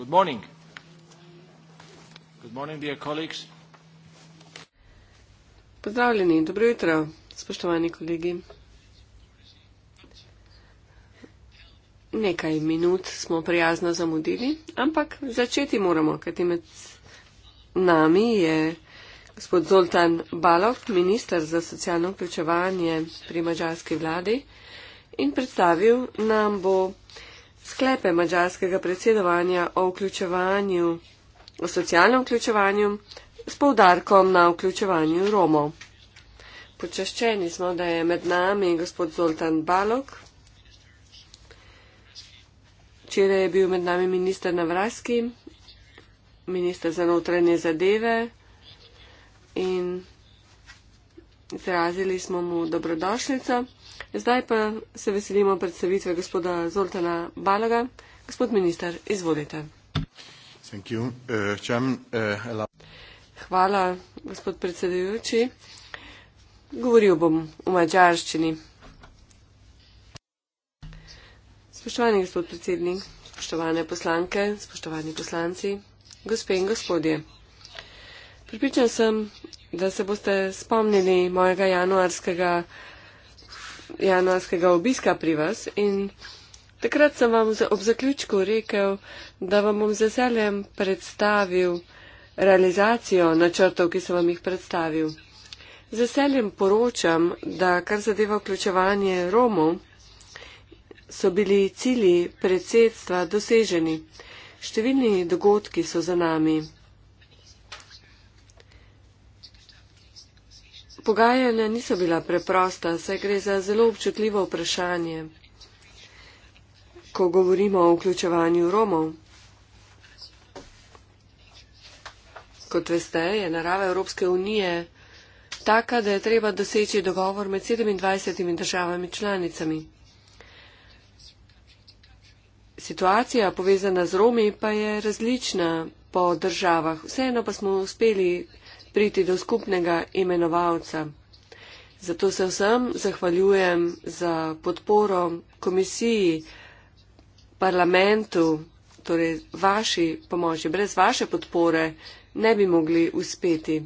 Good morning. Good morning, dear colleagues. Pozdravljeni, dobro jutro, spoštovani kolegi. Nekaj minut smo prijazno zamudili, ampak začeti moramo, kajti med nami je gospod Zoltan Balov, minister za socialno vključevanje pri mađarski vladi in predstavil nam bo sklepe mađarskega predsedovanja o vključevanju, o socialnem vključevanju s poudarkom na vključevanju Romov. Počaščeni smo, da je med nami gospod Zoltan Balok. Včeraj je bil med nami minister Navraski, minister za notranje zadeve in izrazili smo mu dobrodošljico. Zdaj pa se veselimo predstavitve gospoda Zoltana Baloga. Gospod minister, izvolite. Uh, uh, Hvala, gospod predsedujoči. Govoril bom v mađarščini. Spoštovani gospod predsednik, spoštovane poslanke, spoštovani poslanci, gospe in gospodje. Pripričan sem, da se boste spomnili mojega januarskega januarskega obiska pri vas in takrat sem vam ob zaključku rekel, da vam bom z veseljem predstavil realizacijo načrtov, ki sem vam jih predstavil. Z veseljem poročam, da kar zadeva vključevanje Romov, so bili cilji predsedstva doseženi. Številni dogodki so za nami, Pogajanja niso bila preprosta, saj gre za zelo občutljivo vprašanje, ko govorimo o vključevanju Romov. Kot veste, je narava Evropske unije taka, da je treba doseči dogovor med 27 državami članicami. Situacija povezana z Romi pa je različna po državah. Vseeno pa smo uspeli priti do skupnega imenovalca. Zato se vsem zahvaljujem za podporo komisiji, parlamentu, torej vaši pomoči. Brez vaše podpore ne bi mogli uspeti.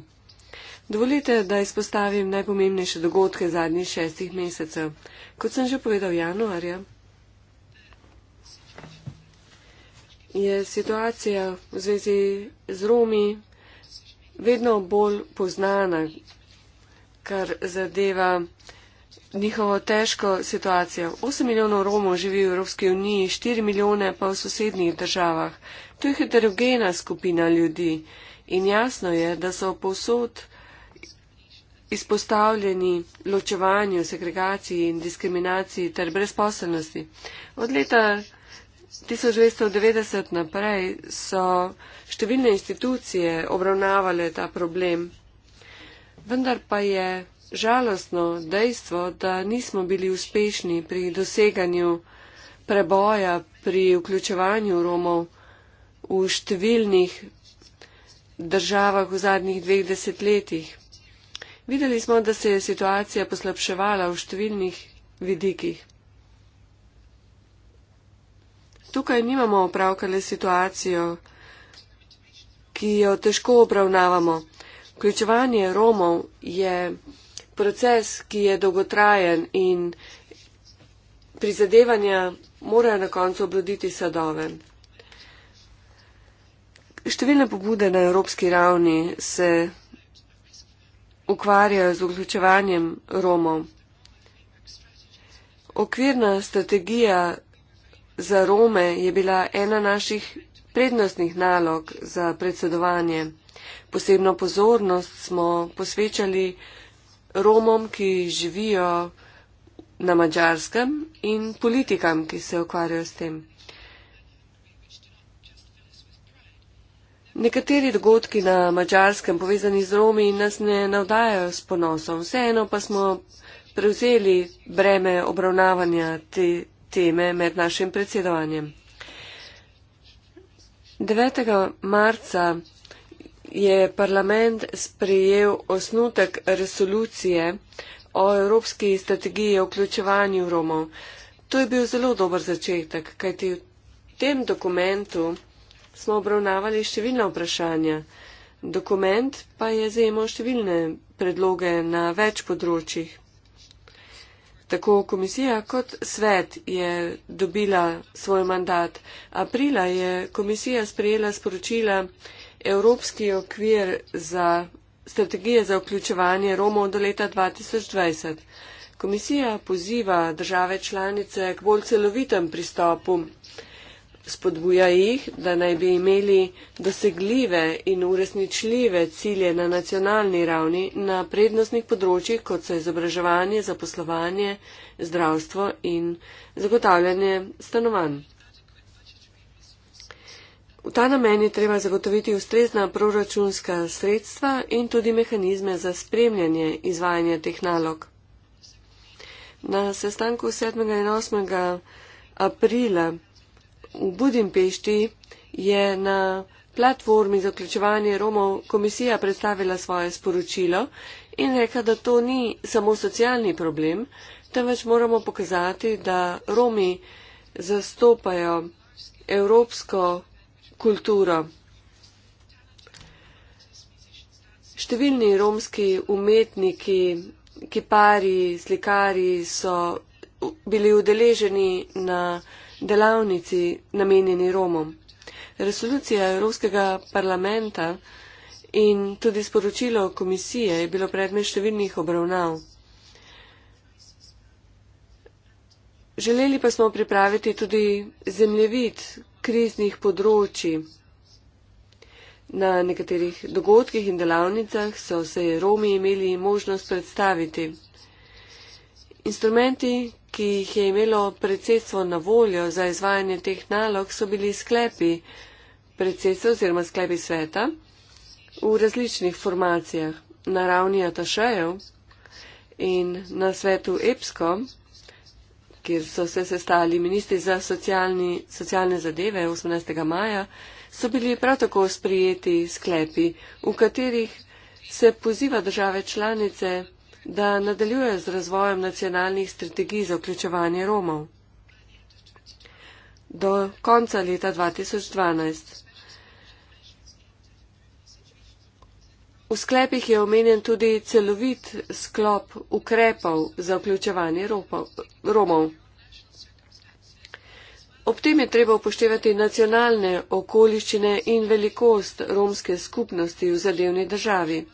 Dovolite, da izpostavim najpomembnejše dogodke zadnjih šestih mesecev. Kot sem že povedal januarja, je situacija v zvezi z Romi vedno bolj poznana, kar zadeva njihovo težko situacijo. 8 milijonov Romov živi v Evropski uniji, 4 milijone pa v sosednjih državah. To je heterogena skupina ljudi in jasno je, da so povsod izpostavljeni ločevanju, segregaciji in diskriminaciji ter brezposelnosti. Od leta 1990 naprej so številne institucije obravnavale ta problem, vendar pa je žalostno dejstvo, da nismo bili uspešni pri doseganju preboja pri vključevanju Romov v številnih državah v zadnjih dveh desetletjih. Videli smo, da se je situacija poslabševala v številnih vidikih. Tukaj nimamo opravka le situacijo, ki jo težko obravnavamo. Vključevanje Romov je proces, ki je dolgotrajen in prizadevanja morajo na koncu obroditi sadove. Številne pobude na evropski ravni se ukvarjajo z vključevanjem Romov. Okvirna strategija za Rome je bila ena naših prednostnih nalog za predsedovanje. Posebno pozornost smo posvečali Romom, ki živijo na mačarskem in politikam, ki se ukvarjajo s tem. Nekateri dogodki na mačarskem povezani z Romi nas ne navdajajo s ponosom, vseeno pa smo prevzeli breme obravnavanja te teme med našim predsedovanjem. 9. marca je parlament sprejel osnutek resolucije o evropski strategiji o vključevanju Romov. To je bil zelo dober začetek, kajti v tem dokumentu smo obravnavali številna vprašanja. Dokument pa je zajemal številne predloge na več področjih. Tako komisija kot svet je dobila svoj mandat. Aprila je komisija sprejela sporočila Evropski okvir za strategije za vključevanje Romov do leta 2020. Komisija poziva države članice k bolj celovitem pristopu spodbuja jih, da naj bi imeli dosegljive in uresničljive cilje na nacionalni ravni na prednostnih področjih, kot so izobraževanje, zaposlovanje, zdravstvo in zagotavljanje stanovanj. V ta namen je treba zagotoviti ustrezna proračunska sredstva in tudi mehanizme za spremljanje izvajanja teh nalog. Na sestanku 7. in 8. aprila v Budimpešti je na platformi za vključevanje Romov komisija predstavila svoje sporočilo in rekla, da to ni samo socialni problem, temveč moramo pokazati, da Romi zastopajo evropsko kulturo. Številni romski umetniki, kipari, slikari so bili udeleženi na delavnici namenjeni Romom. Resolucija Evropskega parlamenta in tudi sporočilo komisije je bilo predmet številnih obravnav. Želeli pa smo pripraviti tudi zemljevid kriznih področji. Na nekaterih dogodkih in delavnicah so se Romi imeli možnost predstaviti. Instrumenti, ki jih je imelo predsedstvo na voljo za izvajanje teh nalog, so bili sklepi predsedstva oziroma sklepi sveta v različnih formacijah na ravni atašejev in na svetu EPSKO, kjer so se sestali ministri za socialni, socialne zadeve 18. maja, so bili prav tako sprijeti sklepi, v katerih se poziva države članice da nadaljuje z razvojem nacionalnih strategij za vključevanje Romov. Do konca leta 2012. V sklepih je omenjen tudi celovit sklop ukrepov za vključevanje Romov. Ob tem je treba upoštevati nacionalne okoliščine in velikost romske skupnosti v zadevni državi.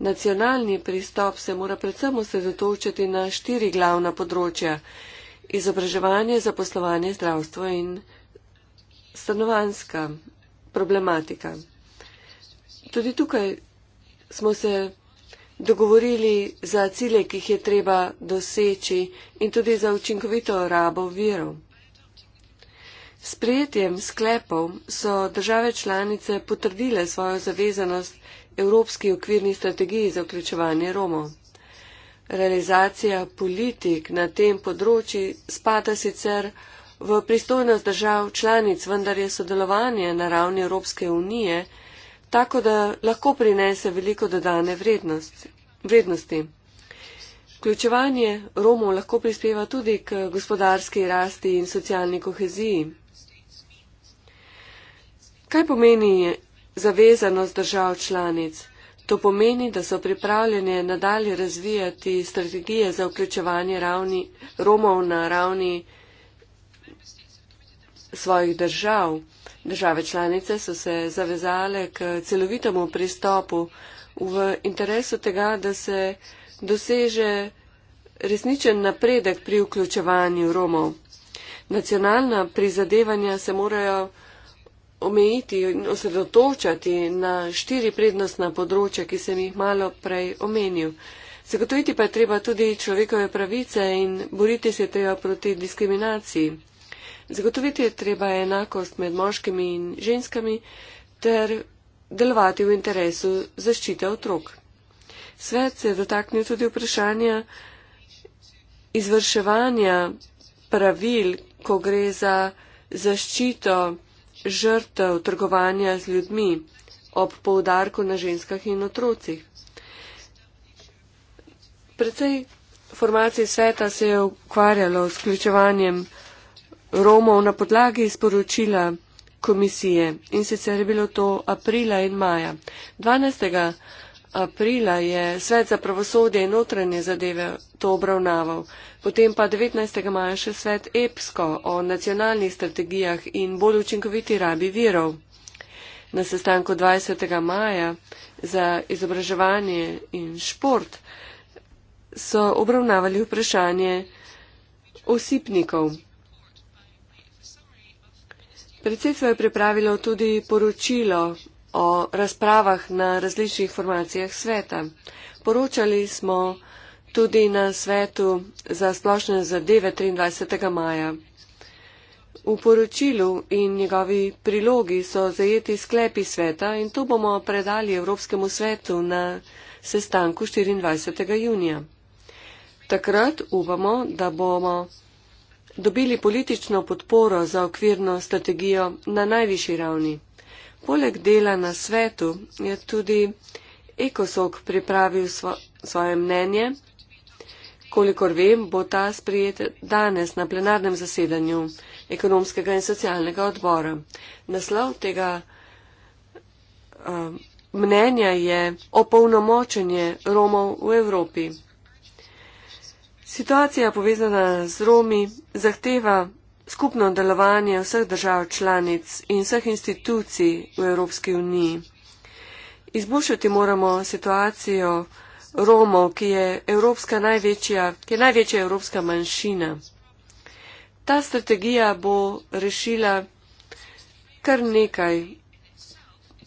Nacionalni pristop se mora predvsem osredotočiti na štiri glavna področja - izobraževanje, zaposlovanje, zdravstvo in stanovanska problematika. Tudi tukaj smo se dogovorili za cilje, ki jih je treba doseči in tudi za učinkovito rabo virov. S prijetjem sklepov so države članice potrdile svojo zavezanost Evropski okvirni strategiji za vključevanje Romov. Realizacija politik na tem področju spada sicer v pristojnost držav članic, vendar je sodelovanje na ravni Evropske unije tako, da lahko prinese veliko dodane vrednost, vrednosti. Vključevanje Romov lahko prispeva tudi k gospodarski rasti in socialni koheziji. Kaj pomeni zavezanost držav članic. To pomeni, da so pripravljene nadalje razvijati strategije za vključevanje ravni, Romov na ravni svojih držav. Države članice so se zavezale k celovitemu pristopu v interesu tega, da se doseže resničen napredek pri vključevanju Romov. Nacionalna prizadevanja se morajo omejiti in osredotočati na štiri prednostna področja, ki sem jih malo prej omenil. Zagotoviti pa je treba tudi človekove pravice in boriti se je treba proti diskriminaciji. Zagotoviti je treba enakost med moškimi in ženskami ter delovati v interesu zaščite otrok. Svet se je dotaknil tudi vprašanja izvrševanja pravil, ko gre za zaščito žrtev trgovanja z ljudmi ob poudarku na ženskah in otrocih. Predvsej formacij sveta se je ukvarjalo s vključevanjem Romov na podlagi sporočila komisije in sicer je bilo to aprila in maja. 12 aprila je Svet za pravosodje in notranje zadeve to obravnaval, potem pa 19. maja še Svet EPSKO o nacionalnih strategijah in bolj učinkoviti rabi virov. Na sestanku 20. maja za izobraževanje in šport so obravnavali vprašanje osipnikov. Predsedstvo je pripravilo tudi poročilo o razpravah na različnih formacijah sveta. Poročali smo tudi na svetu za splošne zadeve 23. maja. V poročilu in njegovi prilogi so zajeti sklepi sveta in to bomo predali Evropskemu svetu na sestanku 24. junija. Takrat upamo, da bomo dobili politično podporo za okvirno strategijo na najvišji ravni. Poleg dela na svetu je tudi Ekosok pripravil svo, svoje mnenje. Kolikor vem, bo ta sprijet danes na plenarnem zasedanju ekonomskega in socialnega odbora. Naslov tega uh, mnenja je opolnomočenje Romov v Evropi. Situacija povezana z Romi zahteva skupno delovanje vseh držav članic in vseh institucij v Evropski uniji. Izboljšati moramo situacijo Romov, ki je, evropska največja, ki je največja evropska manjšina. Ta strategija bo rešila kar nekaj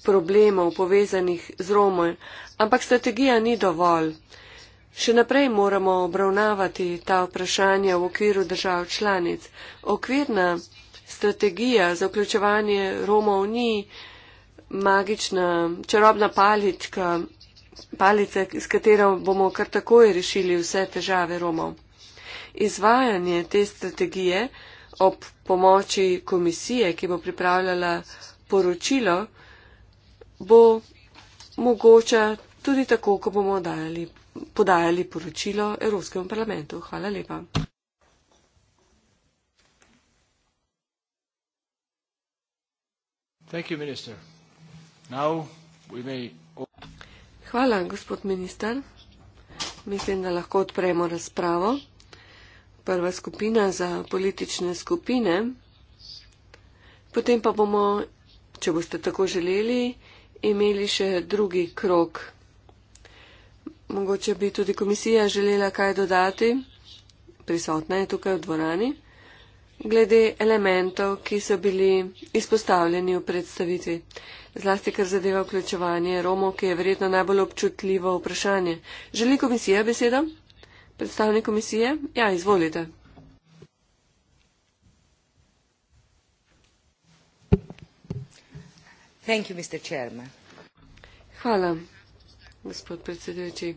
problemov povezanih z Romom, ampak strategija ni dovolj. Še naprej moramo obravnavati ta vprašanja v okviru držav članic. Okvirna strategija za vključevanje Romov ni magična čarobna palička, palica, s katero bomo kar takoj rešili vse težave Romov. Izvajanje te strategije ob pomoči komisije, ki bo pripravljala poročilo, bo mogoče tudi tako, ko bomo dajali podajali poročilo Evropskemu parlamentu. Hvala lepa. Hvala, gospod minister. Mislim, da lahko odpremo razpravo. Prva skupina za politične skupine. Potem pa bomo, če boste tako želeli, imeli še drugi krok mogoče bi tudi komisija želela kaj dodati, prisotna je tukaj v dvorani, glede elementov, ki so bili izpostavljeni v predstavitvi, zlasti kar zadeva vključevanje Romov, ki je verjetno najbolj občutljivo vprašanje. Želi komisija besedo? Predstavnik komisije? Ja, izvolite. Thank you, Mr. Chairman. Hvala, gospod predsedujoči.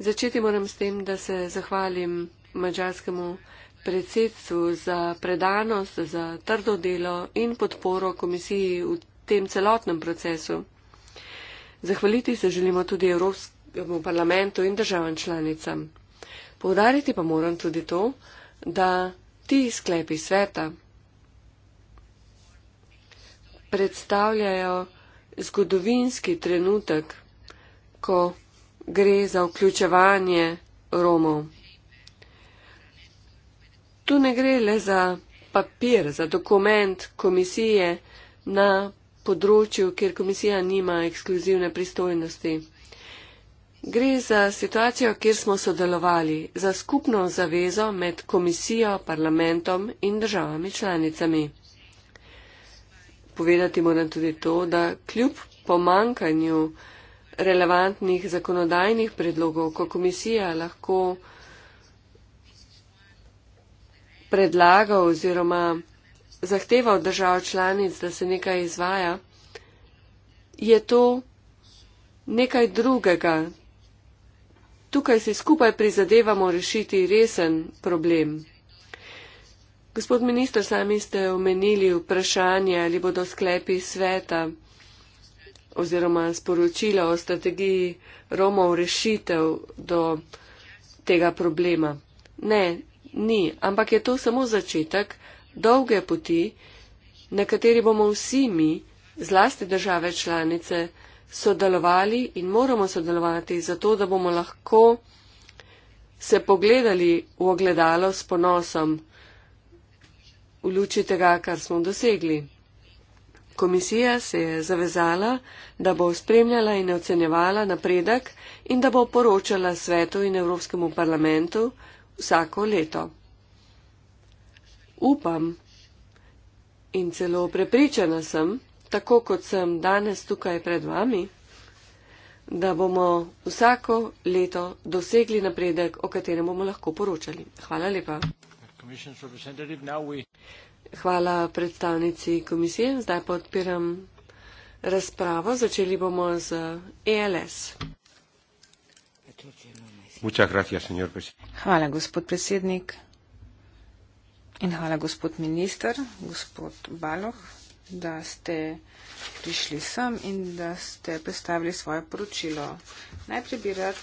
Začeti moram s tem, da se zahvalim mađarskemu predsedstvu za predanost, za trdo delo in podporo komisiji v tem celotnem procesu. Zahvaliti se želimo tudi Evropskemu parlamentu in državam članicam. Povdariti pa moram tudi to, da ti sklepi sveta predstavljajo zgodovinski trenutek ko gre za vključevanje Romov. Tu ne gre le za papir, za dokument komisije na področju, kjer komisija nima ekskluzivne pristojnosti. Gre za situacijo, kjer smo sodelovali, za skupno zavezo med komisijo, parlamentom in državami članicami. Povedati moram tudi to, da kljub pomankanju relevantnih zakonodajnih predlogov, ko komisija lahko predlaga oziroma zahteva od držav članic, da se nekaj izvaja, je to nekaj drugega. Tukaj si skupaj prizadevamo rešiti resen problem. Gospod minister, sami ste omenili vprašanje, ali bodo sklepi sveta oziroma sporočila o strategiji Romov rešitev do tega problema. Ne, ni, ampak je to samo začetek dolge poti, na kateri bomo vsi mi, zlasti države članice, sodelovali in moramo sodelovati zato, da bomo lahko se pogledali v ogledalo s ponosom v luči tega, kar smo dosegli. Komisija se je zavezala, da bo spremljala in ocenjevala napredek in da bo poročala svetu in Evropskemu parlamentu vsako leto. Upam in celo prepričana sem, tako kot sem danes tukaj pred vami, da bomo vsako leto dosegli napredek, o katerem bomo lahko poročali. Hvala lepa. Hvala predstavnici komisije. Zdaj podpiram razpravo. Začeli bomo z ELS. Hvala, gospod predsednik. In hvala, gospod minister, gospod Baloh, da ste prišli sem in da ste predstavili svoje poročilo. Najprej bi rad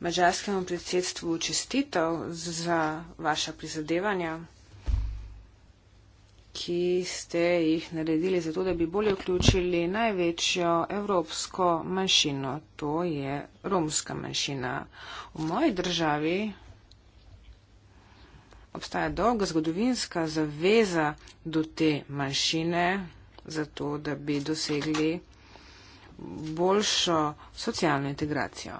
mađarskemu predsedstvu čestitev za vaša prizadevanja ki ste jih naredili zato, da bi bolje vključili največjo evropsko manjšino, to je romska manjšina. V moji državi obstaja dolga zgodovinska zaveza do te manjšine, zato da bi dosegli boljšo socialno integracijo.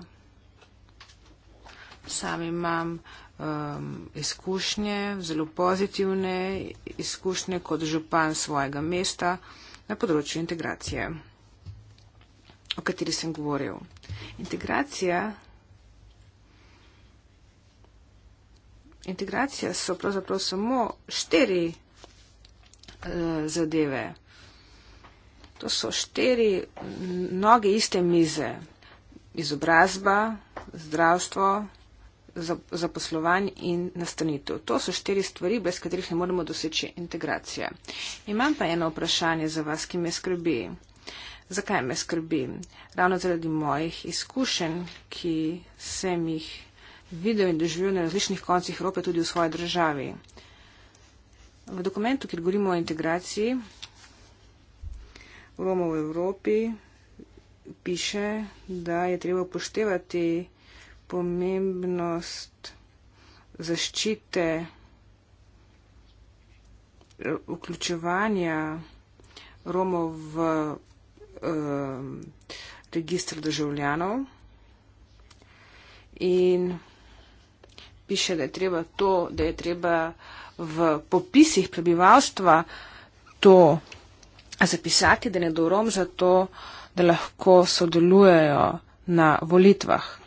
Sam imam uh, um, izkušnje, zelo pozitivne izkušnje kot župan svojega mesta na področju integracije, o kateri sem govoril. Integracija, integracija so pravzaprav samo štiri uh, zadeve. To so štiri noge iste mize. Izobrazba, zdravstvo, zaposlovanj in nastanitev. To so štiri stvari, brez katerih ne moremo doseči integracije. Imam pa eno vprašanje za vas, ki me skrbi. Zakaj me skrbi? Ravno zaradi mojih izkušenj, ki sem jih videl in doživel na različnih koncih Evrope, tudi v svoji državi. V dokumentu, kjer govorimo o integraciji Romov v Evropi, piše, da je treba upoštevati pomembnost zaščite, eh, vključevanja Romov v um, eh, registr državljanov in piše, da je treba to, da je treba v popisih prebivalstva to zapisati, da ne do Rom za to, da lahko sodelujejo na volitvah.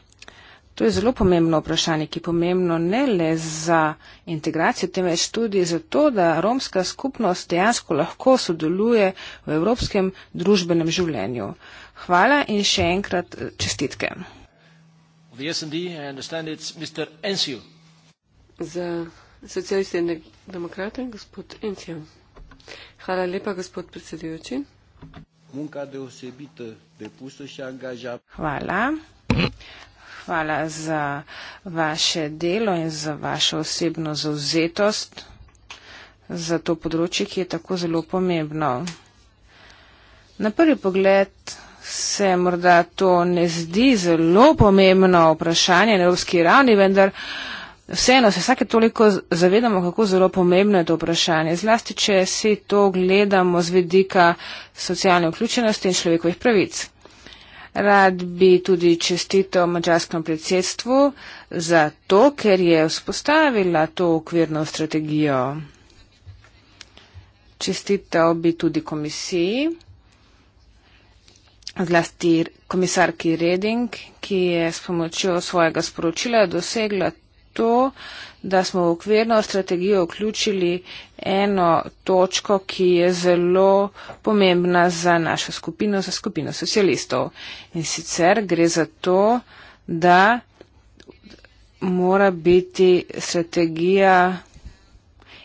To je zelo pomembno vprašanje, ki je pomembno ne le za integracijo, temveč tudi za to, da romska skupnost dejansko lahko sodeluje v evropskem družbenem življenju. Hvala in še enkrat eh, čestitke. Za socialiste in demokrate, gospod Encijo. Hvala lepa, gospod predsedujoči. Hvala hvala za vaše delo in za vašo osebno zauzetost za to področje, ki je tako zelo pomembno. Na prvi pogled se morda to ne zdi zelo pomembno vprašanje na evropski ravni, vendar vseeno se vsake toliko zavedamo, kako zelo pomembno je to vprašanje. Zlasti, če si to gledamo z vedika socialne vključenosti in človekovih pravic. Rad bi tudi čestitev mačarskem predsedstvu za to, ker je vzpostavila to okvirno strategijo. Čestitev bi tudi komisiji, zlasti komisarki Reding, ki je s pomočjo svojega sporočila dosegla to, da smo v okvirno strategijo vključili eno točko, ki je zelo pomembna za našo skupino, za skupino socialistov. In sicer gre za to, da mora biti strategija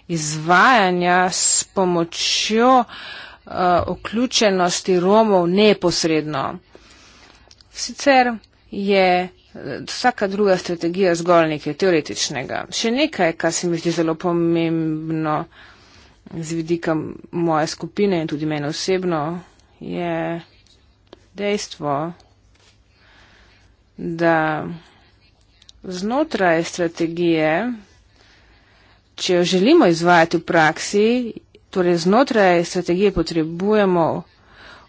izvajanja s pomočjo uh, vključenosti Romov neposredno. Sicer je vsaka druga strategija zgolj nekaj teoretičnega. Še nekaj, kar se mi zdi zelo pomembno z vidika moje skupine in tudi mene osebno, je dejstvo, da znotraj strategije, če jo želimo izvajati v praksi, torej znotraj strategije potrebujemo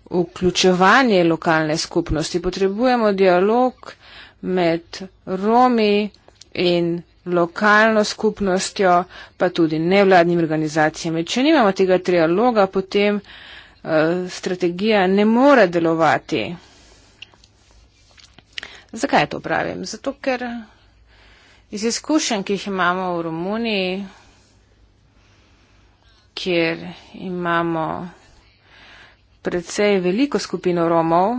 vključevanje lokalne skupnosti, potrebujemo dialog, med Romi in lokalno skupnostjo, pa tudi nevladnimi organizacijami. Če nimamo tega trialoga, potem uh, strategija ne more delovati. Zakaj to pravim? Zato, ker iz izkušenj, ki jih imamo v Romuniji, kjer imamo precej veliko skupino Romov,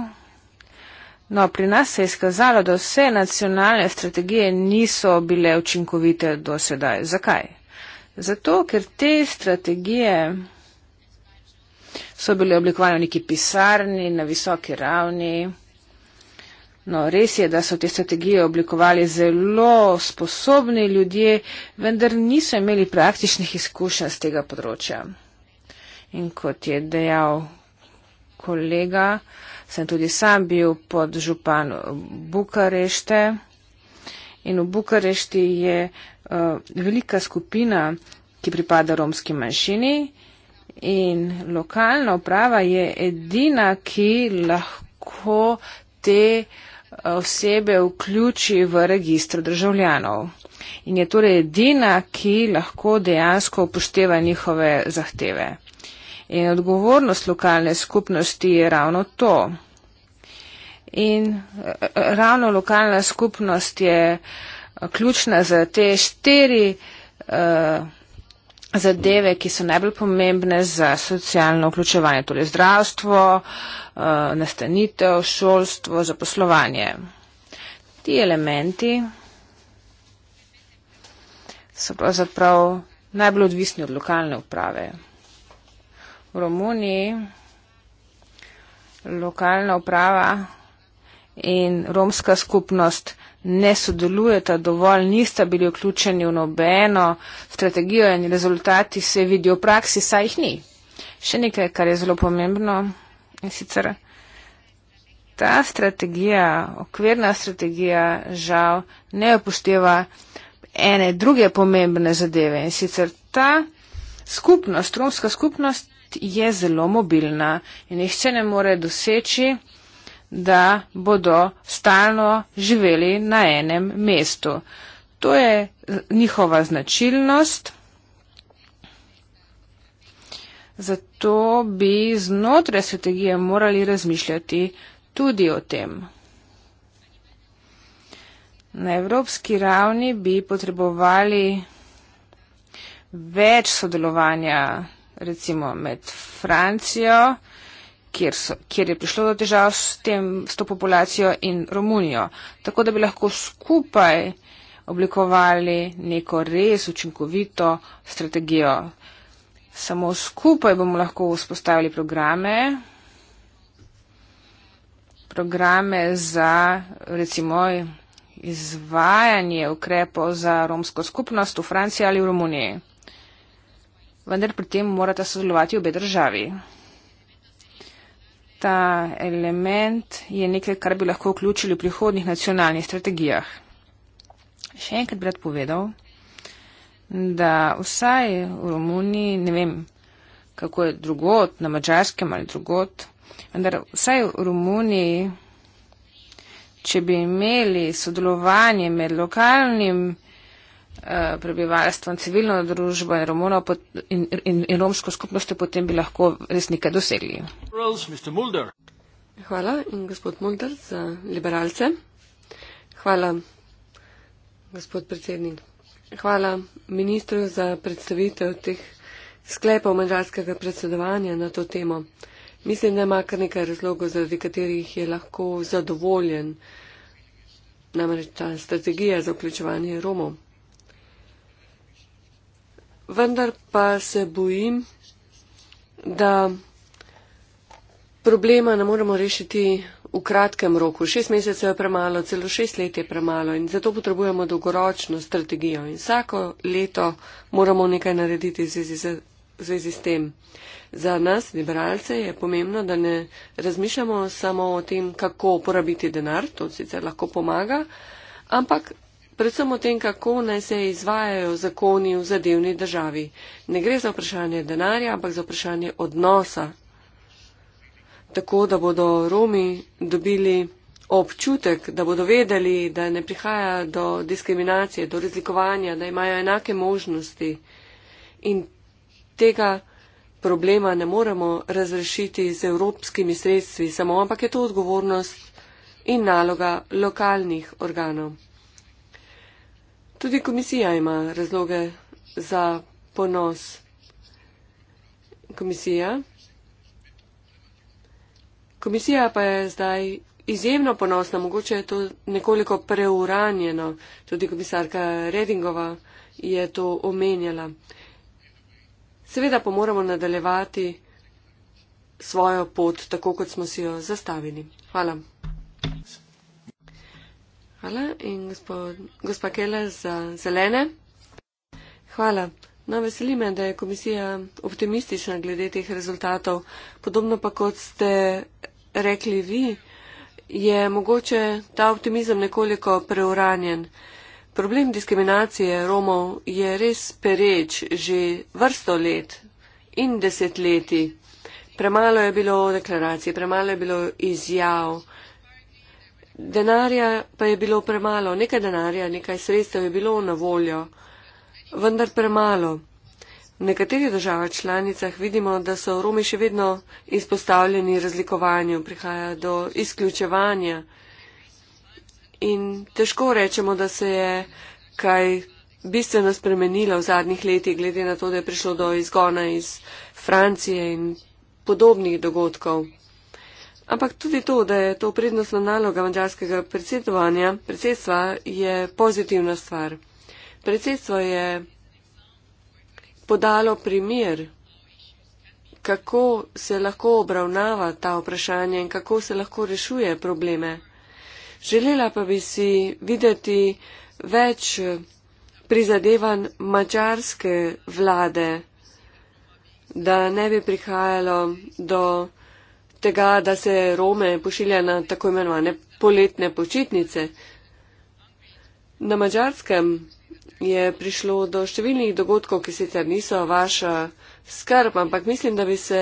No, pri nas se je skazalo, da vse nacionalne strategije niso bile učinkovite do sedaj. Zakaj? Zato, ker te strategije so bile oblikovane v neki pisarni na visoki ravni. No, res je, da so te strategije oblikovali zelo sposobni ljudje, vendar niso imeli praktičnih izkušenj z tega področja. In kot je dejal kolega, uh, sem tudi sam bil pod župan Bukarešte in v Bukarešti je uh, velika skupina, ki pripada romski manjšini in lokalna uprava je edina, ki lahko te eh, osebe vključi v registr državljanov. In je torej edina, ki lahko dejansko upošteva njihove zahteve. In odgovornost lokalne skupnosti je ravno to. In eh, ravno lokalna skupnost je eh, ključna za te štiri uh, zadeve, ki so najbolj pomembne za socialno vključevanje, torej zdravstvo, uh, nastanitev, šolstvo, zaposlovanje. Ti elementi so pravzaprav najbolj odvisni od lokalne uprave v Romuniji lokalna uprava in romska skupnost ne sodelujeta dovolj, nista bili vključeni v nobeno strategijo in rezultati se vidijo v praksi, saj jih ni. Še nekaj, kar je zelo pomembno in sicer ta strategija, okvirna strategija žal ne upošteva ene druge pomembne zadeve in sicer ta skupnost, romska skupnost je zelo mobilna in nihče ne more doseči, da bodo stalno živeli na enem mestu. To je njihova značilnost. Zato bi znotraj strategije morali razmišljati tudi o tem. Na evropski ravni bi potrebovali več sodelovanja recimo med Francijo, kjer, so, kjer je prišlo do težav s, tem, s to populacijo, in Romunijo. Tako da bi lahko skupaj oblikovali neko res učinkovito strategijo. Samo skupaj bomo lahko vzpostavili programe, programe za recimo izvajanje ukrepov za romsko skupnost v Franciji ali v Romuniji vendar pri tem morata sodelovati obe državi. Ta element je nekaj, kar bi lahko vključili v prihodnih nacionalnih strategijah. Še enkrat bi rad povedal, da vsaj v Romuniji, ne vem, kako je drugot, na mačarskem ali drugot, vendar vsaj v Romuniji, če bi imeli sodelovanje med lokalnim Eh, prebivalstvom, civilno družbo in, in, in, in romsko skupnost, potem bi lahko res nekaj dosegli. Hvala in gospod Mulder za liberalce. Hvala, gospod predsednik. Hvala ministru za predstavitev teh sklepov mađarskega predsedovanja na to temo. Mislim, da ima kar nekaj razlogov, zaradi katerih je lahko zadovoljen namreč ta strategija za vključevanje Romov vendar pa se bojim, da problema ne moremo rešiti v kratkem roku. Šest mesecev je premalo, celo šest let je premalo in zato potrebujemo dolgoročno strategijo in vsako leto moramo nekaj narediti v zvezi, z, v zvezi s tem. Za nas, liberalce, je pomembno, da ne razmišljamo samo o tem, kako porabiti denar, to sicer lahko pomaga, ampak predvsem o tem, kako naj se izvajajo zakoni v zadevni državi. Ne gre za vprašanje denarja, ampak za vprašanje odnosa. Tako, da bodo Romi dobili občutek, da bodo vedeli, da ne prihaja do diskriminacije, do razlikovanja, da imajo enake možnosti. In tega problema ne moremo razrešiti z evropskimi sredstvi samo, ampak je to odgovornost in naloga lokalnih organov. Tudi komisija ima razloge za ponos. Komisija. Komisija pa je zdaj izjemno ponosna, mogoče je to nekoliko preuranjeno. Tudi komisarka Redingova je to omenjala. Seveda pa moramo nadaljevati svojo pot, tako kot smo si jo zastavili. Hvala. Hvala in gospod, gospa Kele za zelene. Hvala. No, veseli me, da je komisija optimistična glede teh rezultatov. Podobno pa kot ste rekli vi, je mogoče ta optimizem nekoliko preuranjen. Problem diskriminacije Romov je res pereč že vrsto let in desetletji. Premalo je bilo deklaracij, premalo je bilo izjav denarja pa je bilo premalo, nekaj denarja, nekaj sredstev je bilo na voljo, vendar premalo. V nekaterih državah članicah vidimo, da so Romi še vedno izpostavljeni razlikovanju, prihaja do izključevanja in težko rečemo, da se je kaj bistveno spremenilo v zadnjih letih, glede na to, da je prišlo do izgona iz Francije in podobnih dogodkov. Ampak tudi to, da je to prednostna naloga mađarskega predsedovanja, predsedstva je pozitivna stvar. Predsedstvo je podalo primer, kako se lahko obravnava ta vprašanje in kako se lahko rešuje probleme. Želela pa bi si videti več prizadevan mađarske vlade, da ne bi prihajalo do tega, da se Rome pošilja na tako imenovane poletne počitnice. Na Mačarskem je prišlo do številnih dogodkov, ki sicer niso vaša skrb, ampak mislim, da bi, se,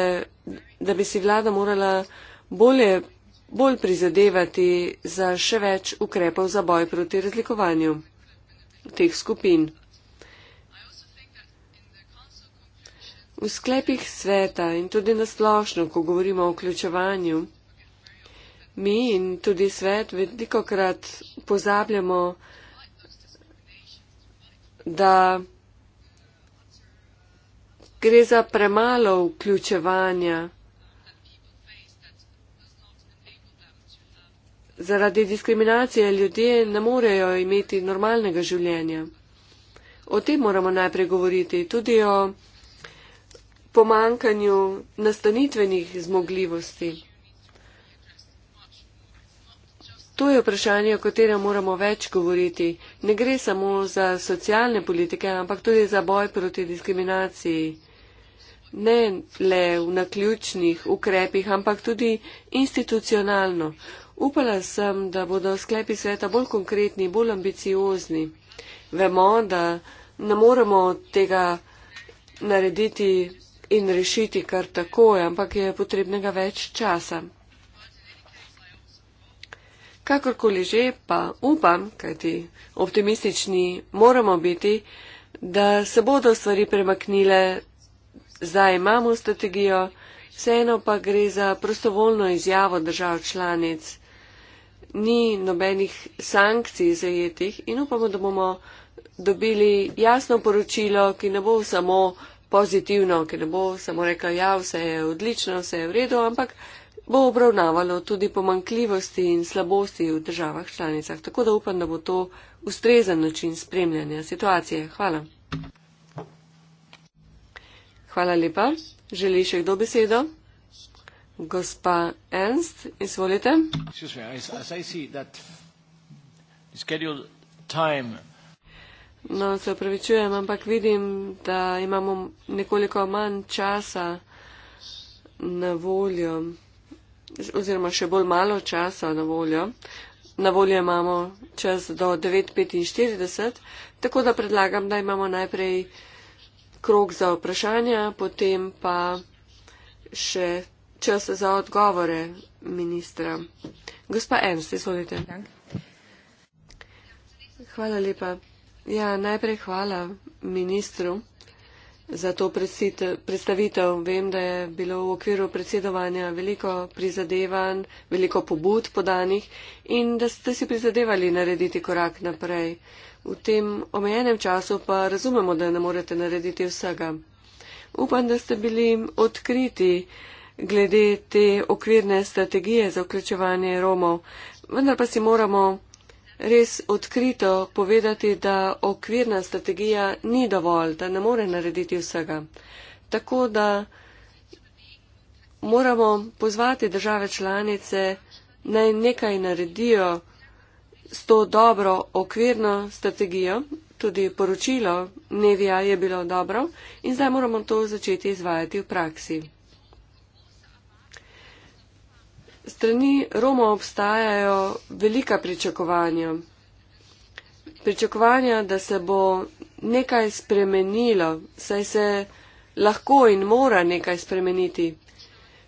da bi si vlada morala bolje, bolj prizadevati za še več ukrepov za boj proti razlikovanju teh skupin. V sklepih sveta in tudi nasplošno, ko govorimo o vključevanju, mi in tudi svet veliko krat pozabljamo, da gre za premalo vključevanja zaradi diskriminacije ljudje ne morejo imeti normalnega življenja. O tem moramo najprej govoriti, tudi o pomankanju nastanitvenih zmogljivosti. To je vprašanje, o katerem moramo več govoriti. Ne gre samo za socialne politike, ampak tudi za boj proti diskriminaciji. Ne le v naključnih ukrepih, ampak tudi institucionalno. Upala sem, da bodo sklepi sveta bolj konkretni, bolj ambiciozni. Vemo, da ne moremo tega narediti in rešiti kar takoj, ampak je potrebnega več časa. Kakorkoli že, pa upam, kajti optimistični moramo biti, da se bodo stvari premaknile. Zdaj imamo strategijo, vseeno pa gre za prostovoljno izjavo držav članic. Ni nobenih sankcij zajetih in upamo, da bomo dobili jasno poročilo, ki ne bo samo pozitivno, ker ne bo samo rekel, ja, vse je odlično, vse je v redu, ampak bo obravnavalo tudi pomankljivosti in slabosti v državah članicah. Tako da upam, da bo to ustrezen način spremljanja situacije. Hvala. Hvala lepa. Želi še kdo besedo? Gospa Ernst, izvolite. Excuse me, as, as I see that the scheduled time No, se opravičujem, ampak vidim, da imamo nekoliko manj časa na voljo, oziroma še bolj malo časa na voljo. Na voljo imamo čas do 9.45, tako da predlagam, da imamo najprej krok za vprašanja, potem pa še čas za odgovore ministra. Gospa Ernst, izvolite. Hvala lepa. Ja, najprej hvala ministru za to predstavitev. Vem, da je bilo v okviru predsedovanja veliko prizadevanj, veliko pobud podanih in da ste si prizadevali narediti korak naprej. V tem omejenem času pa razumemo, da ne morete narediti vsega. Upam, da ste bili odkriti glede te okvirne strategije za vključevanje Romov, vendar pa si moramo res odkrito povedati, da okvirna strategija ni dovolj, da ne more narediti vsega. Tako da moramo pozvati države članice, naj nekaj naredijo s to dobro okvirno strategijo, tudi poročilo Nevija je bilo dobro in zdaj moramo to začeti izvajati v praksi. strani Roma obstajajo velika pričakovanja. Pričakovanja, da se bo nekaj spremenilo, saj se lahko in mora nekaj spremeniti.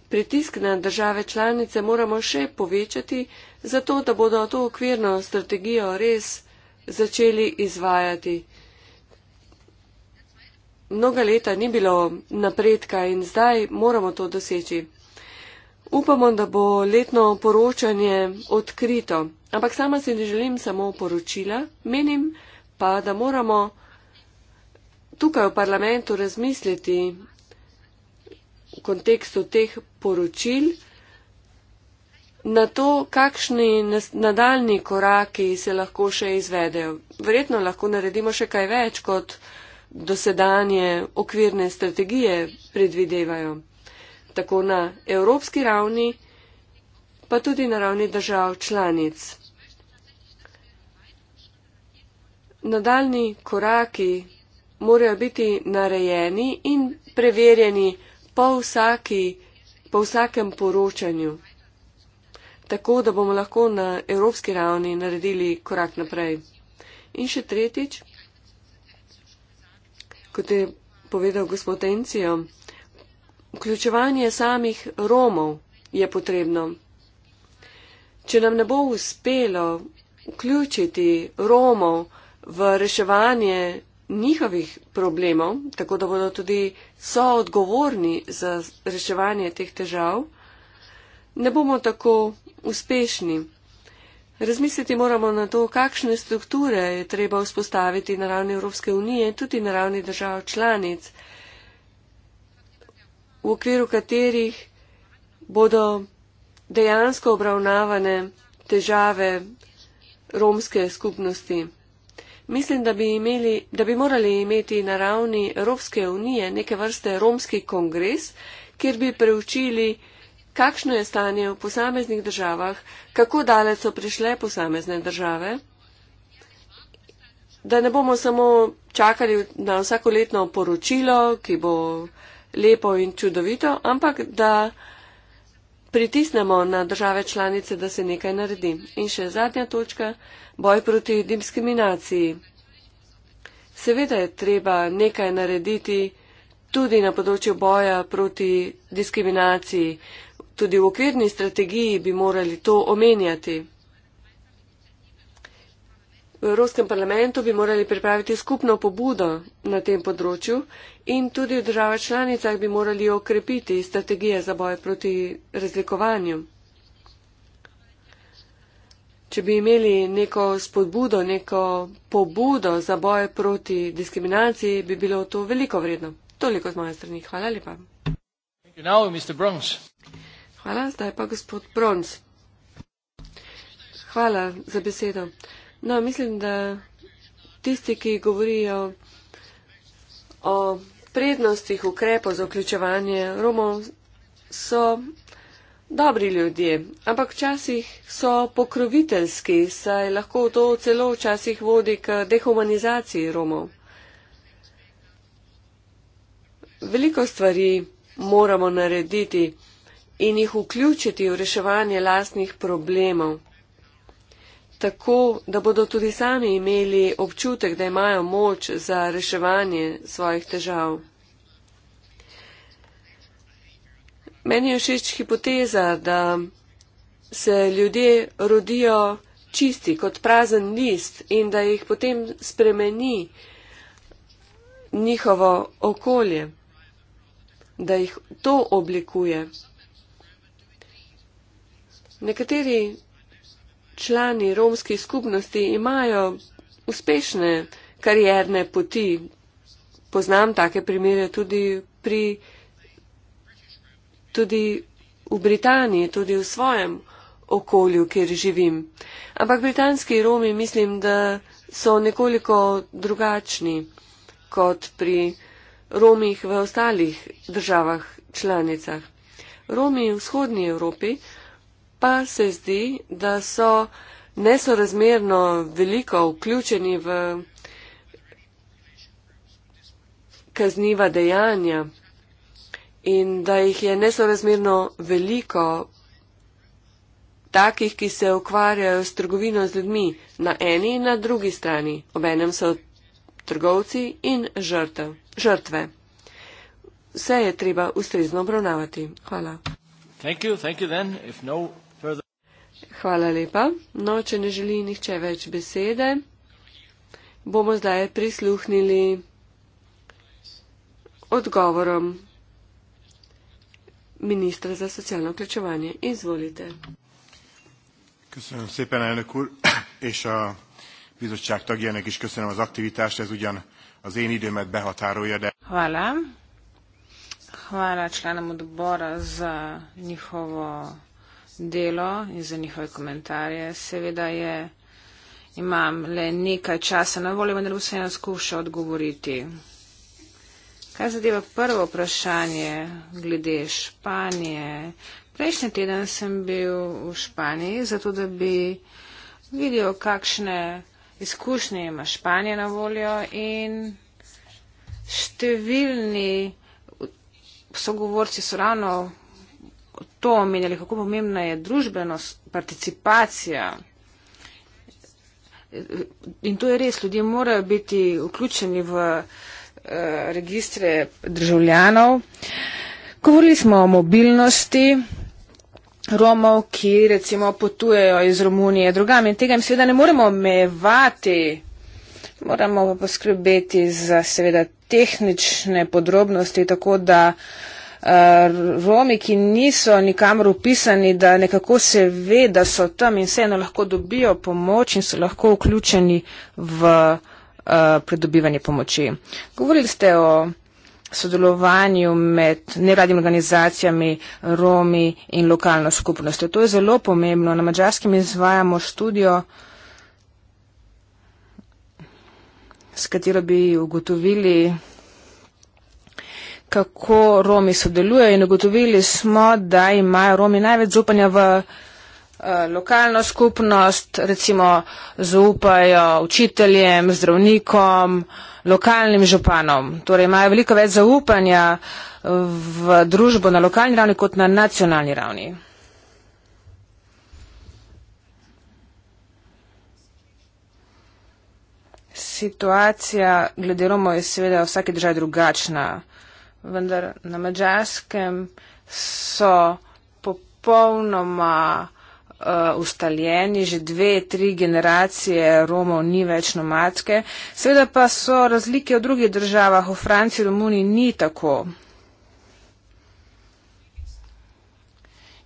Pritisk na države članice moramo še povečati, zato da bodo to okvirno strategijo res začeli izvajati. Mnoga leta ni bilo napredka in zdaj moramo to doseči. Upamo, da bo letno poročanje odkrito, ampak sama si ne želim samo poročila, menim pa, da moramo tukaj v parlamentu razmisliti v kontekstu teh poročil na to, kakšni nadaljni koraki se lahko še izvedejo. Verjetno lahko naredimo še kaj več, kot dosedanje okvirne strategije predvidevajo tako na evropski ravni, pa tudi na ravni držav članic. Nadaljni koraki morajo biti narejeni in preverjeni po, vsaki, po vsakem poročanju, tako da bomo lahko na evropski ravni naredili korak naprej. In še tretjič, kot je povedal gospod Encijom, vključevanje samih Romov je potrebno. Če nam ne bo uspelo vključiti Romov v reševanje njihovih problemov, tako da bodo tudi soodgovorni za reševanje teh težav, ne bomo tako uspešni. Razmisliti moramo na to, kakšne strukture je treba vzpostaviti na ravni Evropske unije in tudi na ravni držav članic v okviru katerih bodo dejansko obravnavane težave romske skupnosti. Mislim, da bi, imeli, da bi morali imeti na ravni Evropske unije neke vrste romski kongres, kjer bi preučili, kakšno je stanje v posameznih državah, kako daleč so prišle posamezne države, da ne bomo samo čakali na vsakoletno poročilo, ki bo lepo in čudovito, ampak da pritisnemo na države članice, da se nekaj naredi. In še zadnja točka, boj proti diskriminaciji. Seveda je treba nekaj narediti tudi na področju boja proti diskriminaciji. Tudi v okvirni strategiji bi morali to omenjati. V Evropskem parlamentu bi morali pripraviti skupno pobudo na tem področju in tudi v državah članicah bi morali okrepiti strategije za boj proti razlikovanju. Če bi imeli neko spodbudo, neko pobudo za boj proti diskriminaciji, bi bilo to veliko vredno. Toliko z moje strani. Hvala lepa. Now, Hvala, zdaj pa gospod Bronz. Hvala za besedo. No, mislim, da tisti, ki govorijo o prednostih ukrepov za vključevanje Romov, so dobri ljudje, ampak včasih so pokroviteljski, saj lahko to celo včasih vodi k dehumanizaciji Romov. Veliko stvari moramo narediti in jih vključiti v reševanje lastnih problemov tako, da bodo tudi sami imeli občutek, da imajo moč za reševanje svojih težav. Meni je všeč hipoteza, da se ljudje rodijo čisti kot prazen list in da jih potem spremeni njihovo okolje, da jih to oblikuje. Nekateri člani romskih skupnosti imajo uspešne karierne poti. Poznam take primere tudi, pri, tudi v Britaniji, tudi v svojem okolju, kjer živim. Ampak britanski Romi mislim, da so nekoliko drugačni kot pri Romih v ostalih državah članicah. Romi v vzhodnji Evropi pa se zdi, da so nesorazmerno veliko vključeni v kazniva dejanja in da jih je nesorazmerno veliko takih, ki se ukvarjajo s trgovino z ljudmi na eni in na drugi strani. Obenem so trgovci in žrtev, žrtve. Vse je treba ustrezno obravnavati. Hvala. Thank you, thank you then, if no... Hvala lepa. No, če ne želi nihče več besede, bomo zdaj prisluhnili odgovorom ministra za socialno vključevanje. Izvolite. Köszönöm szépen, elnök úr, és a bizottság tagjának is köszönöm az aktivitást, ez ugyan az én időmet behatárolja, de... Hvala. Hvala členom odbora za njihovo delo in za njihove komentarje. Seveda je, imam le nekaj časa na voljo, vendar bo se eno skušal odgovoriti. Kaj zadeva prvo vprašanje glede Španije? Prejšnji teden sem bil v Španiji, zato da bi videl, kakšne izkušnje ima Španija na voljo in številni sogovorci so ravno to omenjali, kako pomembna je družbenost, participacija. In to je res, ljudje morajo biti vključeni v uh, registre državljanov. Govorili smo o mobilnosti Romov, ki recimo potujejo iz Romunije drugam in tega jim seveda ne moremo omejevati. Moramo pa poskrbeti za seveda tehnične podrobnosti, tako da uh, Eh, Romi, ki niso nikamor upisani, da nekako se ve, da so tam in vseeno lahko dobijo pomoč in so lahko vključeni v uh, pridobivanje pomoči. Govorili ste o sodelovanju med neradnimi organizacijami, Romi in lokalno skupnostjo. To je zelo pomembno. Na mačarskem izvajamo študijo, s katero bi ugotovili, kako Romi sodelujejo in ugotovili smo, da imajo Romi največ zaupanja v eh, lokalno skupnost, recimo zaupajo učiteljem, zdravnikom, lokalnim županom. Torej imajo veliko več zaupanja v družbo na lokalni ravni kot na nacionalni ravni. Situacija glede Romov je seveda v vsaki državi drugačna vendar na mačarskem so popolnoma uh, ustaljeni, že dve, tri generacije Romov ni več nomadske. Seveda pa so razlike v drugih državah, v Franciji, Romuniji ni tako.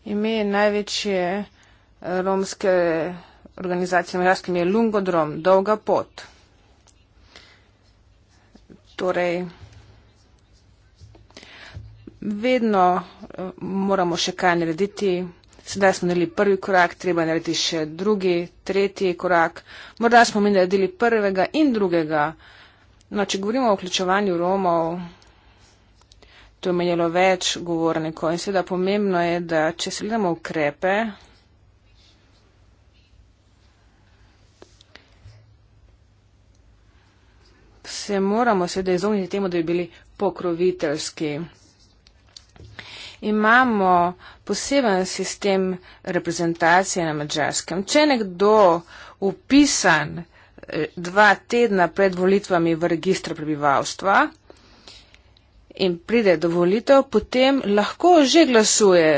Ime največje eh, romske organizacije na mačarskem je Lungodrom, dolga pot. Torej, vedno eh, moramo še kaj narediti. Sedaj smo naredili prvi korak, treba narediti še drugi, tretji korak. Morda smo mi naredili prvega in drugega. No, če govorimo o vključevanju Romov, to je menjalo več govornikov in seveda pomembno je, da če sledimo ukrepe, se moramo seveda izogniti temu, da bi bili pokroviteljski imamo poseben sistem reprezentacije na mačarskem. Če je nekdo upisan eh, dva tedna pred volitvami v registr prebivalstva in pride do volitev, potem lahko že glasuje.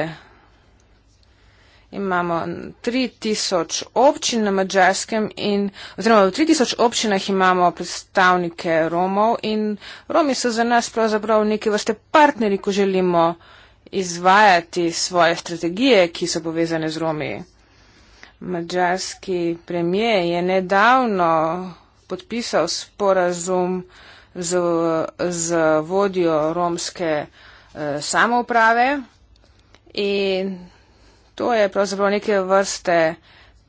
Imamo 3000 občin na mačarskem in oziroma v 3000 občinah imamo predstavnike Romov in Romi so za nas pravzaprav neke vrste partneri, ko želimo uh, izvajati svoje strategije, ki so povezane z Romi. Mačarski premijer je nedavno podpisal sporazum z, z vodjo romske eh, samouprave in to je pravzaprav neke vrste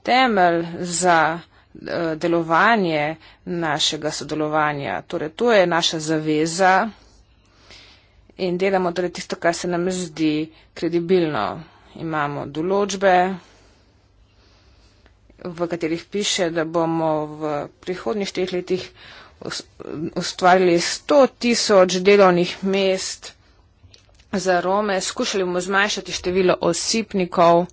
temelj za eh, delovanje našega sodelovanja. Torej, to je naša zaveza in delamo torej tisto, kar se nam zdi kredibilno. Imamo določbe, v katerih piše, da bomo v prihodnjih štirih letih ustvarili 100 tisoč delovnih mest za Rome, skušali bomo zmanjšati število osipnikov,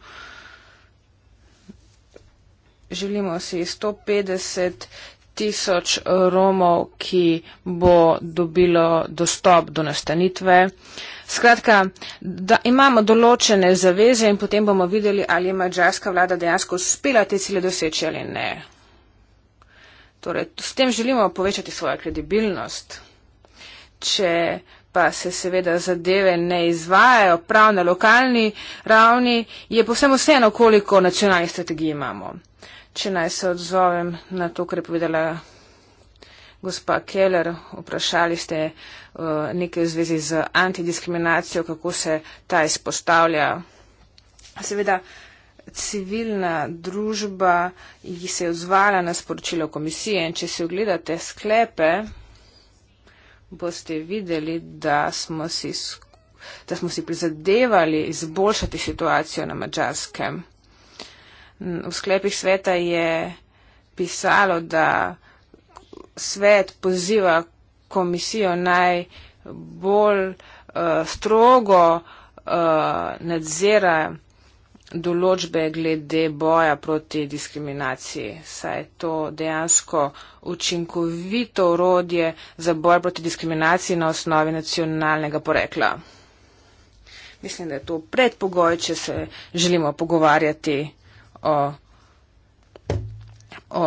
želimo si 150 tisoč Romov, ki bo dobilo dostop do nastanitve. Skratka, da imamo določene zaveze in potem bomo videli, ali je mađarska vlada dejansko uspela te cilje doseči ali ne. Torej, s tem želimo povečati svojo kredibilnost. Če pa se seveda zadeve ne izvajajo prav na lokalni ravni, je povsem vseeno, koliko nacionalnih strategij imamo če naj se odzovem na to, kar je povedala gospa Keller. Vprašali ste uh, nekaj v zvezi z antidiskriminacijo, kako se ta izpostavlja. Seveda, civilna družba se je odzvala na sporočilo komisije in če si ogledate sklepe, boste videli, da smo si, da smo si prizadevali izboljšati situacijo na mačarskem v sklepih sveta je pisalo, da svet poziva komisijo naj bolj uh, strogo uh, nadzira določbe glede boja proti diskriminaciji, saj je to dejansko učinkovito urodje za boj proti diskriminaciji na osnovi nacionalnega porekla. Mislim, da je to predpogoj, če se želimo pogovarjati o, o,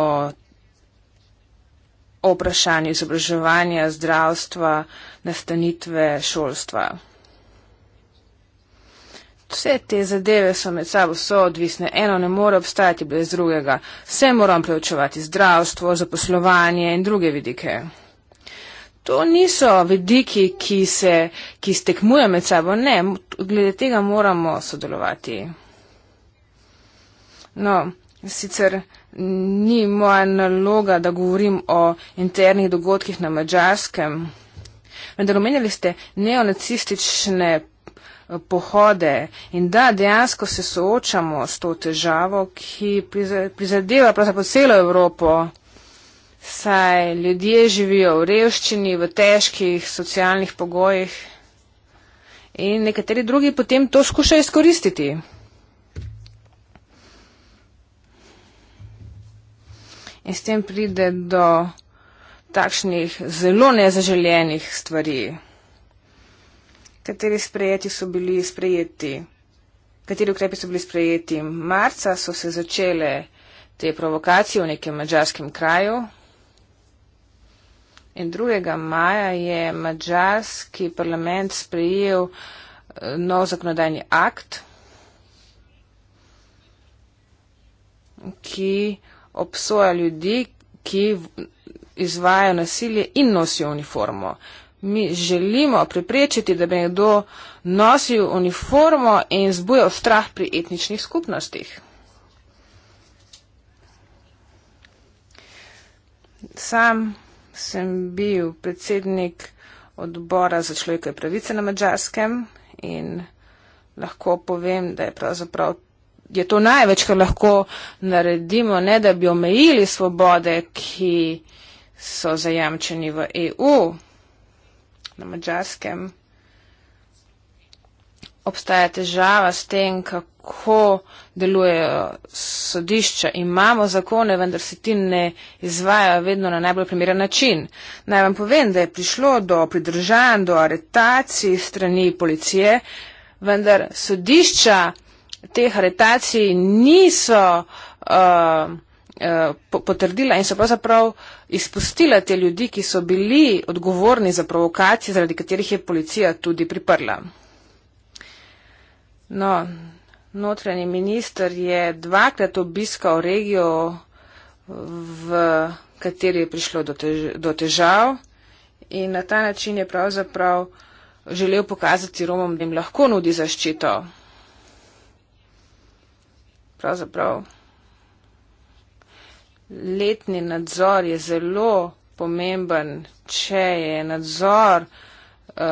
o vprašanju izobraževanja, zdravstva, nastanitve, šolstva. Vse te zadeve so med sabo soodvisne, eno ne more obstajati brez drugega. Vse moram preučevati zdravstvo, zaposlovanje in druge vidike. To niso vidiki, ki se, ki stekmujejo med sabo, ne, glede tega moramo sodelovati. No, sicer ni moja naloga, da govorim o internih dogodkih na Mačarskem, vendar omenjali ste neonacistične eh, pohode in da dejansko se soočamo s to težavo, ki prizadeva pravzaprav celo Evropo, saj ljudje živijo v revščini, v težkih socialnih pogojih in nekateri drugi potem to skušajo izkoristiti. in s tem pride do takšnih zelo nezaželjenih stvari, kateri sprejeti so bili sprejeti, kateri ukrepi so bili sprejeti. Marca so se začele te provokacije v nekem mađarskem kraju in 2. maja je mađarski parlament sprejel eh, nov zakonodajni akt, ki obsoja ljudi, ki izvajajo nasilje in nosijo uniformo. Mi želimo preprečiti, da bi nekdo nosil uniformo in zbujal strah pri etničnih skupnostih. Sam sem bil predsednik odbora za človekove pravice na Mačarskem in lahko povem, da je pravzaprav je to največ, kar lahko naredimo, ne da bi omejili svobode, ki so zajamčeni v EU, na mačarskem. Obstaja težava s tem, kako delujejo sodišča. Imamo zakone, vendar se ti ne izvajajo vedno na najbolj primeren način. Naj vam povem, da je prišlo do pridržanj, do aretacij strani policije, vendar sodišča teh aretacij niso uh, uh potrdila in so pravzaprav izpustila te ljudi, ki so bili odgovorni za provokacije, zaradi katerih je policija tudi priprla. No, notranji minister je dvakrat obiskal regijo, v kateri je prišlo do, tež do težav in na ta način je pravzaprav želel pokazati Romom, da jim lahko nudi zaščito pravzaprav letni nadzor je zelo pomemben, če je nadzor uh,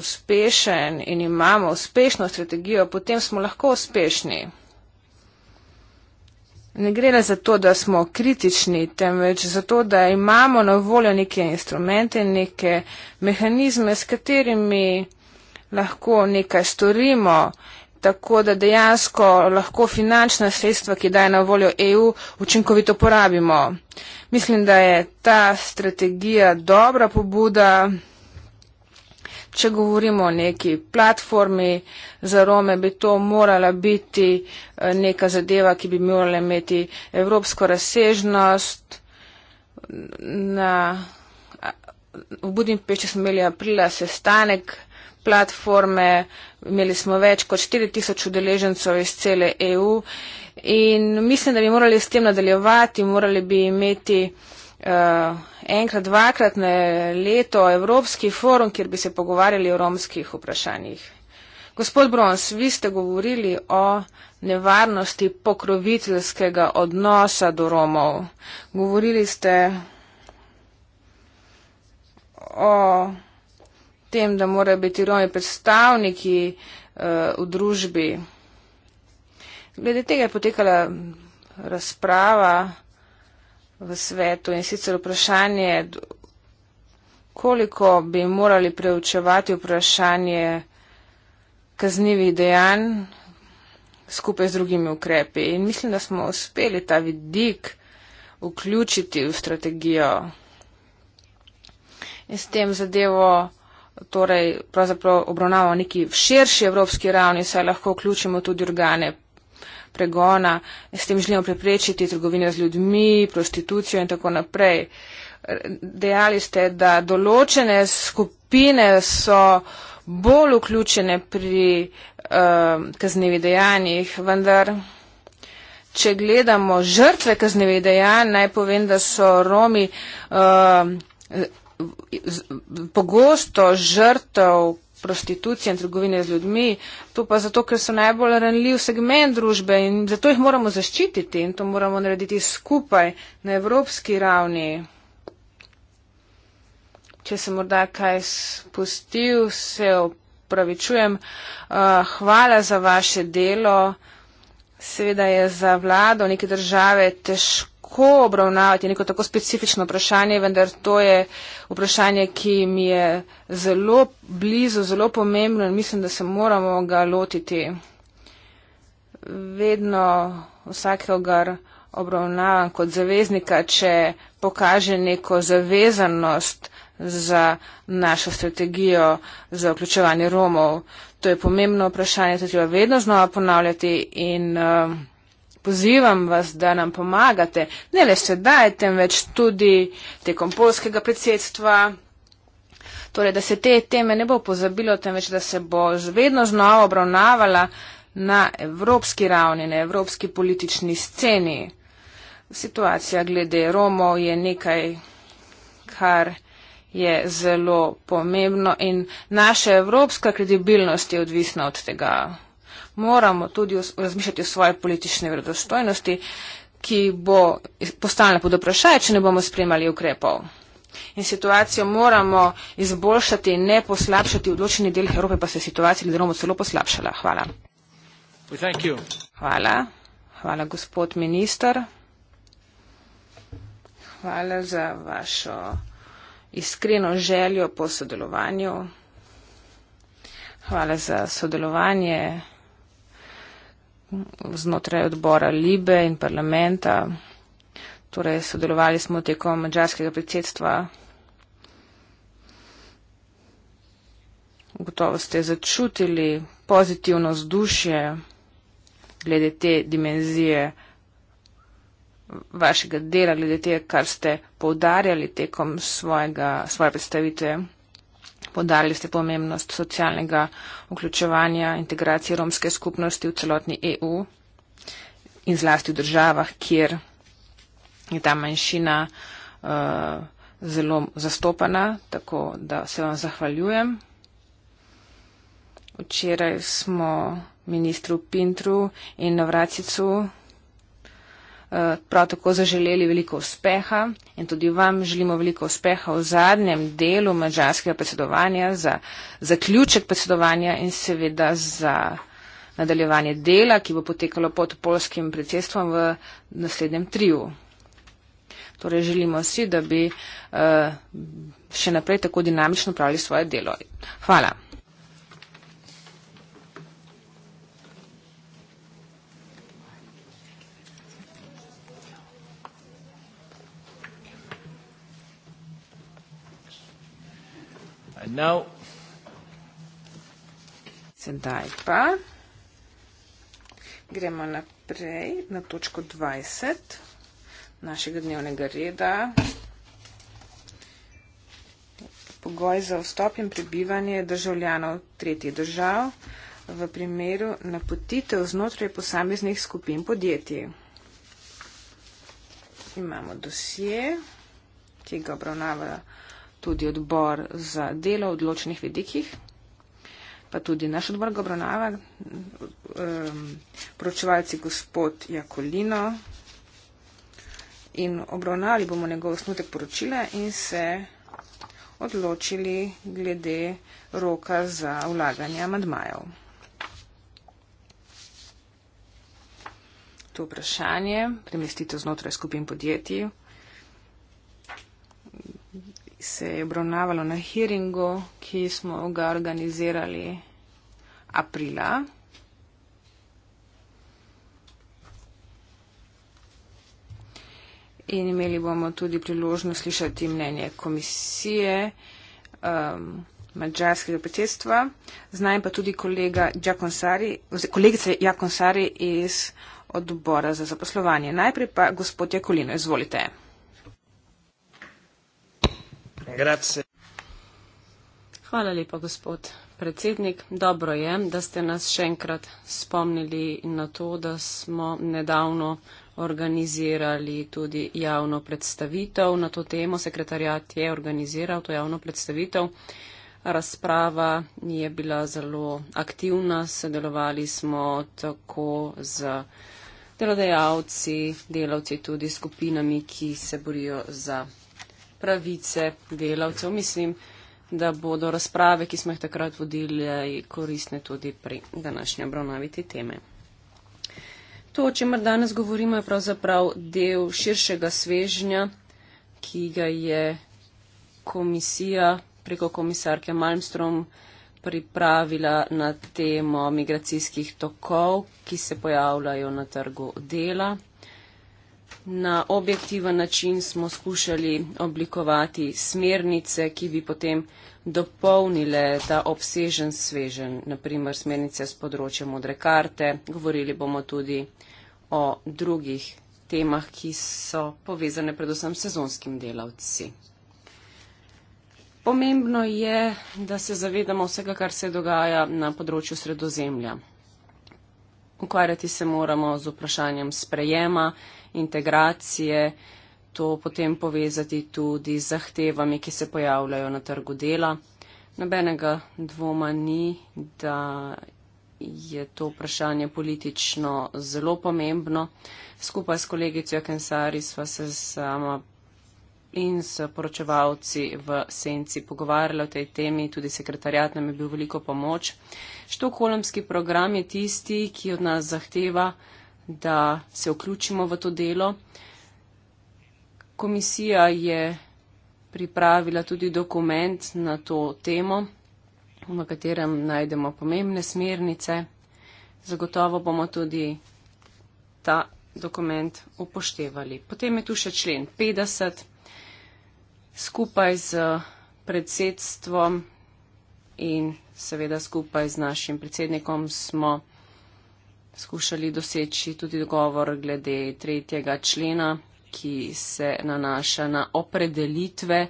uspešen in imamo uspešno strategijo, potem smo lahko uspešni. Ne gre le za to, da smo kritični, temveč za to, da imamo na voljo neke instrumente, neke mehanizme, s katerimi lahko nekaj storimo tako da dejansko lahko finančna sredstva, ki daje na voljo EU, učinkovito porabimo. Mislim, da je ta strategija dobra pobuda. Če govorimo o neki platformi za Rome, bi to morala biti eh, neka zadeva, ki bi morala imeti evropsko razsežnost. Na, v Budimpešti smo imeli aprila sestanek platforme, imeli smo več kot 4000 udeležencev iz cele EU in mislim, da bi morali s tem nadaljevati, morali bi imeti uh, enkrat, dvakrat na leto Evropski forum, kjer bi se pogovarjali o romskih vprašanjih. Gospod Brons, vi ste govorili o nevarnosti pokroviteljskega odnosa do Romov. Govorili ste o tem, da morajo biti Romi predstavniki uh, v družbi. Glede tega je potekala razprava v svetu in sicer vprašanje, koliko bi morali preučevati vprašanje kaznjivih dejanj skupaj z drugimi ukrepi. In mislim, da smo uspeli ta vidik vključiti v strategijo in s tem zadevo torej pravzaprav obravnavamo neki širši evropski ravni, saj lahko vključimo tudi organe pregona, s tem želimo preprečiti trgovino z ljudmi, prostitucijo in tako naprej. Dejali ste, da določene skupine so bolj vključene pri um, ehm, kaznevi dejanjih, vendar, če gledamo žrtve kaznevi dejanj, naj povem, da so Romi um, pogosto žrtev prostitucije in trgovine z ljudmi, to pa zato, ker so najbolj ranljiv segment družbe in zato jih moramo zaščititi in to moramo narediti skupaj na evropski ravni. Če sem morda kaj spustil, se opravičujem. Eh, hvala za vaše delo. Seveda je za vlado neke države težko kako obravnavati neko tako specifično vprašanje, vendar to je vprašanje, ki mi je zelo blizu, zelo pomembno in mislim, da se moramo ga lotiti. Vedno vsakega obravnavam kot zaveznika, če pokaže neko zavezanost za našo strategijo za vključevanje Romov. To je pomembno vprašanje, to treba vedno znova ponavljati in uh, Pozivam vas, da nam pomagate, ne le sedaj, temveč tudi tekom polskega predsedstva. Torej, da se te teme ne bo pozabilo, temveč da se bo vedno znova obravnavala na evropski ravni, na evropski politični sceni. Situacija glede Romov je nekaj, kar je zelo pomembno in naša evropska kredibilnost je odvisna od tega moramo tudi razmišljati o svoji politični vredostojnosti, ki bo postala pod vprašaj, če ne bomo sprejemali ukrepov. In situacijo moramo izboljšati in ne poslabšati. V odločeni del Evrope pa se je situacija ljudem celo poslabšala. Hvala. Hvala. Hvala, gospod minister. Hvala za vašo iskreno željo po sodelovanju. Hvala za sodelovanje znotraj odbora Libe in parlamenta. Torej, sodelovali smo tekom mađarskega predsedstva. Gotovo ste začutili pozitivno vzdušje glede te dimenzije vašega dela, glede tega, kar ste poudarjali tekom svojega, svoje predstavitve podali ste pomembnost socialnega vključevanja, integracije romske skupnosti v celotni EU in zlasti v državah, kjer je ta manjšina uh, zelo zastopana, tako da se vam zahvaljujem. Včeraj smo ministru Pintru in Navracicu prav tako zaželeli veliko uspeha in tudi vam želimo veliko uspeha v zadnjem delu mađarskega predsedovanja, za zaključek predsedovanja in seveda za nadaljevanje dela, ki bo potekalo pod polskim predsedstvom v naslednjem triju. Torej želimo si, da bi uh, še naprej tako dinamično pravili svoje delo. Hvala. Now. Sedaj pa gremo naprej na točko 20 našega dnevnega reda. Pogoj za vstop in prebivanje državljanov tretjih držav v primeru napotitev znotraj posameznih skupin podjetij. Imamo dosje, ki ga obravnava tudi odbor za delo v odločenih vidikih, pa tudi naš odbor ga obravnava, um, poročevalci gospod Jakolino in obravnavali bomo njegov osnutek poročila in se odločili glede roka za vlaganje amadmajev. To vprašanje premestite znotraj skupin podjetij se je obravnavalo na hearingu, ki smo ga organizirali aprila. In imeli bomo tudi priložnost slišati mnenje komisije um, mađarskega predsedstva. Znaj pa tudi kolega Jakonsari, kolegice Jakonsari iz odbora za zaposlovanje. Najprej pa gospod Jakolino, izvolite. Grazie. Hvala lepa, gospod predsednik. Dobro je, da ste nas še enkrat spomnili na to, da smo nedavno organizirali tudi javno predstavitev na to temo. Sekretarjat je organiziral to javno predstavitev. Razprava je bila zelo aktivna, sodelovali smo tako z delodajalci, delavci tudi skupinami, ki se borijo za pravice delavcev. Mislim, da bodo razprave, ki smo jih takrat vodili, koristne tudi pri današnji obravnavi te teme. To, o čemer danes govorimo, je pravzaprav del širšega svežnja, ki ga je komisija preko komisarke Malmstrom pripravila na temo migracijskih tokov, ki se pojavljajo na trgu dela na objektiven način smo skušali oblikovati smernice, ki bi potem dopolnile ta obsežen svežen, naprimer smernice s področja modre karte. Govorili bomo tudi o drugih temah, ki so povezane predvsem s sezonskim delavci. Pomembno je, da se zavedamo vsega, kar se dogaja na področju sredozemlja. Ukvarjati se moramo z vprašanjem sprejema, integracije, to potem povezati tudi z zahtevami, ki se pojavljajo na trgu dela. Nobenega dvoma ni, da je to vprašanje politično zelo pomembno. Skupaj s kolegico Kensari sva se sama in s poročevalci v Senci pogovarjali o tej temi, tudi sekretarjat nam je bil veliko pomoč. Štokholmski program je tisti, ki od nas zahteva da se vključimo v to delo. Komisija je pripravila tudi dokument na to temo, v katerem najdemo pomembne smernice. Zagotovo bomo tudi ta dokument upoštevali. Potem je tu še člen 50. Skupaj z predsedstvom in seveda skupaj z našim predsednikom smo skušali doseči tudi dogovor glede tretjega člena, ki se nanaša na opredelitve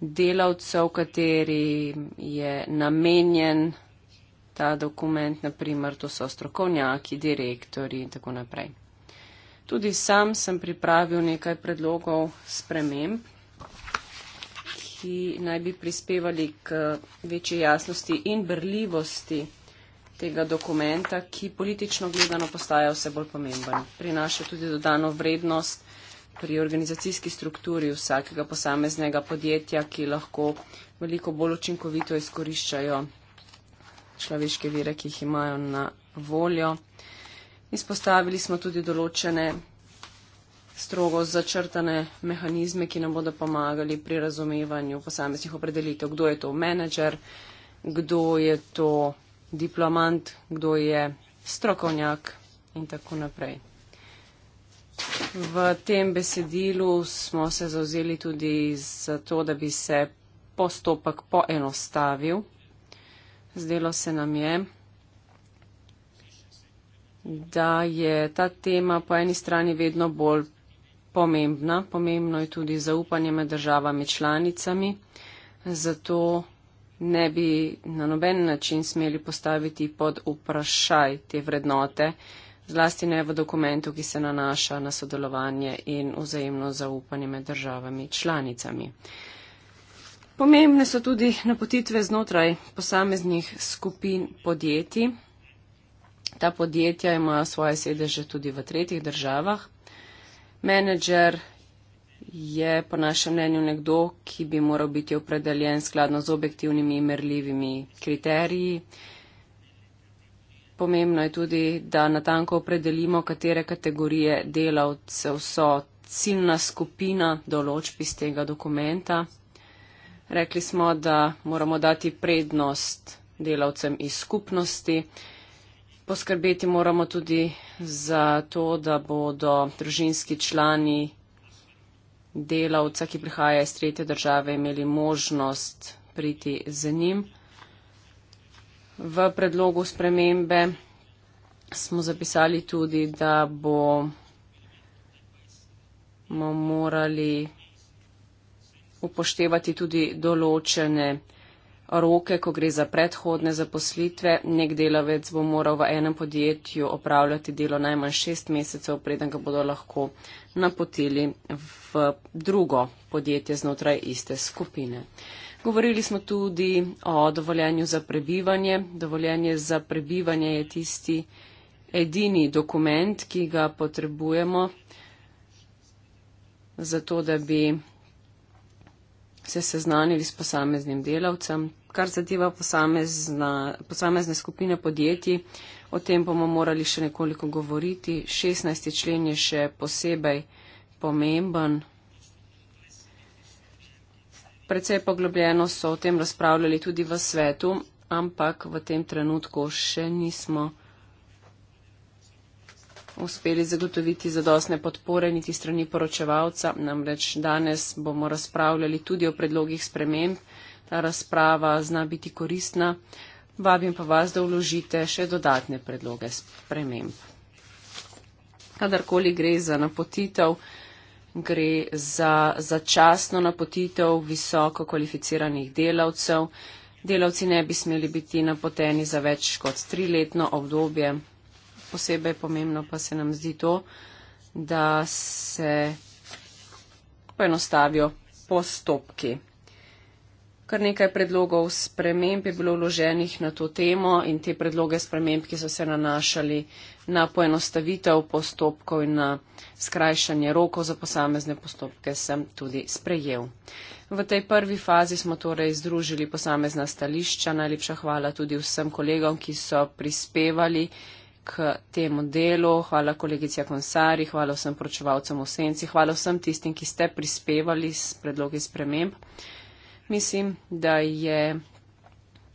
delavcev, kateri je namenjen ta dokument, naprimer to so strokovnjaki, direktori in tako naprej. Tudi sam sem pripravil nekaj predlogov sprememb, ki naj bi prispevali k večji jasnosti in brljivosti tega dokumenta, ki politično gledano postaja vse bolj pomemben. Prinaša tudi dodano vrednost pri organizacijski strukturi vsakega posameznega podjetja, ki lahko veliko bolj učinkovito izkoriščajo človeške vire, ki jih imajo na voljo. Izpostavili smo tudi določene strogo začrtane mehanizme, ki nam bodo pomagali pri razumevanju posameznih opredelitev, kdo je to menedžer, kdo je to diplomant, kdo je strokovnjak in tako naprej. V tem besedilu smo se zauzeli tudi za to, da bi se postopek poenostavil. Zdelo se nam je, da je ta tema po eni strani vedno bolj pomembna. Pomembno je tudi zaupanje med državami članicami. Zato ne bi na noben način smeli postaviti pod vprašaj te vrednote, zlasti ne v dokumentu, ki se nanaša na sodelovanje in vzajemno zaupanje med državami članicami. Pomembne so tudi napotitve znotraj posameznih skupin podjetij. Ta podjetja imajo svoje sedeže tudi v tretjih državah. Menedžer je po našem mnenju nekdo, ki bi moral biti opredeljen skladno z objektivnimi in merljivimi kriteriji. Pomembno je tudi, da natanko opredelimo, katere kategorije delavcev so ciljna skupina določb iz tega dokumenta. Rekli smo, da moramo dati prednost delavcem iz skupnosti. Poskrbeti moramo tudi za to, da bodo družinski člani delavca, ki prihaja iz tretje države, imeli možnost priti z njim. V predlogu spremembe smo zapisali tudi, da bomo morali upoštevati tudi določene roke, ko gre za predhodne zaposlitve. Nek delavec bo moral v enem podjetju opravljati delo najmanj šest mesecev, preden ga bodo lahko napotili v drugo podjetje znotraj iste skupine. Govorili smo tudi o dovoljenju za prebivanje. Dovoljenje za prebivanje je tisti edini dokument, ki ga potrebujemo za to, da bi se seznanili s posameznim delavcem, kar zadeva posamezna, posamezne skupine podjetij. O tem bomo morali še nekoliko govoriti. 16. člen je še posebej pomemben. Predvsej poglobljeno so o tem razpravljali tudi v svetu, ampak v tem trenutku še nismo uspeli zagotoviti zadostne podpore niti strani poročevalca. Namreč danes bomo razpravljali tudi o predlogih sprememb ta razprava zna biti koristna. Vabim pa vas, da vložite še dodatne predloge sprememb. Kadarkoli gre za napotitev, gre za začasno napotitev visoko kvalificiranih delavcev. Delavci ne bi smeli biti napoteni za več kot triletno obdobje. Posebej pomembno pa se nam zdi to, da se poenostavijo postopki. Kar nekaj predlogov sprememb je bilo vloženih na to temo in te predloge sprememb, ki so se nanašali na poenostavitev postopkov in na skrajšanje rokov za posamezne postopke, sem tudi sprejel. V tej prvi fazi smo torej združili posamezna stališča. Najlepša hvala tudi vsem kolegom, ki so prispevali k temu delu. Hvala kolegici Akonsari, hvala vsem pročevalcem v senci, hvala vsem tistim, ki ste prispevali s predlogi sprememb. Mislim, da je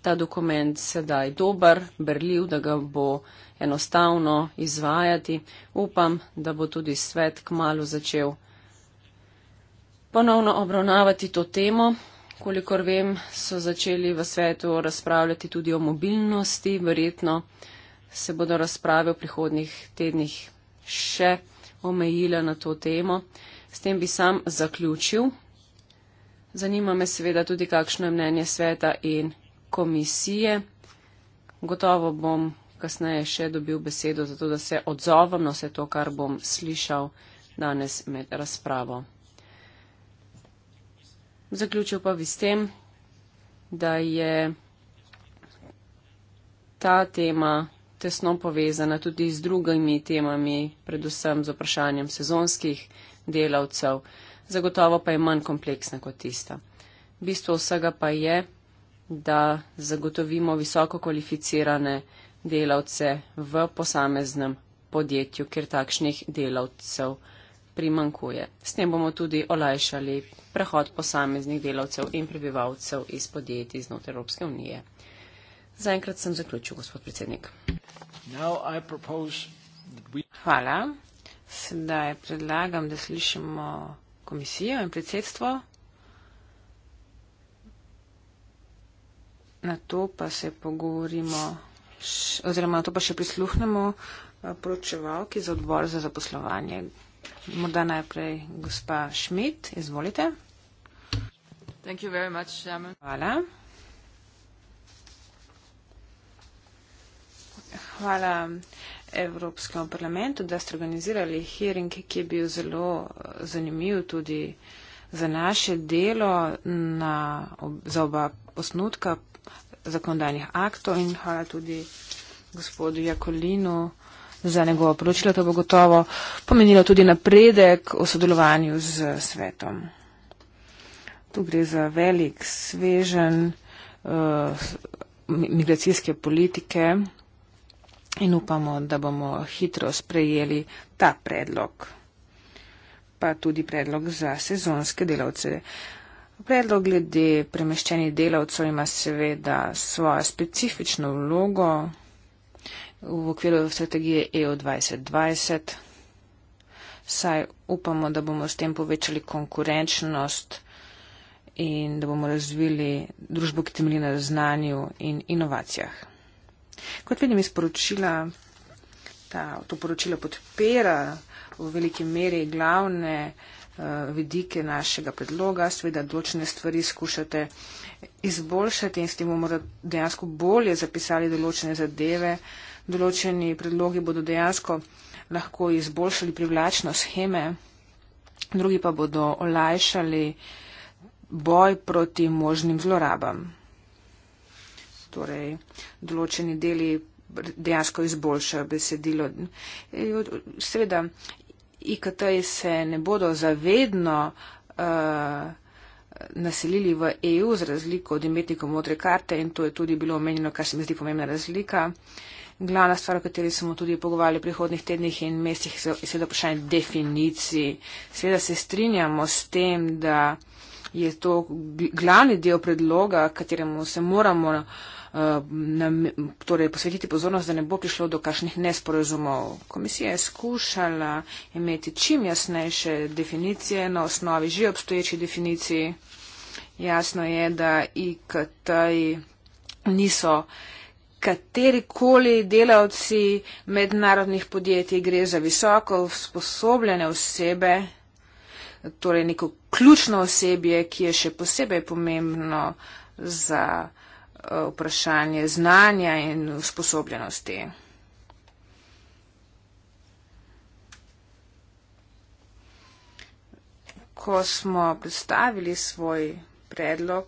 ta dokument sedaj dober, berljiv, da ga bo enostavno izvajati. Upam, da bo tudi svet k malu začel ponovno obravnavati to temo. Kolikor vem, so začeli v svetu razpravljati tudi o mobilnosti, verjetno se bodo razprave v prihodnih tednih še omejile na to temo. S tem bi sam zaključil Zanima me seveda tudi, kakšno je mnenje sveta in komisije. Gotovo bom kasneje še dobil besedo, zato da se odzovem na vse to, kar bom slišal danes med razpravo. Zaključil pa bi s tem, da je ta tema tesno povezana tudi z drugimi temami, predvsem z vprašanjem sezonskih delavcev zagotovo pa je manj kompleksna kot tista. Bistvo vsega pa je, da zagotovimo visoko kvalificirane delavce v posameznem podjetju, kjer takšnih delavcev primankuje. S tem bomo tudi olajšali prehod posameznih delavcev in prebivalcev iz podjetij znotraj Evropske unije. Zaenkrat sem zaključil, gospod predsednik. Hvala. Sedaj predlagam, da slišimo komisijo in predsedstvo. Na to pa se pogovorimo, oziroma na to pa še prisluhnemo eh, poročevalki za odbor za zaposlovanje. Morda najprej gospa Šmit, izvolite. Much, Hvala. Hvala. Evropskem parlamentu, da ste organizirali hearing, ki je bil zelo eh, zanimiv tudi za naše delo na, za oba osnutka zakonodajnih aktov in hvala tudi gospodu Jakolinu za njegovo poročilo. To bo gotovo pomenilo tudi napredek v sodelovanju z svetom. Tu gre za velik, svežen uh, migracijske politike in upamo, da bomo hitro sprejeli ta predlog, pa tudi predlog za sezonske delavce. Predlog glede premeščenih delavcev ima seveda svojo specifično vlogo v okviru strategije EU 2020, saj upamo, da bomo s tem povečali konkurenčnost in da bomo razvili družbo, ki temelji na znanju in inovacijah. Kot vidim iz poročila, ta, to poročilo podpira v veliki meri glavne uh, vidike našega predloga. Sveda, določene stvari skušate izboljšati in s tem bomo dejansko bolje zapisali določene zadeve. Določeni predlogi bodo dejansko lahko izboljšali privlačno scheme, drugi pa bodo olajšali boj proti možnim zlorabam torej določeni deli dejansko izboljšajo besedilo. Seveda, IKT-ji se ne bodo zavedno uh, naselili v EU z razliko od imetnikov modre karte in to je tudi bilo omenjeno, kar se mi zdi pomembna razlika. Glavna stvar, o kateri smo tudi pogovarjali v prihodnih tednih in mestih, je seveda vprašanje definicij. Seveda se strinjamo s tem, da je to glavni del predloga, kateremu se moramo. Uh, nam, torej posvetiti pozornost, da ne bo prišlo do kašnih nesporozumov. Komisija je skušala imeti čim jasnejše definicije na osnovi že obstoječi definiciji. Jasno je, da IKT niso katerikoli delavci mednarodnih podjetij, gre za visoko usposobljene osebe, torej neko ključno osebje, ki je še posebej pomembno za vprašanje znanja in usposobljenosti. Ko smo predstavili svoj predlog,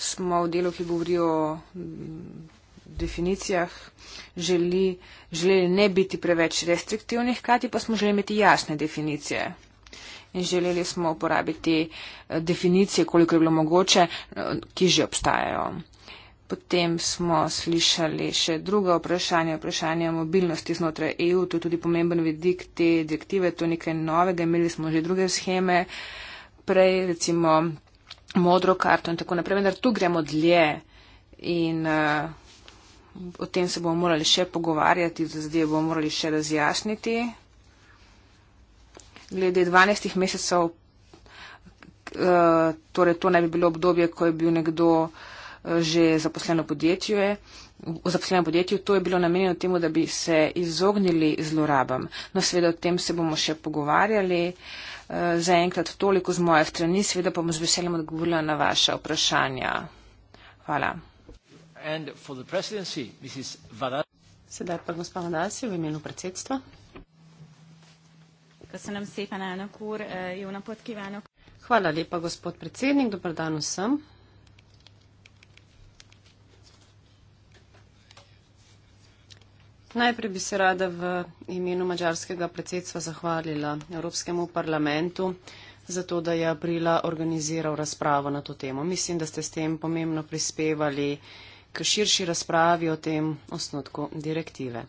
smo v delu, ki govori o mm, definicijah, želeli ne biti preveč restriktivnih, kajti pa smo želeli imeti jasne definicije in želeli smo uporabiti eh, definicije, koliko je bilo mogoče, eh, ki že obstajajo. Potem smo slišali še druga vprašanja, vprašanje o mobilnosti znotraj EU. To je tudi pomemben vidik te direktive, to je nekaj novega. Imeli smo že druge scheme, prej recimo modro karto in tako naprej, vendar tu gremo dlje in uh, o tem se bomo morali še pogovarjati, zdaj bomo morali še razjasniti glede 12 mesecev, eh, torej to naj bi bilo obdobje, ko je bil nekdo eh, že zaposlen v podjetju. Je. V zaposlenem podjetju to je bilo namenjeno temu, da bi se izognili zlorabam. No, seveda o tem se bomo še pogovarjali. Eh, zaenkrat toliko z moje strani, seveda pa bom z veseljem odgovorila na vaše vprašanja. Hvala. Sedaj pa gospod Madasi v imenu predsedstva. Köszönöm szépen, elnök úr, jó napot kívánok! Hvala lepa, gospod predsednik, dobro dan vsem. Najprej bi se rada v imenu mačarskega predsedstva zahvalila Evropskemu parlamentu za to, da je aprila organiziral razpravo na to temo. Mislim, da ste s tem pomembno prispevali uh, k širši razpravi o tem osnotku direktive.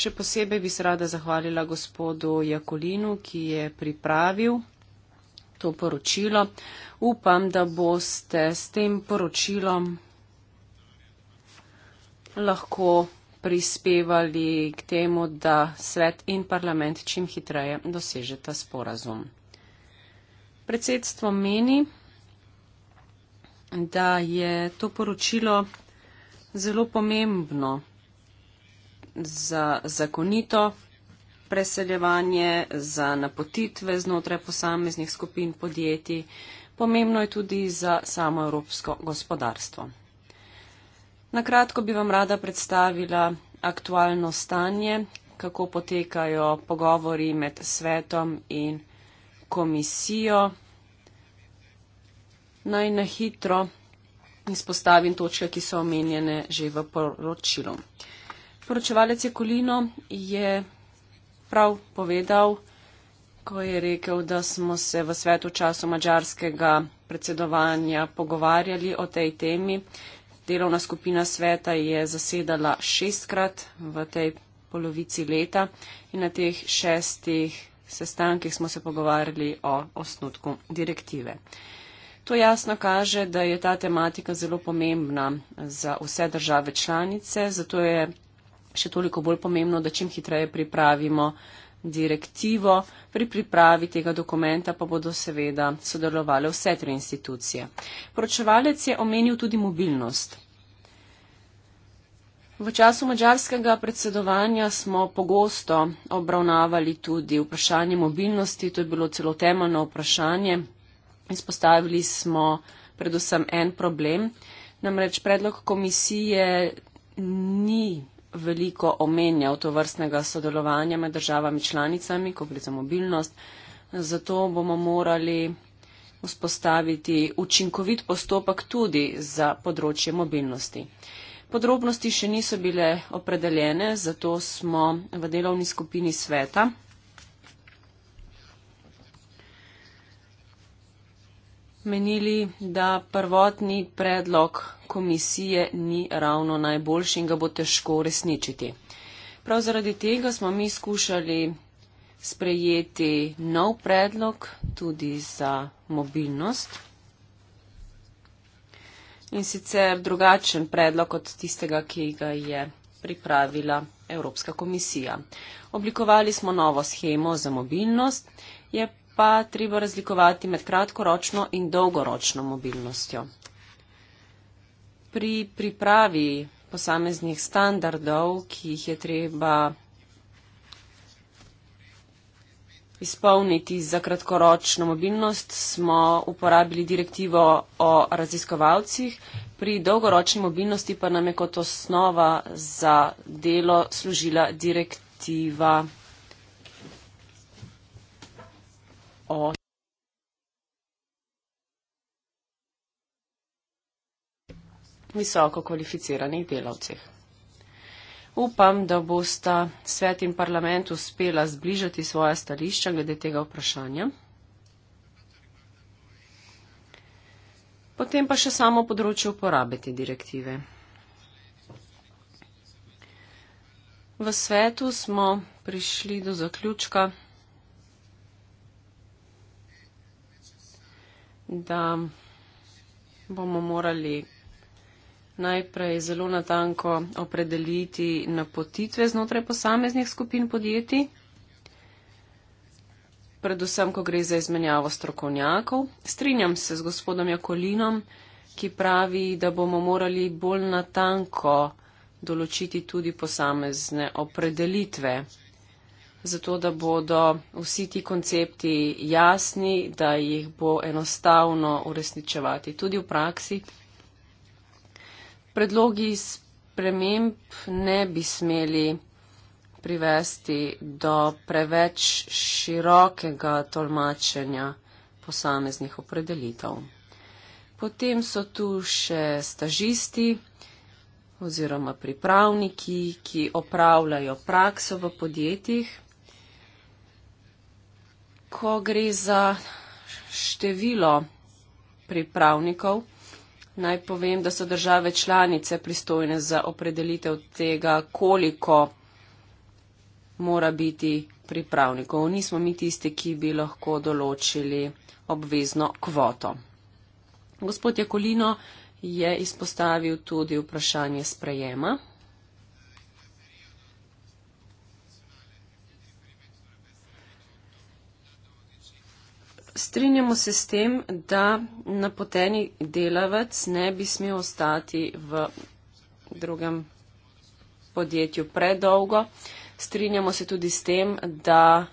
Še posebej bi se rada zahvalila gospodu Jakolinu, ki je pripravil to poročilo. Upam, da boste s tem poročilom lahko prispevali k temu, da svet in parlament čim hitreje dosežeta sporazum. Predsedstvo meni, da je to poročilo zelo pomembno za zakonito preseljevanje, za napotitve znotraj posameznih skupin podjetij, pomembno je tudi za samo evropsko gospodarstvo. Na kratko bi vam rada predstavila aktualno stanje, kako potekajo pogovori med svetom in komisijo. Naj na hitro izpostavim točke, ki so omenjene že v poročilu. Poročevalec je Kolino je prav povedal, ko je rekel, da smo se v svetu času mađarskega predsedovanja pogovarjali o tej temi. Delovna skupina sveta je zasedala šestkrat v tej polovici leta in na teh šestih sestankih smo se pogovarjali o osnutku direktive. To jasno kaže, da je ta tematika zelo pomembna za vse države članice, zato je še toliko bolj pomembno, da čim hitreje pripravimo direktivo. Pri pripravi tega dokumenta pa bodo seveda sodelovali vse tri institucije. Poročevalec je omenil tudi mobilnost. V času mačarskega predsedovanja smo pogosto obravnavali tudi vprašanje mobilnosti, to je bilo celo temeljno vprašanje Izpostavili smo predvsem en problem, namreč predlog komisije ni veliko omenjal to vrstnega sodelovanja med državami članicami, ko gre za mobilnost, zato bomo morali vzpostaviti učinkovit postopek tudi za področje mobilnosti. Podrobnosti še niso bile opredeljene, zato smo v delovni skupini sveta menili, da prvotni predlog komisije ni ravno najboljši in ga bo težko resničiti. Prav zaradi tega smo mi skušali sprejeti nov predlog tudi za mobilnost in sicer drugačen predlog od tistega, ki ga je pripravila Evropska komisija. Oblikovali smo novo schemo za mobilnost, je pa treba razlikovati med kratkoročno in dolgoročno mobilnostjo. Pri pripravi posameznih standardov, ki jih je treba izpolniti za kratkoročno mobilnost, smo uporabili direktivo o raziskovalcih, pri dolgoročni mobilnosti pa nam je kot osnova za delo služila direktiva. oče. visoko kvalificiranih delavcev. Upam, da bosta svet in parlament uspela zbližati svoja stališča glede tega vprašanja. Potem pa še samo področje uporabe te direktive. V svetu smo prišli do zaključka, da bomo morali najprej zelo natanko opredeliti napotitve znotraj posameznih skupin podjetij, predvsem, ko gre za izmenjavo strokovnjakov. Strinjam se z gospodom Jakolinom, ki pravi, da bomo morali bolj natanko določiti tudi posamezne opredelitve zato da bodo vsi ti koncepti jasni, da jih bo enostavno uresničevati tudi v praksi. Predlogi sprememb ne bi smeli privesti do preveč širokega tolmačenja posameznih opredelitev. Potem so tu še stažisti oziroma pripravniki, ki opravljajo prakso v podjetjih ko gre za število pripravnikov, naj povem, da so države članice pristojne za opredelitev tega, koliko mora biti pripravnikov. Nismo mi tisti, ki bi lahko določili obvezno kvoto. Gospod Jakolino je izpostavil tudi vprašanje sprejema. strinjamo se s tem, da napoteni delavec ne bi smel ostati v drugem podjetju predolgo. Strinjamo se tudi s tem, da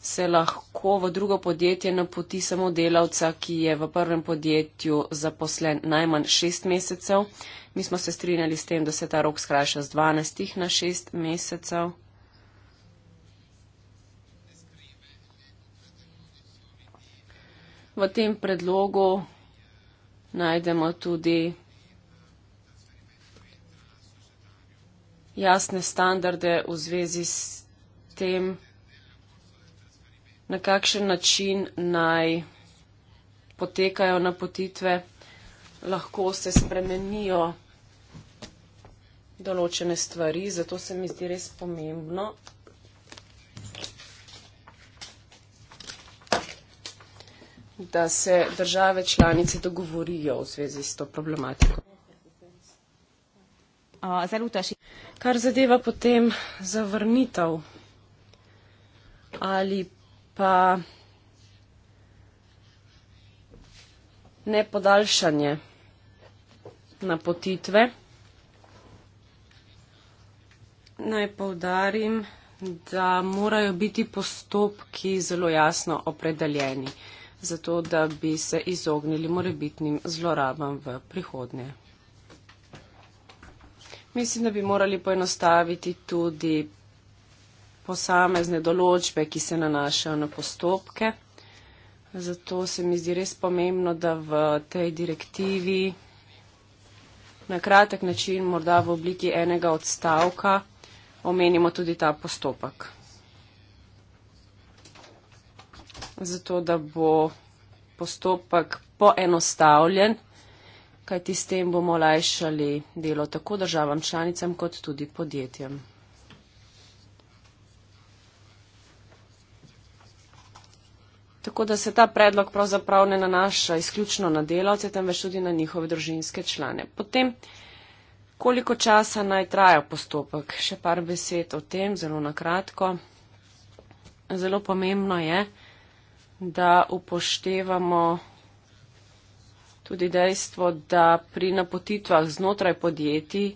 se lahko v drugo podjetje napoti samo delavca, ki je v prvem podjetju zaposlen najmanj šest mesecev. Mi smo se strinjali s tem, da se ta rok skrajša z 12 na 6 mesecev. V tem predlogu najdemo tudi jasne standarde v zvezi s tem, na kakšen način naj potekajo napotitve, lahko se spremenijo določene stvari, zato se mi zdi res pomembno, da se države članice dogovorijo v zvezi s to problematiko. Kar zadeva potem zavrnitev ali pa nepodaljšanje napotitve, naj povdarim, da morajo biti postopki zelo jasno opredeljeni. Uh, zato da bi se izognili morebitnim zlorabam v prihodnje. Mislim, da bi morali poenostaviti tudi posamezne določbe, ki se nanašajo na postopke. Zato se mi zdi res pomembno, da v tej direktivi na kratek način, morda v obliki enega odstavka, omenimo tudi ta postopek. zato da bo postopek poenostavljen, kajti s tem bomo lajšali delo tako državam članicam kot tudi podjetjem. Tako da se ta predlog pravzaprav ne nanaša izključno na delavce, temveč tudi na njihove družinske člane. Potem, koliko časa naj traja postopek? Še par besed o tem, zelo na kratko. Zelo pomembno je, da upoštevamo tudi dejstvo, da pri napotitvah znotraj podjetij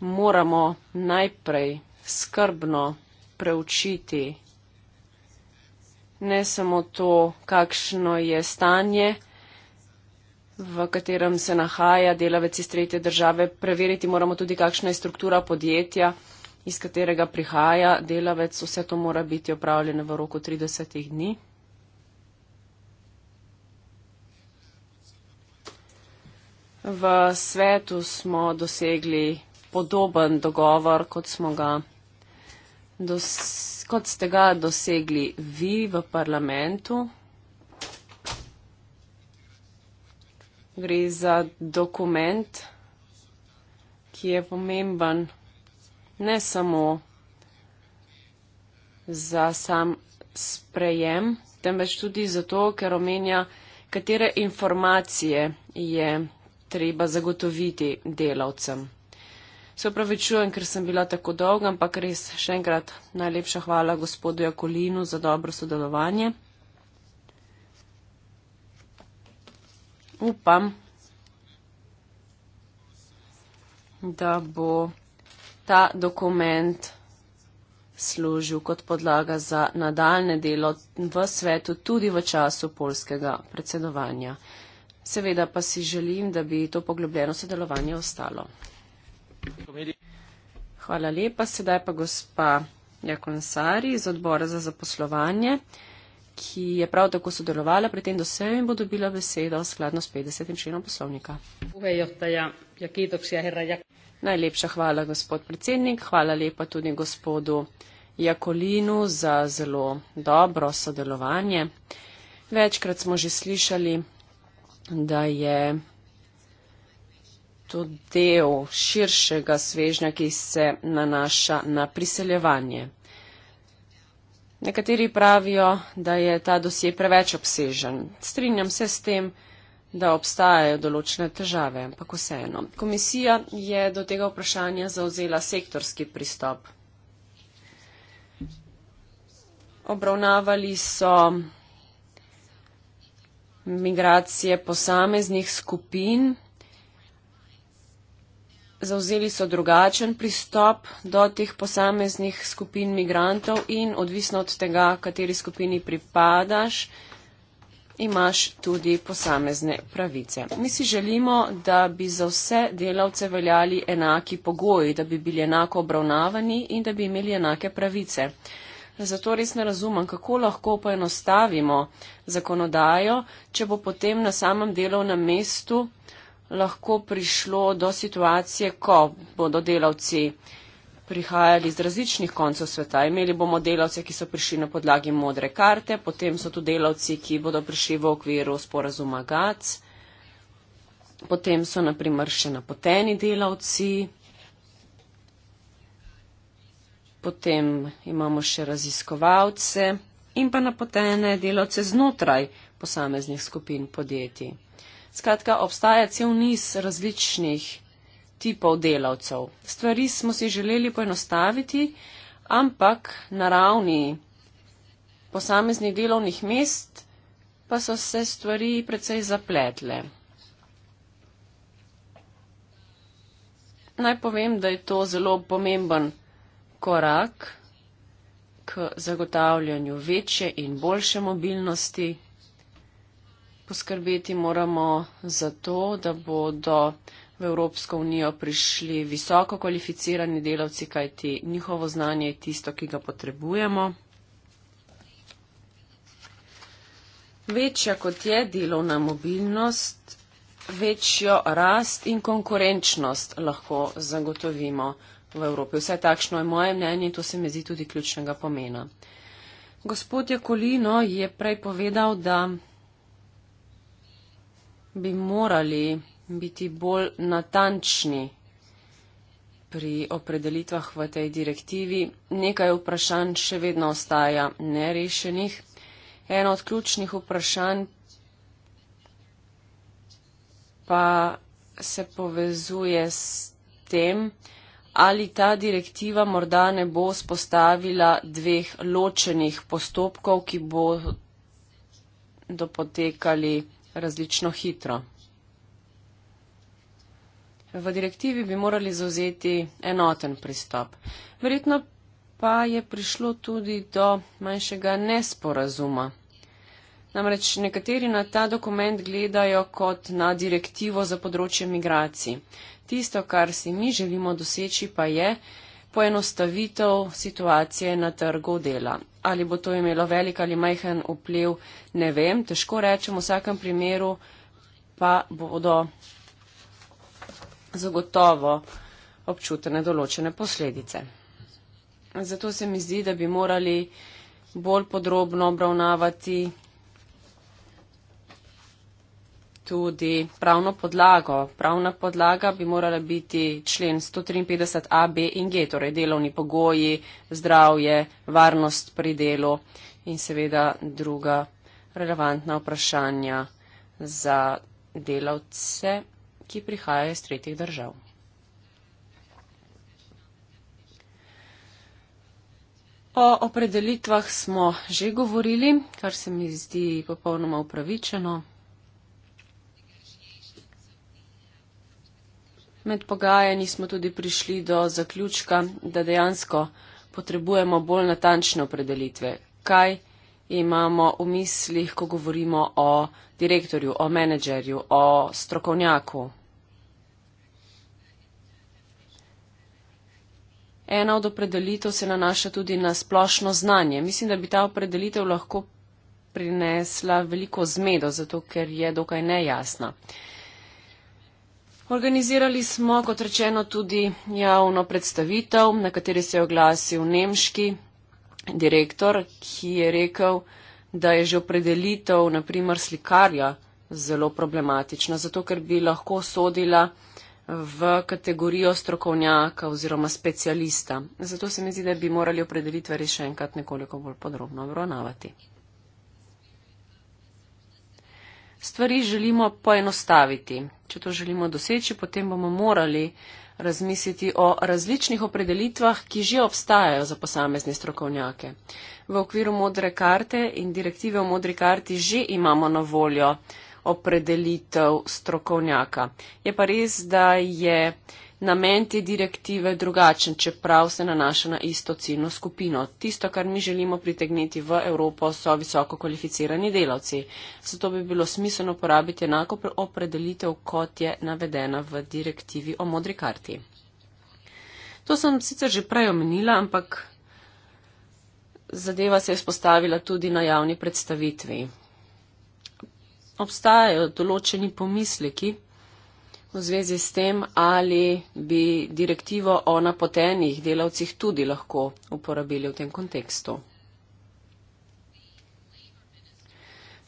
moramo najprej skrbno preučiti ne samo to, kakšno je stanje, v katerem se nahaja delavec iz tretje države, preveriti moramo tudi, kakšna je struktura podjetja, iz katerega prihaja delavec. Vse to mora biti opravljeno v roku 30 dni. V svetu smo dosegli podoben dogovor, kot, ga, dos, kot ste ga dosegli vi v parlamentu. Gre za dokument, ki je pomemben ne samo za sam sprejem, temveč tudi zato, ker omenja, katere informacije je treba zagotoviti delavcem. Se opravičujem, ker sem bila tako dolga, ampak res še enkrat najlepša hvala gospodu Jakolinu za dobro sodelovanje. Upam, da bo ta dokument služil kot podlaga za nadaljne delo v svetu tudi v času polskega predsedovanja. Seveda pa si želim, da bi to poglobljeno sodelovanje ostalo. Hvala lepa. Sedaj pa gospa Jakonsari iz odbora za zaposlovanje, ki je prav tako sodelovala pri tem dosegu in bo dobila besedo skladno s 50. členom poslovnika. Ja Najlepša hvala, gospod predsednik. Hvala lepa tudi gospodu Jakolinu za zelo dobro sodelovanje. Večkrat smo že slišali da je to del širšega svežnja, ki se nanaša na priseljevanje. Nekateri pravijo, da je ta dosje preveč obsežen. Strinjam se s tem, da obstajajo določene težave, ampak vseeno. Komisija je do tega vprašanja zauzela sektorski pristop. Obravnavali so migracije posameznih skupin. Zauzeli so drugačen pristop do teh posameznih skupin migrantov in odvisno od tega, kateri skupini pripadaš, imaš tudi posamezne pravice. Mi si želimo, da bi za vse delavce veljali enaki pogoji, da bi bili enako obravnavani in da bi imeli enake pravice. Zato res ne razumem, kako lahko poenostavimo zakonodajo, če bo potem na samem delovnem mestu lahko prišlo do situacije, ko bodo delavci prihajali iz različnih koncev sveta. Imeli bomo delavce, ki so prišli na podlagi modre karte, potem so tu delavci, ki bodo prišli v okviru sporazuma GAC, potem so naprimer še napoteni delavci potem imamo še raziskovalce in pa napotene delavce znotraj posameznih skupin podjetij. Skratka, obstaja cel niz različnih tipov delavcev. Stvari smo si želeli poenostaviti, ampak na ravni posameznih delovnih mest pa so se stvari precej zapletle. Naj povem, da je to zelo pomemben korak k zagotavljanju večje in boljše mobilnosti. Poskrbeti moramo za to, da bodo v Evropsko unijo prišli visoko kvalificirani delavci, kajti njihovo znanje je tisto, ki ga potrebujemo. Večja kot je delovna mobilnost, večjo rast in konkurenčnost lahko zagotovimo v Evropi. Vse takšno je moje mnenje in to se mi zdi tudi ključnega pomena. Gospod Jakolino je prej povedal, da bi morali biti bolj natančni pri opredelitvah v tej direktivi. Nekaj vprašanj še vedno ostaja nerešenih. Eno od ključnih vprašanj pa se povezuje s tem, ali ta direktiva morda ne bo spostavila dveh ločenih postopkov, ki bo dopotekali različno hitro. V direktivi bi morali zauzeti enoten pristop. Verjetno pa je prišlo tudi do manjšega nesporazuma. Namreč nekateri na ta dokument gledajo kot na direktivo za področje migracij. Tisto, kar si mi želimo doseči, pa je poenostavitev situacije na trgu dela. Ali bo to imelo velik ali majhen vpliv, ne vem, težko rečem, v vsakem primeru pa bodo zagotovo občutene določene posledice. Zato se mi zdi, da bi morali bolj podrobno obravnavati tudi pravno podlago. Pravna podlaga bi morala biti člen 153a, b in g, torej delovni pogoji, zdravje, varnost pri delu in seveda druga relevantna vprašanja za delavce, ki prihajajo iz tretjih držav. O opredelitvah smo že govorili, kar se mi zdi popolnoma upravičeno. med pogajanji smo tudi prišli do zaključka, da dejansko potrebujemo bolj natančne opredelitve, kaj imamo v mislih, ko govorimo o direktorju, o menedžerju, o strokovnjaku. Ena od opredelitev se nanaša tudi na splošno znanje. Mislim, da bi ta opredelitev lahko prinesla veliko zmedo, zato ker je dokaj nejasna. Uh, Organizirali smo, kot rečeno, tudi javno predstavitev, na kateri se je oglasil nemški direktor, ki je rekel, da je že opredelitev, naprimer, slikarja zelo problematična, zato ker bi lahko sodila v kategorijo strokovnjaka oziroma specialista. Zato se mi zdi, da bi morali opredelitve res še enkrat nekoliko bolj podrobno obravnavati. stvari želimo poenostaviti. Če to želimo doseči, potem bomo morali razmisliti o različnih opredelitvah, ki že obstajajo za posamezne strokovnjake. V okviru modre karte in direktive o modri karti že imamo na voljo opredelitev strokovnjaka. Je pa res, da je namen te direktive drugačen, čeprav se nanaša na isto ciljno skupino. Tisto, kar mi želimo pritegniti v Evropo, so visoko kvalificirani delavci. Zato bi bilo smiselno porabiti enako opredelitev, kot je navedena v direktivi o modri karti. To sem sicer že prej omenila, ampak zadeva se je spostavila tudi na javni predstavitvi. Obstajajo določeni pomisleki, v zvezi s tem, ali bi direktivo o napotenih delavcih tudi lahko uporabili v tem kontekstu.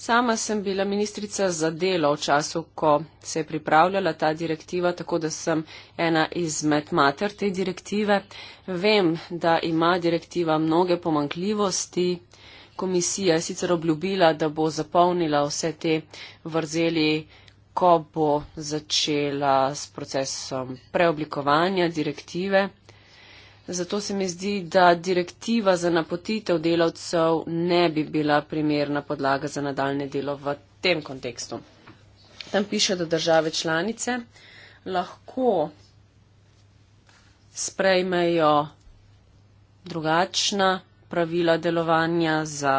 Sama sem bila ministrica za delo v času, ko se je pripravljala ta direktiva, tako da sem ena izmed mater te direktive. Vem, da ima direktiva mnoge pomankljivosti. Komisija je sicer obljubila, da bo zapolnila vse te vrzeli ko bo začela s procesom preoblikovanja direktive. Zato se mi zdi, da direktiva za napotitev delavcev ne bi bila primerna podlaga za nadaljne delo v tem kontekstu. Tam piše, da države članice lahko sprejmejo drugačna pravila delovanja za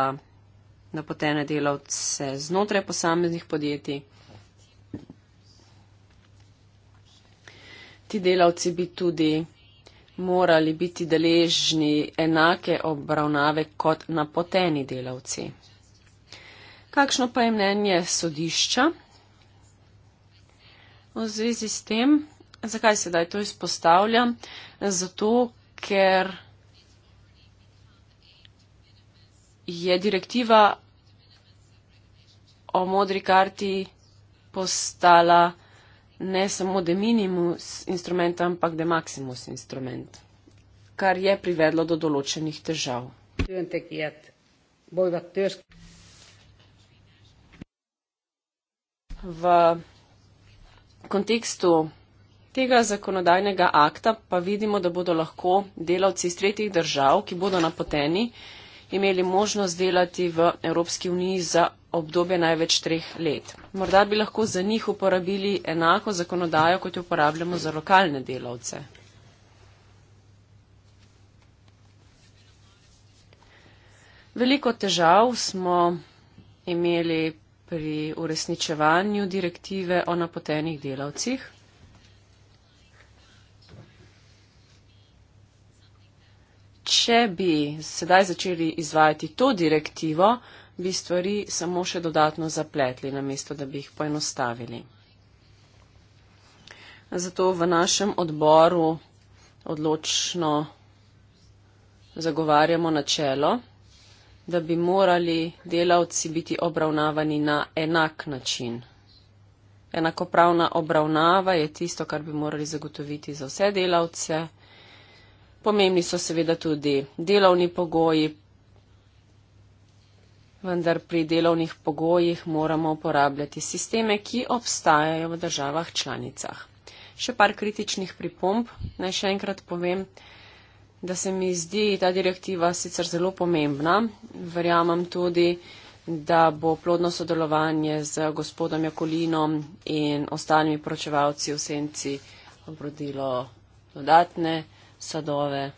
napotene delavce znotraj posameznih podjetij. ti delavci bi tudi morali biti deležni enake obravnave kot napoteni delavci. Kakšno pa je mnenje sodišča v zvezi s tem? Zakaj se daj to izpostavljam? Zato, ker je direktiva o modri karti postala ne samo de minimus instrument, ampak de maximus instrument, kar je privedlo do določenih težav. V kontekstu tega zakonodajnega akta pa vidimo, da bodo lahko delavci iz tretjih držav, ki bodo napoteni, uh, imeli možnost delati v Evropski uniji za obdobje največ treh let. Morda bi lahko za njih uporabili enako zakonodajo, kot jo uporabljamo za lokalne delavce. Veliko težav smo imeli pri uresničevanju direktive o napotenih delavcih. če bi sedaj začeli izvajati to direktivo, bi stvari samo še dodatno zapletli, namesto da bi jih poenostavili. Zato v našem odboru odločno zagovarjamo načelo, da bi morali delavci biti obravnavani na enak način. Enakopravna obravnava je tisto, kar bi morali zagotoviti za vse delavce. Pomembni so seveda tudi delovni pogoji, vendar pri delovnih pogojih moramo uporabljati sisteme, ki obstajajo v državah članicah. Še par kritičnih pripomb. Naj še enkrat povem, da se mi zdi ta direktiva sicer zelo pomembna. Verjamem tudi, da bo plodno sodelovanje z gospodom Jakolinom in ostalimi pročevalci v senci obrodilo dodatne sadove.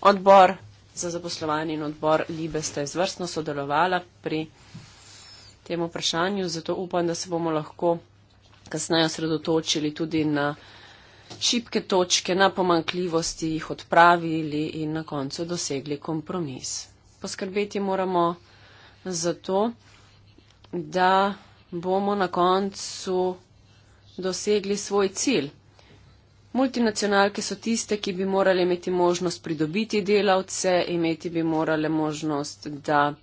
Odbor za zaposlovanje in odbor Libe sta izvrstno sodelovala pri tem vprašanju, zato upam, da se bomo lahko kasneje osredotočili tudi na šibke točke, na pomankljivosti, jih odpravili in na koncu dosegli kompromis. Poskrbeti moramo za to, da bomo na koncu dosegli svoj cilj. Multinacionalke so tiste, ki bi morali imeti možnost pridobiti delavce, imeti bi morali možnost, da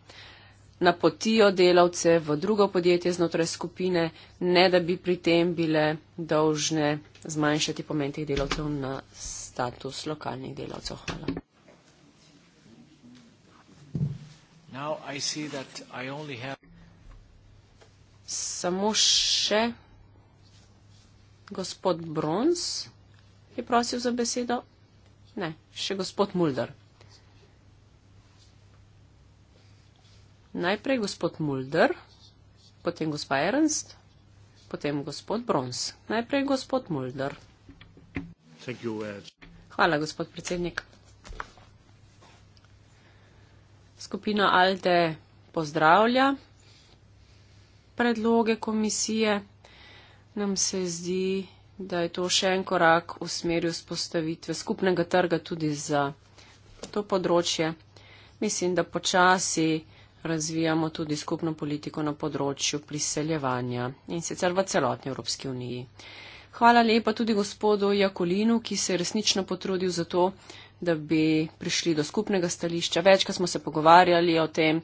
napotijo delavce v drugo podjetje znotraj skupine, ne da bi pri tem bile dolžne zmanjšati pomen teh delavcev na status lokalnih delavcev. Hvala. Samo še gospod Bronze je prosil za besedo. Ne, še gospod Mulder. Najprej gospod Mulder, potem gospa Ernst, potem gospod Brons. Najprej gospod Mulder. Uh, Hvala, gospod predsednik. Skupina Alde pozdravlja predloge komisije. Nam se zdi da je to še en korak v smeri vzpostavitve skupnega trga tudi za to področje. Mislim, da počasi razvijamo tudi skupno politiko na področju priseljevanja in sicer v celotni Evropski uniji. Hvala lepa tudi gospodu Jakolinu, ki se je resnično potrudil za to, da bi prišli do skupnega stališča. Večkrat smo se pogovarjali o tem,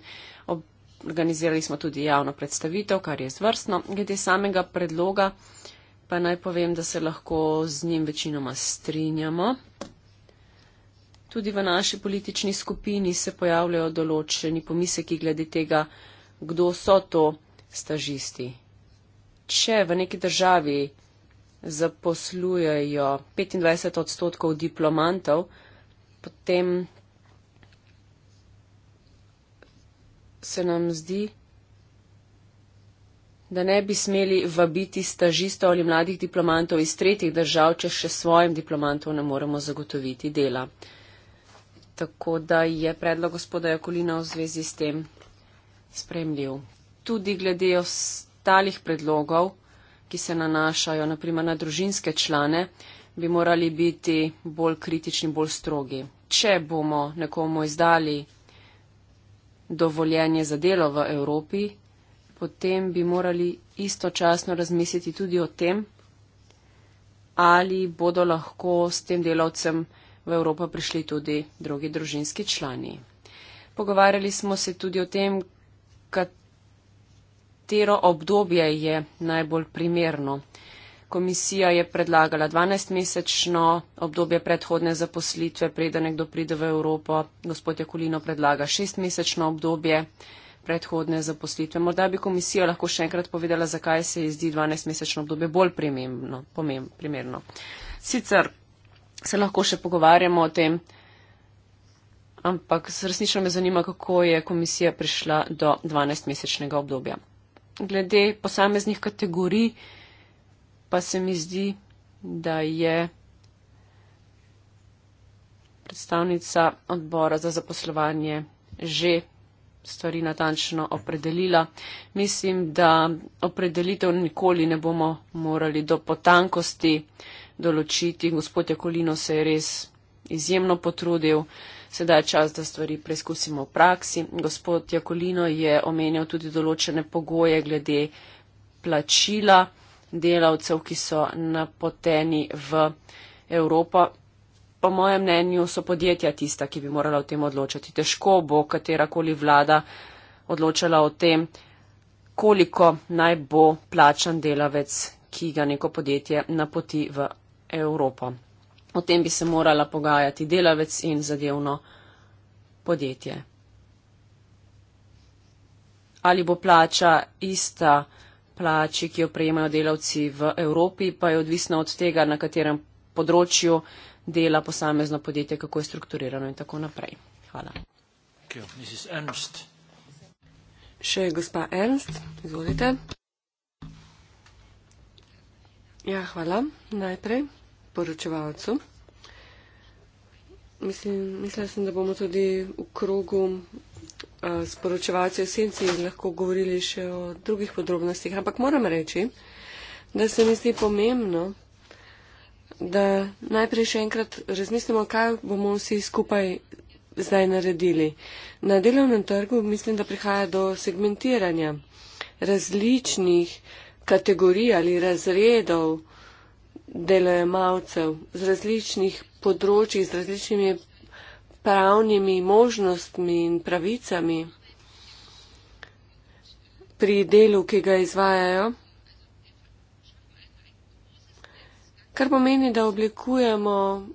organizirali smo tudi javno predstavitev, kar je zvrstno. Glede samega predloga pa naj povem, da se lahko z njim večinoma strinjamo. Tudi v naši politični skupini se pojavljajo določeni pomiseki glede tega, kdo so to stažisti. Če v neki državi zaposlujejo 25 odstotkov diplomantov, potem se nam zdi, da ne bi smeli vabiti stažistov ali mladih diplomantov iz tretjih držav, če še svojim diplomantom ne moremo zagotoviti dela. Tako da je predlog gospoda Jakolina v zvezi s tem spremljiv. Tudi glede ostalih predlogov, ki se nanašajo naprimer na družinske člane, bi morali biti bolj kritični, bolj strogi. Če bomo nekomu izdali dovoljenje za delo v Evropi, potem bi morali istočasno razmisliti tudi o tem, ali bodo lahko s tem delavcem v Evropo prišli tudi drugi družinski člani. Pogovarjali smo se tudi o tem, katero obdobje je najbolj primerno. Komisija je predlagala 12-mesečno obdobje predhodne zaposlitve, preden nekdo pride v Evropo. Gospod Jakulino predlaga 6-mesečno obdobje. Uh, predhodne zaposlitve. Morda bi komisija lahko še enkrat povedala, zakaj se ji zdi 12-mesečno obdobje bolj primemno, pomem, primerno. Sicer se lahko še pogovarjamo o tem, ampak resnično me zanima, kako je komisija prišla do 12-mesečnega obdobja. Glede posameznih kategorij pa se mi zdi, da je predstavnica odbora za zaposlovanje že stvari natančno opredelila. Mislim, da opredelitev nikoli ne bomo morali do potankosti določiti. Gospod Jakolino se je res izjemno potrudil. Sedaj je čas, da stvari preizkusimo v praksi. Gospod Jakolino je omenjal tudi določene pogoje glede plačila delavcev, ki so napoteni v Evropo po mojem mnenju so podjetja tista, ki bi morala o tem odločati. Težko bo katerakoli vlada odločala o tem, koliko naj bo plačan delavec, ki ga neko podjetje napoti v Evropo. O tem bi se morala pogajati delavec in zadevno podjetje. Ali bo plača ista plači, ki jo prejemajo delavci v Evropi, pa je odvisna od tega, na katerem področju dela posamezno podjetje, kako je strukturirano in tako naprej. Hvala. Še gospa Ernst, izvolite. Ja, hvala. Najprej poročevalcu. Mislim, mislila sem, da bomo tudi v krogu uh, s poročevalci v senci lahko govorili še o drugih podrobnostih, ampak moram reči, da se mi zdi pomembno, da najprej še enkrat razmislimo, kaj bomo vsi skupaj zdaj naredili. Na delovnem trgu mislim, da prihaja do segmentiranja različnih kategorij ali razredov delojemalcev z različnih področji, z različnimi pravnimi možnostmi in pravicami pri delu, ki ga izvajajo. kar pomeni, da oblikujemo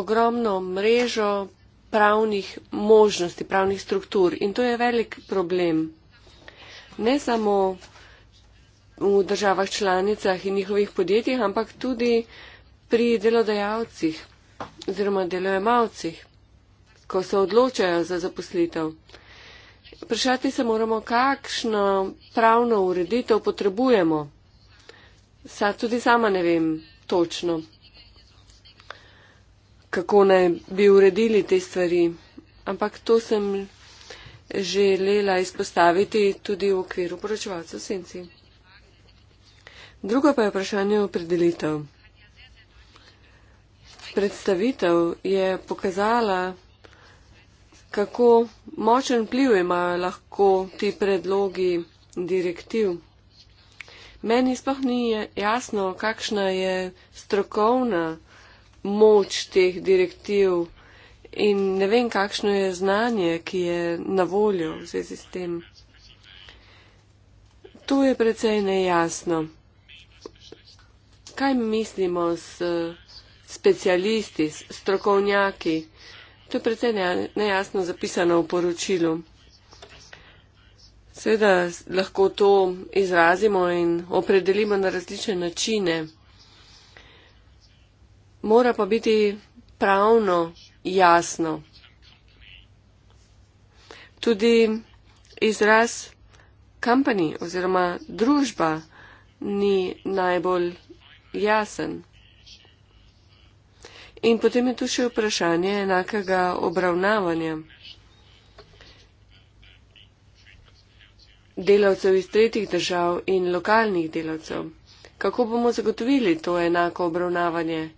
ogromno mrežo pravnih možnosti, pravnih struktur in to je velik problem. Ne samo v državah članicah in njihovih podjetjih, ampak tudi pri delodajalcih oziroma delojemalcih, ko se odločajo za zaposlitev. Prešati se moramo, kakšno pravno ureditev potrebujemo. Sa, tudi sama ne vem, Točno. Kako naj bi uredili te stvari. Ampak to sem želela izpostaviti tudi v okviru poročevalcev senci. Drugo pa je vprašanje opredelitev. Predstavitev je pokazala, kako močen pliv imajo lahko ti predlogi direktiv. Meni sploh ni jasno, kakšna je strokovna moč teh direktiv in ne vem, kakšno je znanje, ki je na voljo v zvezi s tem. Tu je precej nejasno. Kaj mislimo s specialisti, s strokovnjaki? To je precej nejasno zapisano v poročilu. Seveda lahko to izrazimo in opredelimo na različne načine. Mora pa biti pravno jasno. Tudi izraz company oziroma družba ni najbolj jasen. In potem je tu še vprašanje enakega obravnavanja. delavcev iz tretjih držav in lokalnih delavcev. Kako bomo zagotovili to enako obravnavanje?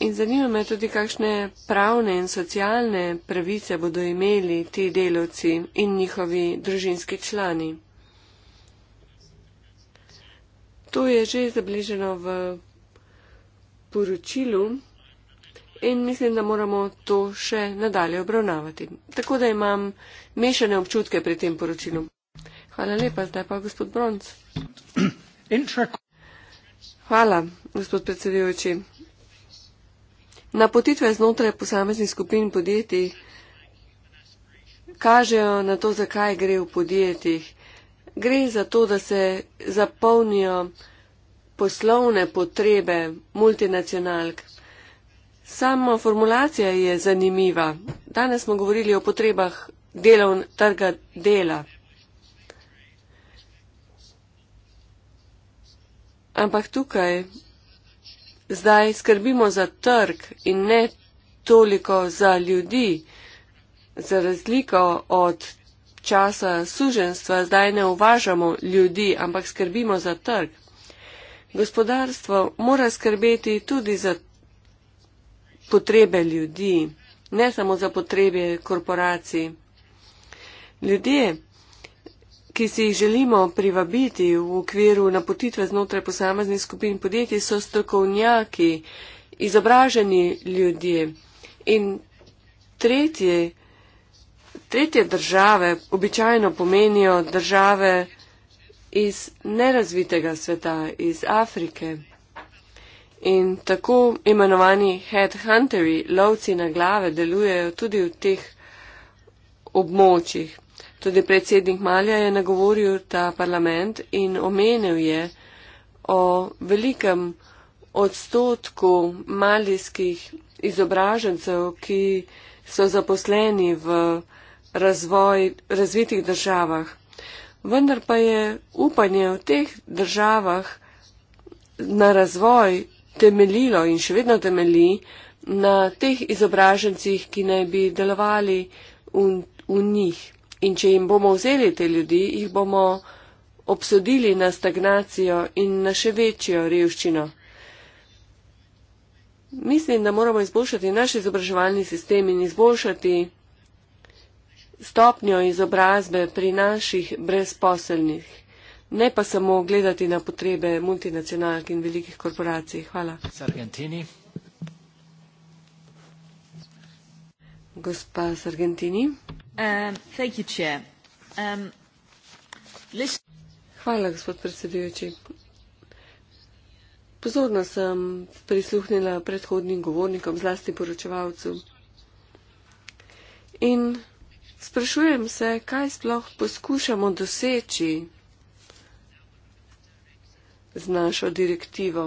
In zanima me tudi, kakšne pravne in socialne pravice bodo imeli ti delavci in njihovi družinski člani. To je že zabeleženo v poročilu in mislim, da moramo to še nadalje obravnavati. Tako da imam mešane občutke pri tem poročilu. Hvala lepa, zdaj pa gospod Bronc. Hvala, gospod predsedujoči. Napotitve znotraj posameznih skupin podjetij kažejo na to, zakaj gre v podjetjih. Gre za to, da se zapolnijo poslovne potrebe multinacionalk. Sama formulacija je zanimiva. Danes smo govorili o potrebah delovn, trga dela. ampak tukaj zdaj skrbimo za trg in ne toliko za ljudi, za razliko od časa suženstva, zdaj ne uvažamo ljudi, ampak skrbimo za trg. Gospodarstvo mora skrbeti tudi za potrebe ljudi, ne samo za potrebe korporacij. Ljudje ki si jih želimo privabiti v okviru napotitve znotraj posameznih skupin podjetij, so strokovnjaki, izobraženi ljudje in tretje, tretje države običajno pomenijo države iz nerazvitega sveta, iz Afrike. In tako imenovani headhunteri, lovci na glave, delujejo tudi v teh območjih. Tudi predsednik Malja je nagovoril ta parlament in omenil je o velikem odstotku malijskih izobražencev, ki so zaposleni v razvoj razvitih državah. Vendar pa je upanje v teh državah na razvoj temeljilo in še vedno temelji na teh izobražencih, ki naj bi delovali v, v njih. In če jim bomo vzeli te ljudi, jih bomo obsodili na stagnacijo in na še večjo revščino. Mislim, da moramo izboljšati naš izobraževalni sistem in izboljšati stopnjo izobrazbe pri naših brezposelnih, ne pa samo gledati na potrebe multinacionalk in velikih korporacij. Hvala. Z Argentini. Gospa z Argentini. Um, um, Hvala, gospod predsedujoči. Pozorno sem prisluhnila predhodnim govornikom, zlasti poročevalcu. In sprašujem se, kaj sploh poskušamo doseči z našo direktivo.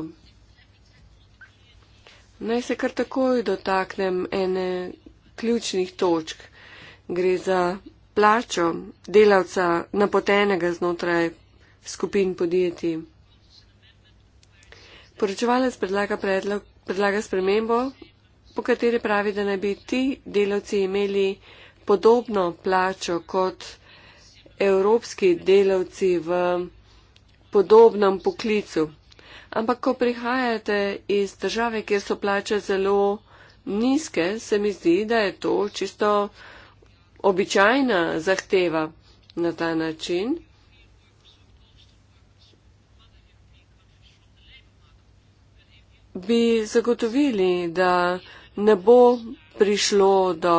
Naj se kar takoj dotaknem ene ključnih točk gre za plačo delavca napotenega znotraj skupin podjetij. Poročevalec predlaga, predlog, predlaga spremembo, po kateri pravi, da naj bi ti delavci imeli podobno plačo kot evropski delavci v podobnem poklicu. Ampak, ko prihajate iz države, kjer so plače zelo nizke, se mi zdi, da je to čisto običajna zahteva na ta način. Bi zagotovili, da ne bo prišlo do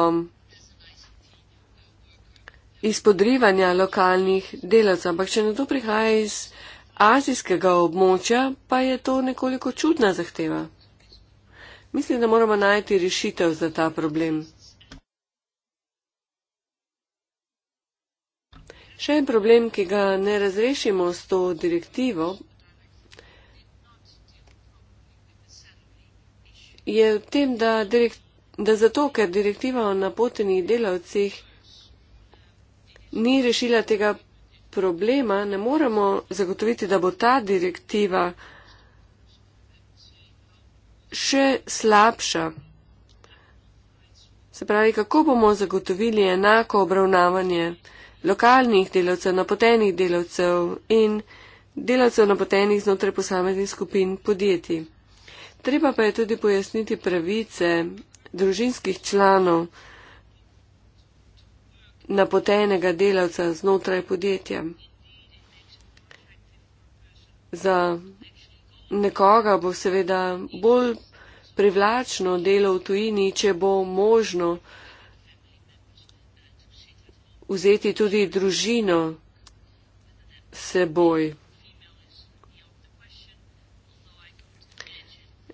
izpodrivanja lokalnih delavcev, ampak če na to prihaja iz azijskega območja, pa je to nekoliko čudna zahteva. Mislim, da moramo najti rešitev za ta problem. Še en problem, ki ga ne razrešimo s to direktivo, je v tem, da, direkt, da zato, ker direktiva o napotenih delavcih ni rešila tega problema, ne moremo zagotoviti, da bo ta direktiva še slabša. Se pravi, kako bomo zagotovili enako obravnavanje lokalnih delavcev, napotenih delavcev in delavcev napotenih znotraj posameznih skupin podjetij. Treba pa je tudi pojasniti pravice družinskih članov napotenega delavca znotraj podjetja. Za nekoga bo seveda bolj privlačno delo v tujini, če bo možno vzeti tudi družino seboj.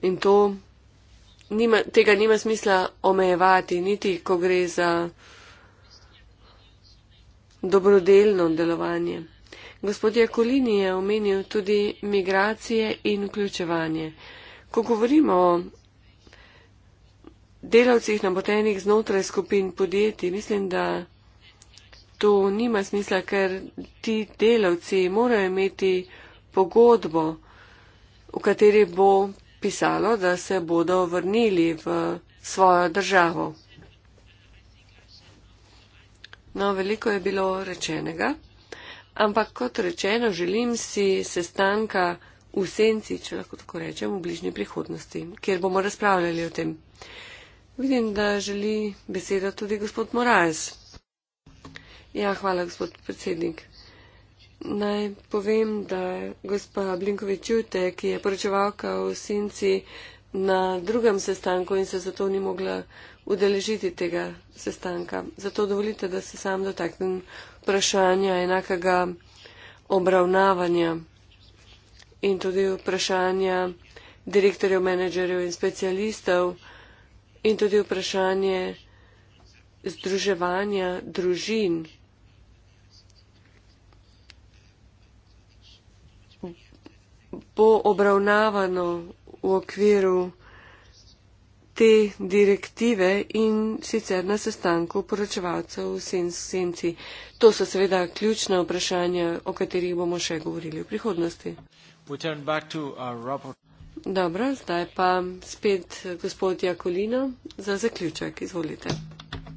In to nima, tega nima smisla omejevati, niti ko gre za dobrodelno delovanje. Gospod Jakolini je omenil tudi migracije in vključevanje. Ko govorimo o delavcih napotenih znotraj skupin podjetij, mislim, da to nima smisla, ker ti delavci morajo imeti pogodbo, v kateri bo pisalo, da se bodo vrnili v svojo državo. No, veliko je bilo rečenega, ampak kot rečeno, želim si sestanka v senci, če lahko tako rečem, v bližnji prihodnosti, kjer bomo razpravljali o tem. Vidim, da želi besedo tudi gospod Moraes. Ja, hvala, gospod predsednik. Naj povem, da gospa Blinkovič Jute, ki je poročevalka v Sinci na drugem sestanku in se zato ni mogla udeležiti tega sestanka. Zato dovolite, da se sam dotaknem vprašanja enakega obravnavanja in tudi vprašanja direktorjev, menedžerjev in specialistov in tudi vprašanje združevanja družin bo obravnavano v okviru te direktive in sicer na sestanku poročevalcev v senci. To so seveda ključna vprašanja, o katerih bomo še govorili v prihodnosti. Dobro, zdaj pa spet gospod Jakolino za zaključek. Izvolite.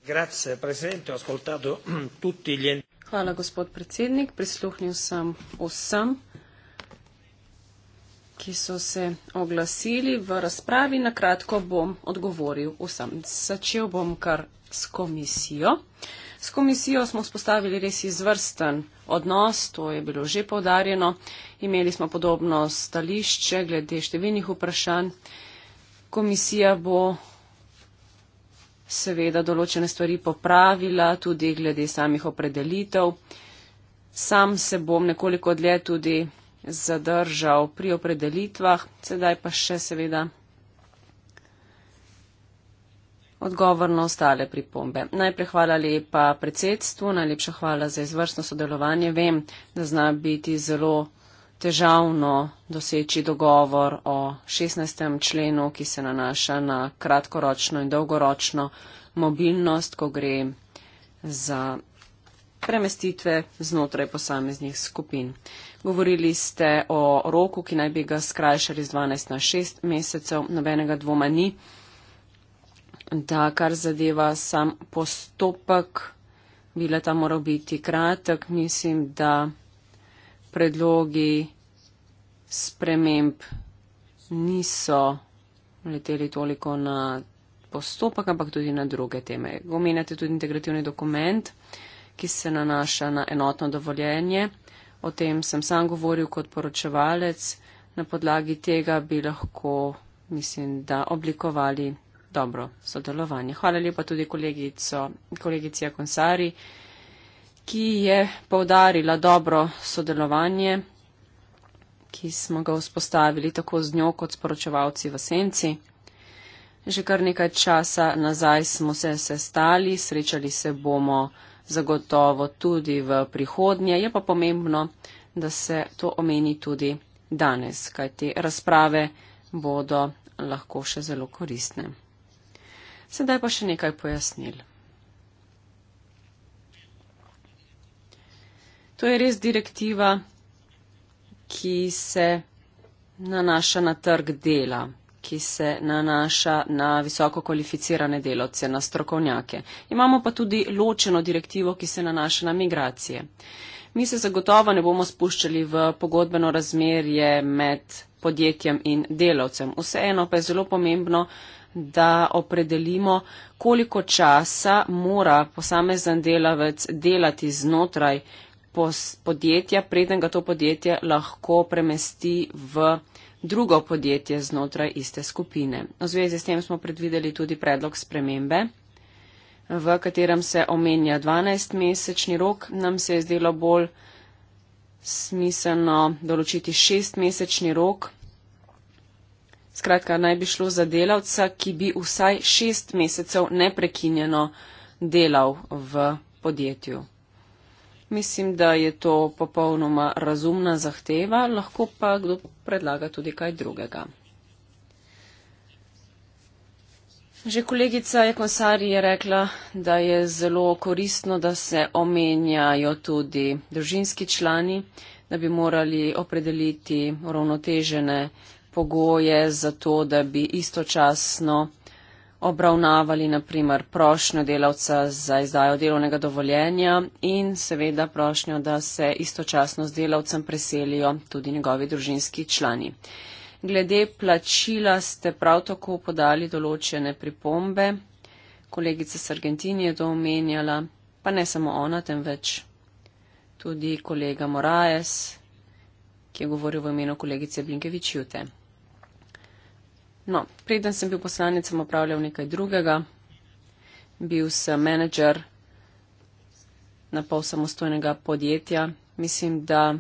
Hvala, gospod predsednik. Prisluhnil sem vsem ki so se oglasili v razpravi, na kratko bom odgovoril vsem. Začel bom kar s komisijo. S komisijo smo spostavili res izvrsten odnos, to je bilo že povdarjeno. Imeli smo podobno stališče glede številnih vprašanj. Komisija bo seveda določene stvari popravila, tudi glede samih opredelitev. Sam se bom nekoliko dlje tudi zadržal pri opredelitvah, sedaj pa še seveda. Odgovor na ostale pripombe. Najprej hvala lepa predsedstvu, najlepša hvala za izvrstno sodelovanje. Vem, da zna biti zelo težavno doseči dogovor o 16. členu, ki se nanaša na kratkoročno in dolgoročno mobilnost, ko gre za premestitve znotraj posameznih skupin. Govorili ste o roku, ki naj bi ga skrajšali z 12 na 6 mesecev. Nobenega dvoma ni, da kar zadeva sam postopek, bi le ta moral biti kratek. Mislim, da predlogi sprememb niso leteli toliko na postopek, ampak tudi na druge teme. Omenjate tudi integrativni dokument. Uh, ki se nanaša na enotno dovoljenje. O tem sem sam govoril kot poročevalec. Na podlagi tega bi lahko, mislim, da oblikovali dobro sodelovanje. Hvala lepa tudi kolegico, kolegici Akonsari, ki je povdarila dobro sodelovanje, ki smo ga vzpostavili tako z njo kot s poročevalci v senci. Že kar nekaj časa nazaj smo se sestali, srečali se bomo zagotovo tudi v prihodnje. Je pa pomembno, da se to omeni tudi danes, kajti razprave bodo lahko še zelo koristne. Sedaj pa še nekaj pojasnil. To je res direktiva, ki se nanaša na trg dela, ki se nanaša na visoko kvalificirane delovce, na strokovnjake. Imamo pa tudi ločeno direktivo, ki se nanaša na migracije. Mi se zagotovo ne bomo spuščali v pogodbeno razmerje med podjetjem in delovcem. Vseeno pa je zelo pomembno, da opredelimo, koliko časa mora posamezen delavec delati znotraj podjetja, preden ga to podjetje lahko premesti v podjetje drugo podjetje znotraj iste skupine. V zvezi s tem smo predvideli tudi predlog spremembe, v katerem se omenja 12-mesečni rok. Nam se je zdelo bolj smiselno določiti 6-mesečni rok. Skratka, naj bi šlo za delavca, ki bi vsaj 6 mesecev neprekinjeno delal v podjetju. Mislim, da je to popolnoma razumna zahteva, lahko pa kdo predlaga tudi kaj drugega. Že kolegica Jekonsari je rekla, da je zelo koristno, da se omenjajo tudi družinski člani, da bi morali opredeliti uravnotežene pogoje za to, da bi istočasno obravnavali naprimer prošnjo delavca za izdajo delovnega dovoljenja in seveda prošnjo, da se istočasno z delavcem preselijo tudi njegovi družinski člani. Glede plačila ste prav tako podali določene pripombe. Kolegica Sargentini je to omenjala, pa ne samo ona, temveč tudi kolega Moraes, ki je govoril v imenu kolegice Blinkevičjute. No, preden sem bil poslanec, sem upravljal nekaj drugega. Bil sem menedžer na pol samostojnega podjetja. Mislim, da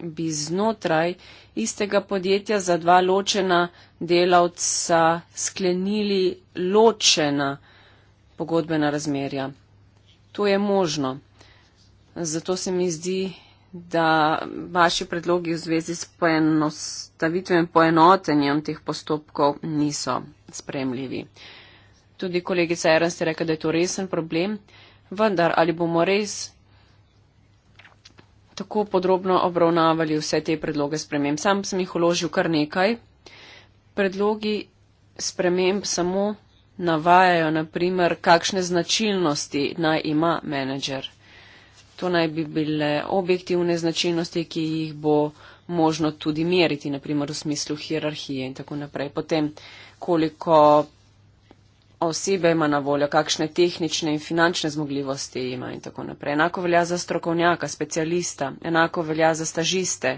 bi znotraj istega podjetja za dva ločena delavca sklenili ločena pogodbena razmerja. To je možno. Zato se mi zdi da vaši predlogi v zvezi s poenostavitvem, poenotenjem teh postopkov niso spremljivi. Tudi kolegica Ernst je rekla, da je to resen problem, vendar ali bomo res tako podrobno obravnavali vse te predloge sprememb. Sam sem jih uložil kar nekaj. Predlogi sprememb samo navajajo, naprimer, kakšne značilnosti naj ima menedžer. To naj bi bile objektivne značilnosti, ki jih bo možno tudi meriti, naprimer v smislu hierarhije in tako naprej. Potem, koliko osebe ima na voljo, kakšne tehnične in finančne zmogljivosti ima in tako naprej. Enako velja za strokovnjaka, specialista, enako velja za stažiste.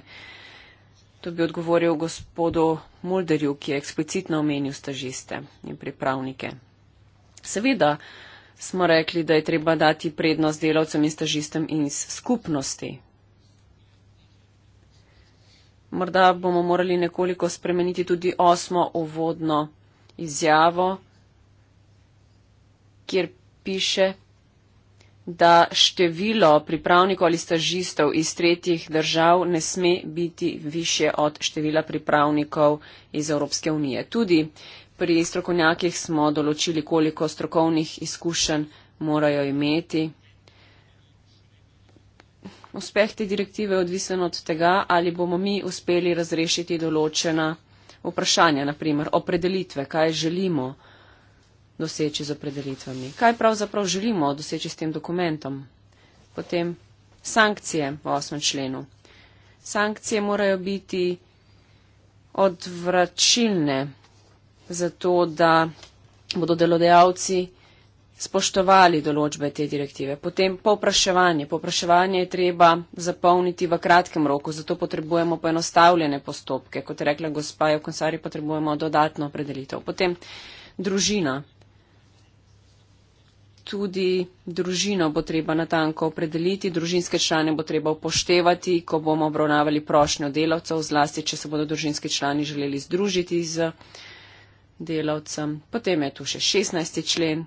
To bi odgovoril gospodu Mulderju, ki je eksplicitno omenil stažiste in pripravnike. Seveda, smo rekli, da je treba dati prednost delavcem in stažistem in iz skupnosti. Morda bomo morali nekoliko spremeniti tudi osmo uvodno izjavo, kjer piše, da število pripravnikov ali stažistov iz tretjih držav ne sme biti više od števila pripravnikov iz Evropske unije. Tudi Pri strokovnjakih smo določili, koliko strokovnih izkušenj morajo imeti. Uspeh te direktive je odvisen od tega, ali bomo mi uspeli razrešiti določena vprašanja, naprimer opredelitve, kaj želimo doseči z opredelitvami, kaj pravzaprav želimo doseči s tem dokumentom. Potem sankcije v osmem členu. Sankcije morajo biti odvračilne, zato, da bodo delodajalci spoštovali določbe te direktive. Potem povpraševanje. Povpraševanje je treba zapolniti v kratkem roku, zato potrebujemo poenostavljene postopke. Kot je rekla gospa, je v konsari potrebujemo dodatno opredelitev. Potem družina. Tudi družino bo treba natanko opredeliti, družinske člane bo treba upoštevati, ko bomo obravnavali prošnjo delavcev, zlasti, če se bodo družinski člani želeli združiti z delavcem. Potem je tu še 16. člen,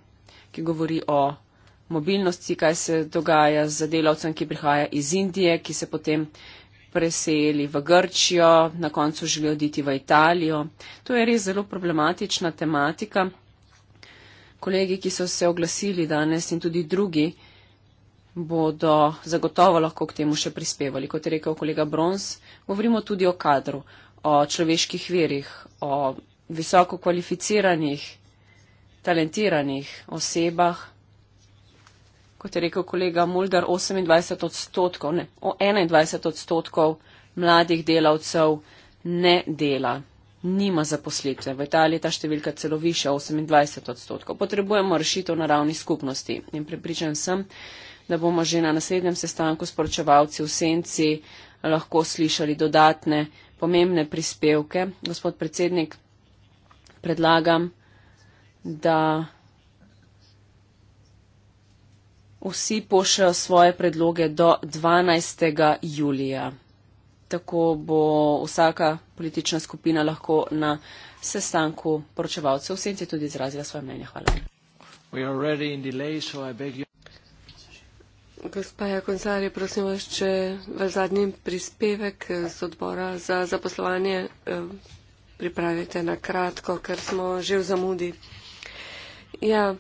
ki govori o mobilnosti, kaj se dogaja z delavcem, ki prihaja iz Indije, ki se potem preseli v Grčijo, na koncu želi oditi v Italijo. To je res zelo problematična tematika. Kolegi, ki so se oglasili danes in tudi drugi, bodo zagotovo lahko k temu še prispevali. Kot je rekel kolega Brons, govorimo tudi o kadru, o človeških verjih, o visoko kvalificiranih, talentiranih osebah. Kot je rekel kolega Mulder, 28 odstotkov, ne, 21 odstotkov mladih delavcev ne dela, nima zaposlitve. V Italiji je ta številka celo više, 28 odstotkov. Potrebujemo rešitev na ravni skupnosti in prepričan sem, da bomo že na naslednjem sestanku s poročevalci v Senci lahko slišali dodatne pomembne prispevke. Gospod predsednik, predlagam, da vsi pošljajo svoje predloge do 12. julija. Tako bo vsaka politična skupina lahko na sestanku poročevalcev v senci tudi izrazila svoje mnenje. Hvala. Gospa Jakonsar, prosim vas, če v zadnji prispevek z odbora za zaposlovanje. Eh, pripravite na kratko, ker smo že v zamudi. Ja,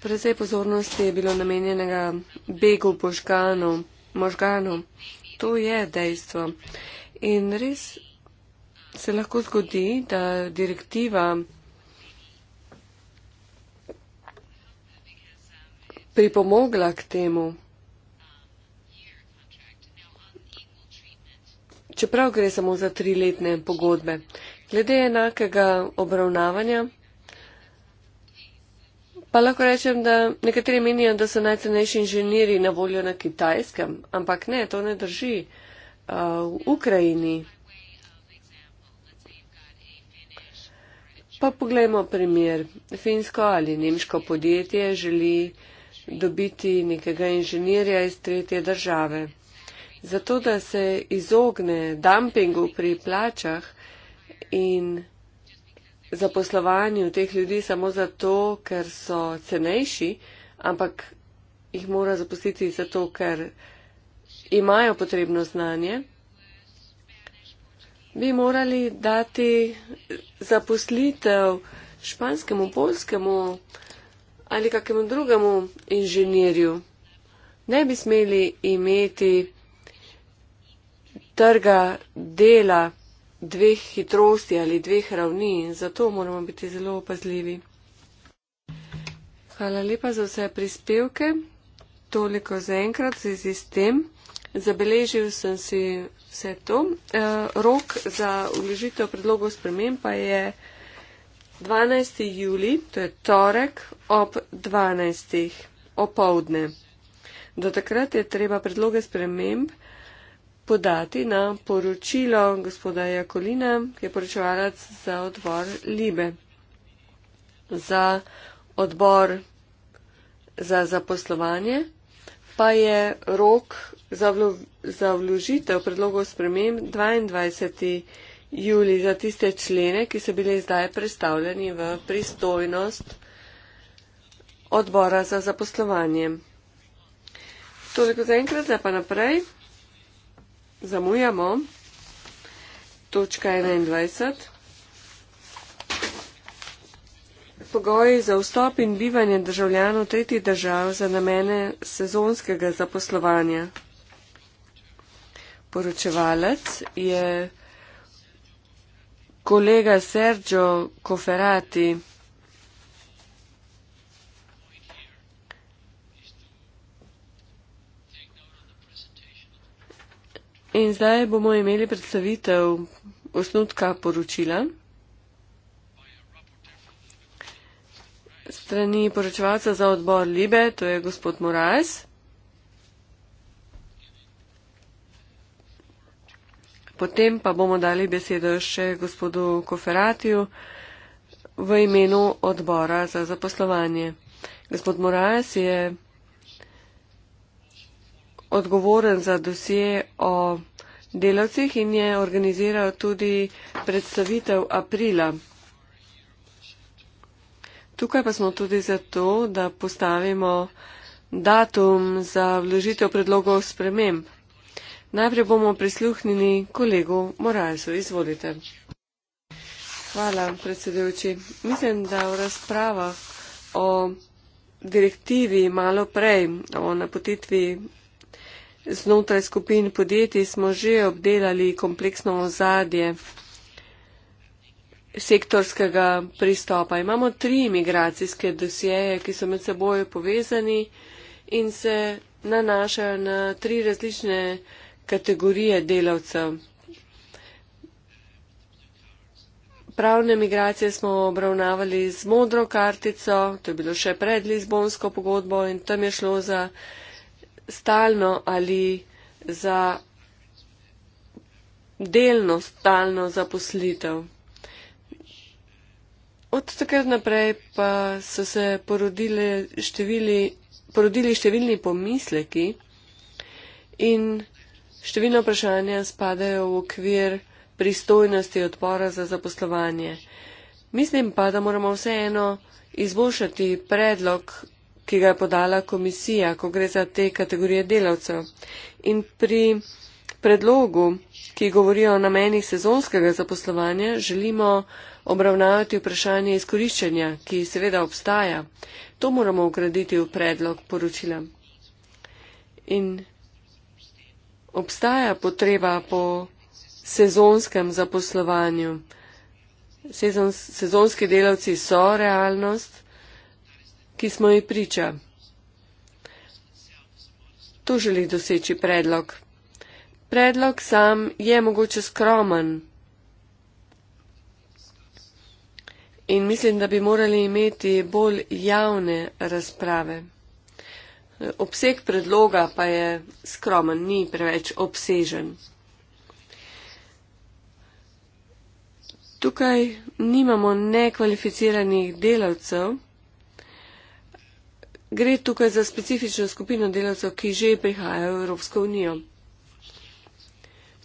predvsej pozornosti je bilo namenjenega begu požganu, možganu. To je dejstvo. In res se lahko zgodi, da direktiva pripomogla k temu. Čeprav gre samo za triletne pogodbe. Glede enakega obravnavanja, pa lahko rečem, da nekateri menijo, da so najcenejši inženiri na voljo na kitajskem, ampak ne, to ne drži. Uh, v Ukrajini. Pa poglejmo primer. Finsko ali nemško podjetje želi dobiti nekega inženirja iz tretje države. Zato, da se izogne dumpingu pri plačah, in zaposlovanju teh ljudi samo zato, ker so cenejši, ampak jih mora zaposliti zato, ker imajo potrebno znanje, bi morali dati zaposlitev španskemu, polskemu ali kakemu drugemu inženirju. Ne bi smeli imeti trga dela dveh hitrosti ali dveh ravni in zato moramo biti zelo opazljivi. Hvala lepa za vse prispevke. Toliko za enkrat z sistem. Zabeležil sem si vse to. Eh, rok za uložitev predlogov sprememb pa je 12. juli, to je torek ob 12. opovdne. Do takrat je treba predloge sprememb podati na poročilo gospoda Jakolina, ki je poročevalec za odbor Libe. Za odbor za zaposlovanje pa je rok za vložitev predlogov sprememb 22. juli za tiste člene, ki so bili zdaj predstavljeni v pristojnost odbora za zaposlovanje. Toliko za enkrat, zdaj pa naprej zamujamo. Točka 21. Pogoji za vstop in bivanje državljanov tretjih držav za namene sezonskega zaposlovanja. Poročevalec je kolega Sergio Koferati. In zdaj bomo imeli predstavitev osnutka poročila. Strani poročevalca za odbor Libe, to je gospod Moraes. Potem pa bomo dali besedo še gospodu Koferatiju v imenu odbora za zaposlovanje. Gospod Moraes je odgovoren za dosje o delavcih in je organiziral tudi predstavitev aprila. Tukaj pa smo tudi zato, da postavimo datum za vložitev predlogov sprememb. Najprej bomo prisluhnili kolegu Moralsu. Izvolite. Hvala, predsedujoči. Mislim, da v razpravah o direktivi malo prej, o napotitvi Znotraj skupin podjetij smo že obdelali kompleksno ozadje sektorskega pristopa. Imamo tri imigracijske dosjeje, ki so med seboj povezani in se nanašajo na tri različne kategorije delavcev. Pravne migracije smo obravnavali z modro kartico, to je bilo še pred Lizbonsko pogodbo in tam je šlo za stalno ali za delno stalno zaposlitev. Od takrat naprej pa so se porodili, števili, porodili številni pomisleki in številna vprašanja spadajo v okvir pristojnosti odpora za zaposlovanje. Mislim pa, da moramo vseeno izboljšati predlog ki ga je podala komisija, ko gre za te kategorije delavcev. In pri predlogu, ki govori o namenih sezonskega zaposlovanja, želimo obravnavati vprašanje izkoriščanja, ki seveda obstaja. To moramo ugraditi v predlog poročila. In obstaja potreba po sezonskem zaposlovanju. Sezons, sezonski delavci so realnost ki smo ji priča. To želi doseči predlog. Predlog sam je mogoče skromen. In mislim, da bi morali imeti bolj javne razprave. Obseg predloga pa je skromen, ni preveč obsežen. Tukaj nimamo nekvalificiranih delavcev. Gre tukaj za specifično skupino delavcev, ki že prihajajo v Evropsko unijo.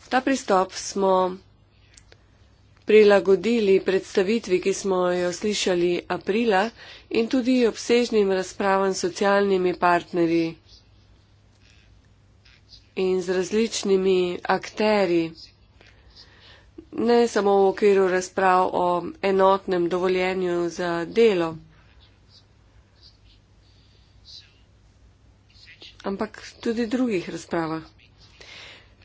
Ta pristop smo prilagodili predstavitvi, ki smo jo slišali aprila in tudi obsežnim razpravam s socialnimi partnerji in z različnimi akteri, ne samo v okviru razprav o enotnem dovoljenju za delo. ampak tudi drugih razpravah.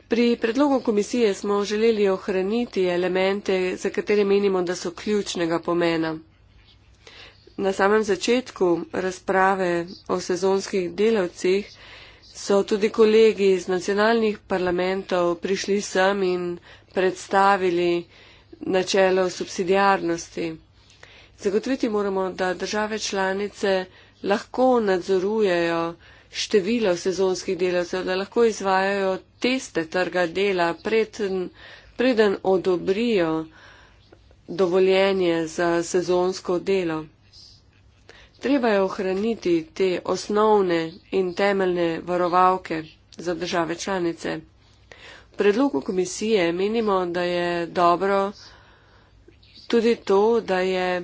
Pri predlogu komisije smo želeli ohraniti elemente, za katere menimo, da so ključnega pomena. Na samem začetku razprave o sezonskih delavcih so tudi kolegi iz nacionalnih parlamentov prišli sem in predstavili načelo subsidijarnosti. Zagotoviti moramo, da države članice lahko nadzorujejo število sezonskih delavcev, da lahko izvajajo teste trga dela, preden, preden odobrijo dovoljenje za sezonsko delo. Treba je ohraniti te osnovne in temeljne varovalke za države članice. V predlogu komisije menimo, da je dobro tudi to, da je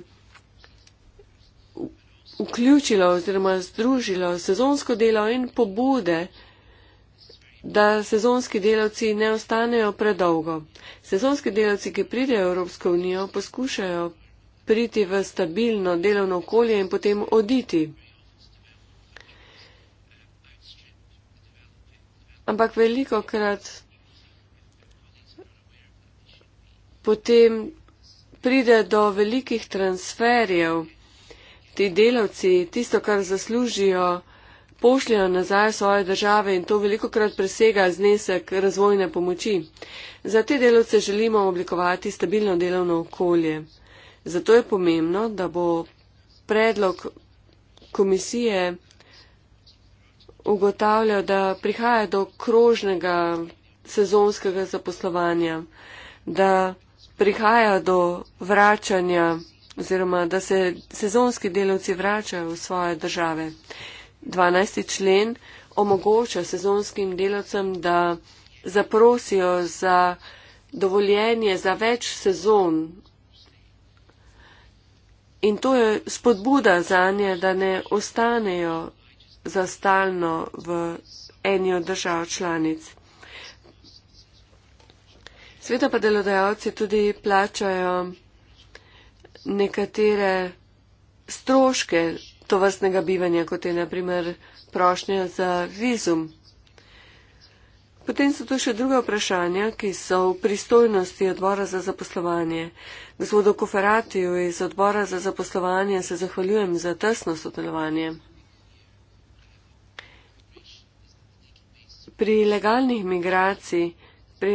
vključilo oziroma združilo sezonsko delo in pobude, da sezonski delavci ne ostanejo predolgo. Sezonski delavci, ki pridejo v Evropsko unijo, poskušajo priti v stabilno delovno okolje in potem oditi. Ampak veliko krat potem pride do velikih transferjev ti delavci tisto, kar zaslužijo, pošljajo nazaj v svoje države in to veliko krat presega znesek razvojne pomoči. Za te delavce želimo oblikovati stabilno delovno okolje. Zato je pomembno, da bo predlog komisije ugotavljal, da prihaja do krožnega sezonskega zaposlovanja, da prihaja do vračanja oziroma da se sezonski delavci vračajo v svoje države. 12. člen omogoča sezonskim delavcem, da zaprosijo za dovoljenje za več sezon. In to je spodbuda za nje, da ne ostanejo za stalno v eni od držav članic. Sveto pa delodajalci tudi plačajo nekatere stroške to vrstnega bivanja, kot je naprimer prošnja za vizum. Potem so tu še druga vprašanja, ki so v pristojnosti odbora za zaposlovanje. Gospodu Koferatiju iz odbora za zaposlovanje se zahvaljujem za tesno sodelovanje. Pri legalnih, migraciji, pri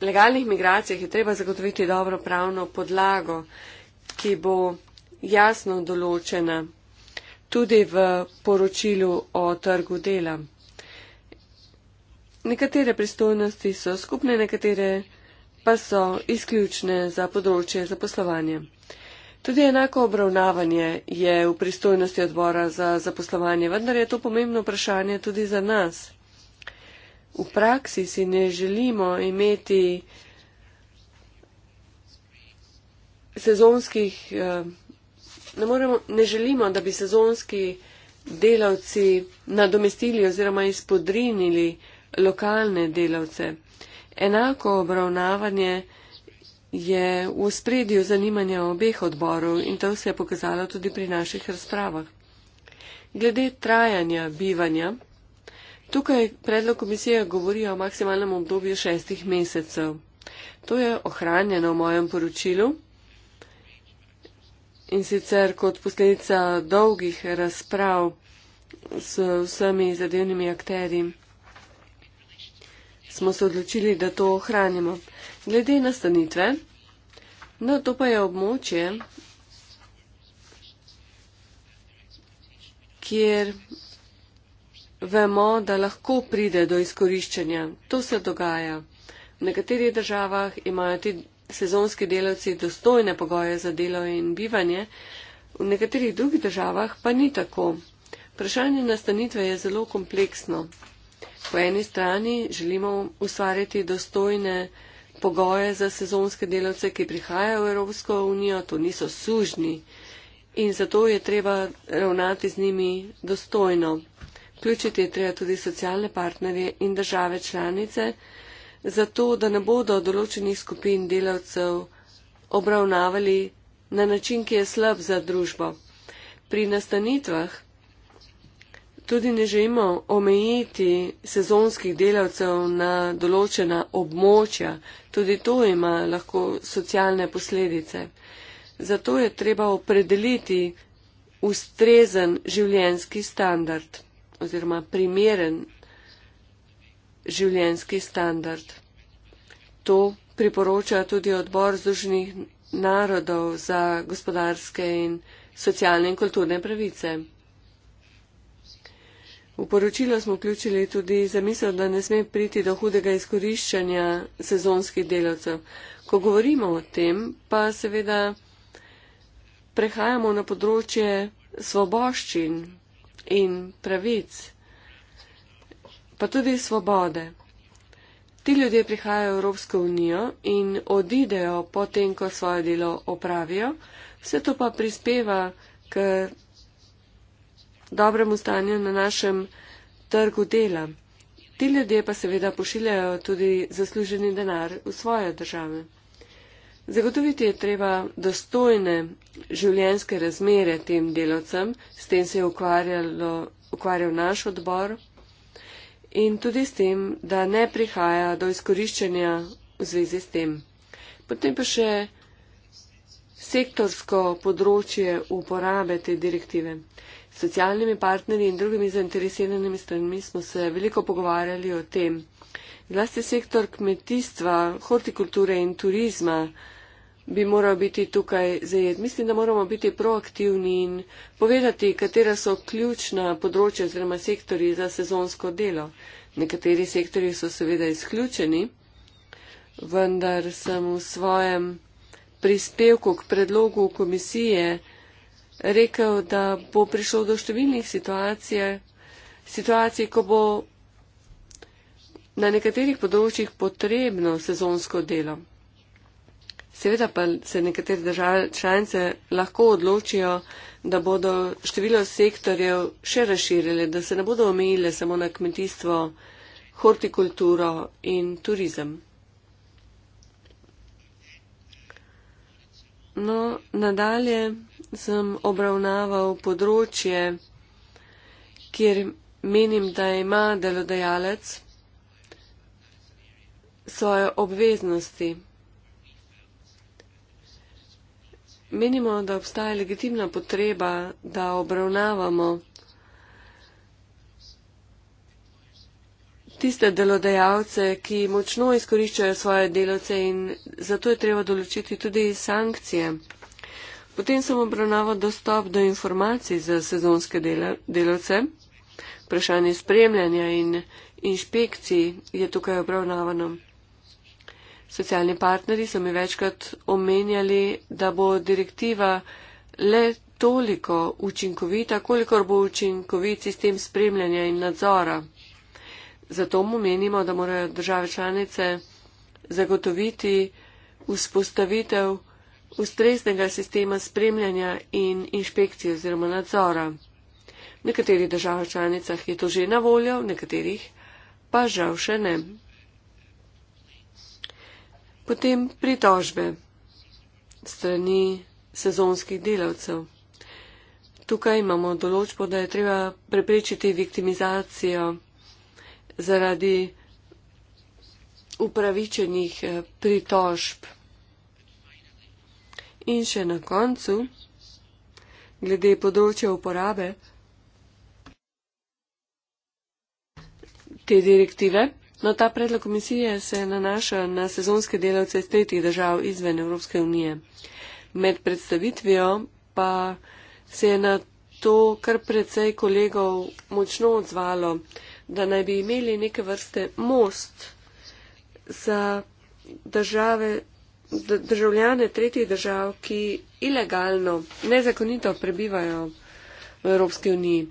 legalnih migracijah je treba zagotoviti dobro pravno podlago ki bo jasno določena tudi v poročilu o trgu dela. Nekatere pristojnosti so skupne, nekatere pa so izključne za področje zaposlovanja. Tudi enako obravnavanje je v pristojnosti odbora za zaposlovanje, vendar je to pomembno vprašanje tudi za nas. V praksi si ne želimo imeti sezonskih, eh, ne, moremo, ne želimo, da bi sezonski delavci nadomestili oziroma izpodrinili lokalne delavce. Enako obravnavanje je v spredju zanimanja obeh odborov in to se je pokazalo tudi pri naših razpravah. Glede trajanja bivanja, tukaj predlog komisije govori o maksimalnem obdobju šestih mesecev. To je ohranjeno v mojem poročilu in sicer kot posledica dolgih razprav s vsemi zadevnimi akteri, smo se odločili, da to ohranimo. Glede nastanitve, no to pa je območje, kjer vemo, da lahko pride do izkoriščanja. To se dogaja. V nekaterih državah imajo te sezonski delavci dostojne pogoje za delo in bivanje, v nekaterih drugih državah pa ni tako. Vprašanje nastanitve je zelo kompleksno. Po eni strani želimo ustvariti dostojne pogoje za sezonske delavce, ki prihajajo v Evropsko unijo, to niso sužni in zato je treba ravnati z njimi dostojno. Vključiti je treba tudi socialne partnerje in države članice, zato da ne bodo določenih skupin delavcev obravnavali na način, ki je slab za družbo. Pri nastanitvah tudi ne želimo omejiti sezonskih delavcev na določena območja, tudi to ima lahko socialne posledice. Zato je treba opredeliti ustrezen življenski standard oziroma primeren življenski standard. To priporoča tudi odbor Združenih narodov za gospodarske in socialne in kulturne pravice. V poročilo smo vključili tudi zamisel, da ne sme priti do hudega izkoriščanja sezonskih delavcev. Ko govorimo o tem, pa seveda prehajamo na področje svoboščin in pravic pa tudi svobode. Ti ljudje prihajajo v Evropsko unijo in odidejo potem, ko svoje delo opravijo, vse to pa prispeva k dobremu stanju na našem trgu dela. Ti ljudje pa seveda pošiljajo tudi zasluženi denar v svoje države. Zagotoviti je treba dostojne življenjske razmere tem delovcem, s tem se je ukvarjal naš odbor, in tudi s tem, da ne prihaja do izkoriščenja v zvezi s tem. Potem pa še sektorsko področje uporabe te direktive. S socialnimi partnerji in drugimi zainteresiranimi stranmi smo se veliko pogovarjali o tem. Zlasti sektor kmetijstva, hortikulture in turizma bi moral biti tukaj zajed. Mislim, da moramo biti proaktivni in povedati, katera so ključna področja oziroma sektori za sezonsko delo. Nekateri sektori so seveda izključeni, vendar sem v svojem prispevku k predlogu komisije rekel, da bo prišlo do številnih situacij, situacij, ko bo na nekaterih področjih potrebno sezonsko delo. Seveda pa se nekatere države članice lahko odločijo, da bodo število sektorjev še razširile, da se ne bodo omejile samo na kmetijstvo, hortikulturo in turizem. No, nadalje sem obravnaval področje, kjer menim, da ima delodajalec svoje obveznosti. Menimo, da obstaja legitimna potreba, da obravnavamo tiste delodajalce, ki močno izkoriščajo svoje delovce in zato je treba določiti tudi sankcije. Potem sem obravnaval dostop do informacij za sezonske delovce. Vprašanje spremljanja in inšpekcij je tukaj obravnavano socialni partneri so mi večkrat omenjali, da bo direktiva le toliko učinkovita, kolikor bo učinkovit sistem spremljanja in nadzora. Zato mu menimo, da morajo države članice zagotoviti vzpostavitev ustreznega sistema spremljanja in inšpekcije oziroma nadzora. V nekaterih državah članicah je to že na voljo, v nekaterih pa žal še ne. Potem pritožbe strani sezonskih delavcev. Tukaj imamo določbo, da je treba preprečiti viktimizacijo zaradi upravičenih eh, pritožb. In še na koncu, glede področja uporabe te direktive. No, ta predlog komisije se nanaša na sezonske delavce iz tretjih držav izven Evropske unije. Med predstavitvijo pa se je na to kar precej kolegov močno odzvalo, da naj bi imeli neke vrste most za države, državljane tretjih držav, ki ilegalno, nezakonito prebivajo v Evropski uniji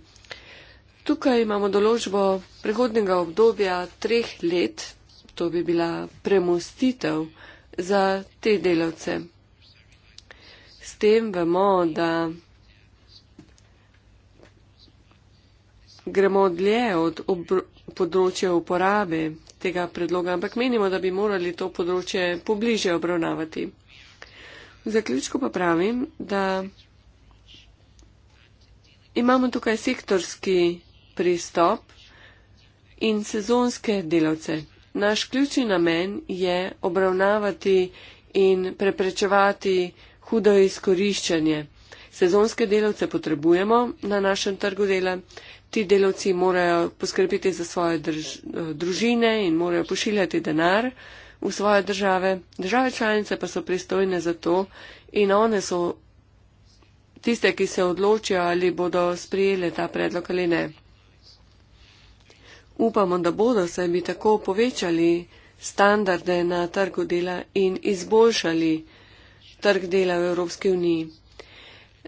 tukaj imamo določbo prehodnega obdobja treh let, to bi bila premostitev za te delavce. S tem vemo, da gremo dlje od področja uporabe tega predloga, ampak menimo, da bi morali to področje pobliže obravnavati. V zaključku pa pravim, da imamo tukaj sektorski pristop in sezonske delavce. Naš ključni namen je obravnavati in preprečevati hudo izkoriščanje. Sezonske delavce potrebujemo na našem trgu dela. Ti delavci morajo poskrbiti za svoje drž, eh, družine in morajo pošiljati denar v svoje države. Države članice pa so pristojne za to in one so tiste, ki se odločijo, ali bodo sprijeli ta predlog ali ne. Upamo, da bodo se mi tako povečali standarde na trgu dela in izboljšali trg dela v Evropski uniji.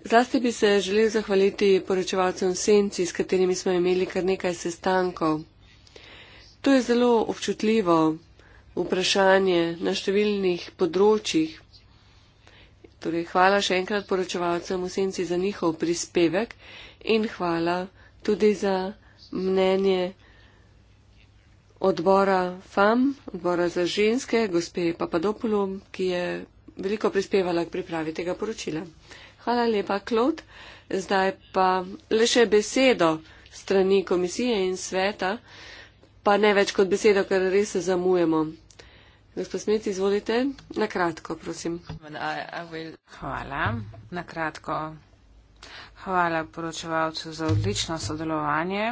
Zlasti bi se želel zahvaliti poročevalcem Senci, s katerimi smo imeli kar nekaj sestankov. To je zelo občutljivo vprašanje na številnih področjih. Torej, hvala še enkrat poročevalcem v Senci za njihov prispevek in hvala tudi za mnenje odbora FAM, odbora za ženske, gospe Papadopulu, ki je veliko prispevala k pripravi tega poročila. Hvala lepa, Klod. Zdaj pa le še besedo strani komisije in sveta, pa ne več kot besedo, ker res se zamujemo. Gospod Smet, izvolite. Na kratko, prosim. Hvala. Na kratko. Hvala poročevalcu za odlično sodelovanje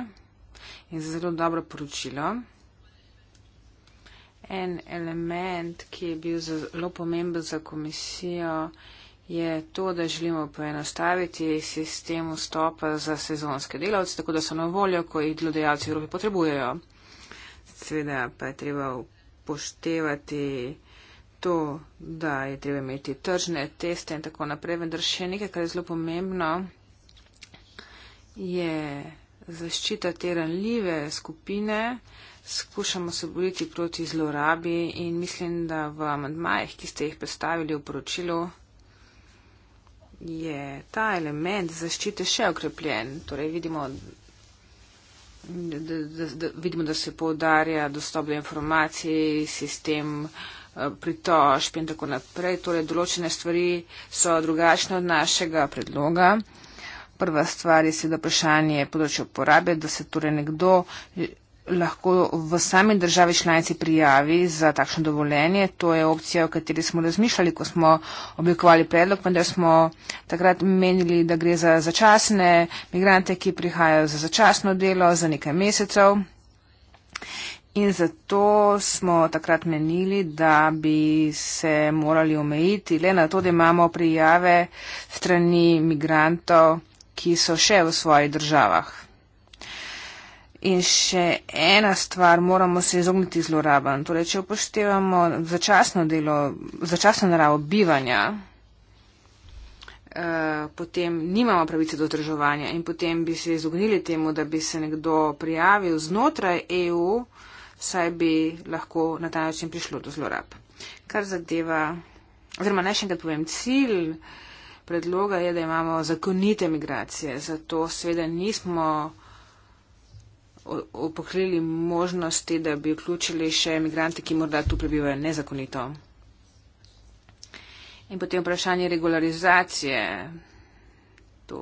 in za zelo dobro poročilo en element, ki je bil zelo pomemben za komisijo, je to, da želimo poenostaviti sistem vstopa za sezonske delavce, tako da so na voljo, ko jih delodajalci v Evropi potrebujejo. Seveda pa je treba upoštevati to, da je treba imeti tržne teste in tako naprej, vendar še nekaj, kar je zelo pomembno, je zaščita te ranljive skupine, Skušamo se boriti proti zlorabi in mislim, da v amandmajih, ki ste jih predstavili v poročilu, je ta element zaščite še okrepljen. Torej vidimo, da, da, da, vidimo, da se povdarja dostop do informacij, sistem eh, pritožb in tako naprej. Torej določene stvari so drugačne od našega predloga. Prva stvar je seveda vprašanje področja uporabe, da se torej nekdo lahko v sami državi članici prijavi za takšno dovoljenje. To je opcija, o kateri smo razmišljali, ko smo oblikovali predlog, vendar smo takrat menili, da gre za začasne migrante, ki prihajajo za začasno delo, za nekaj mesecev. In zato smo takrat menili, da bi se morali omejiti le na to, da imamo prijave strani migrantov, ki so še v svojih državah. In še ena stvar, moramo se izogniti zlorabam. Torej, če upoštevamo začasno delo, začasno naravo bivanja, eh, potem nimamo pravice do zdržovanja in potem bi se izognili temu, da bi se nekdo prijavil znotraj EU, saj bi lahko na ta način prišlo do zlorab. Kar zadeva, oziroma naj še enkrat povem, cilj predloga je, da imamo zakonite migracije, zato seveda nismo pokrili možnosti, da bi vključili še imigrante, ki morda tu prebivajo nezakonito. In potem vprašanje regularizacije. To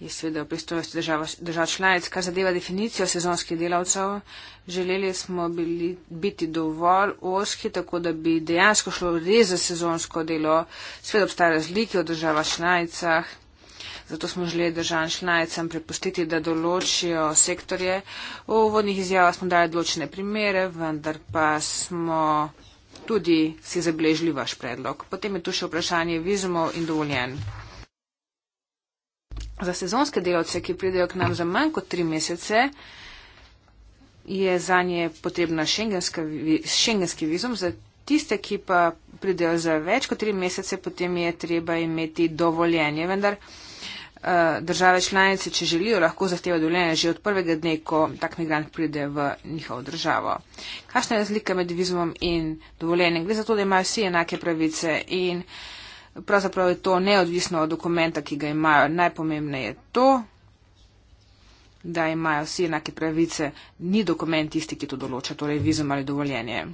je seveda v pristojnosti držav, držav članic. Kar zadeva definicijo sezonskih delavcev, želeli smo bili, biti dovolj oski, tako da bi dejansko šlo res za sezonsko delo. Sveda obstaja razlike v državah članicah zato smo želeli državam članicam prepustiti, da določijo sektorje. V uvodnih izjavah smo dali določene primere, vendar pa smo tudi si zabeležili vaš predlog. Potem je tu še vprašanje vizumov in dovoljen. Za sezonske delavce, ki pridejo k nam za manj kot tri mesece, je za nje potrebna šengenski vizum. Za tiste, ki pa pridejo za več kot tri mesece, potem je treba imeti dovoljenje. Vendar Eh, države članice, če želijo, lahko zahtevajo dovoljenje že od prvega dne, ko tak migrant pride v njihovo državo. Kakšna je razlika med vizumom in dovoljenjem? Gre za to, da imajo vsi enake pravice in pravzaprav je to neodvisno od dokumenta, ki ga imajo. Najpomembneje je to, da imajo vsi enake pravice, ni dokument tisti, ki to določa, torej vizum ali dovoljenje.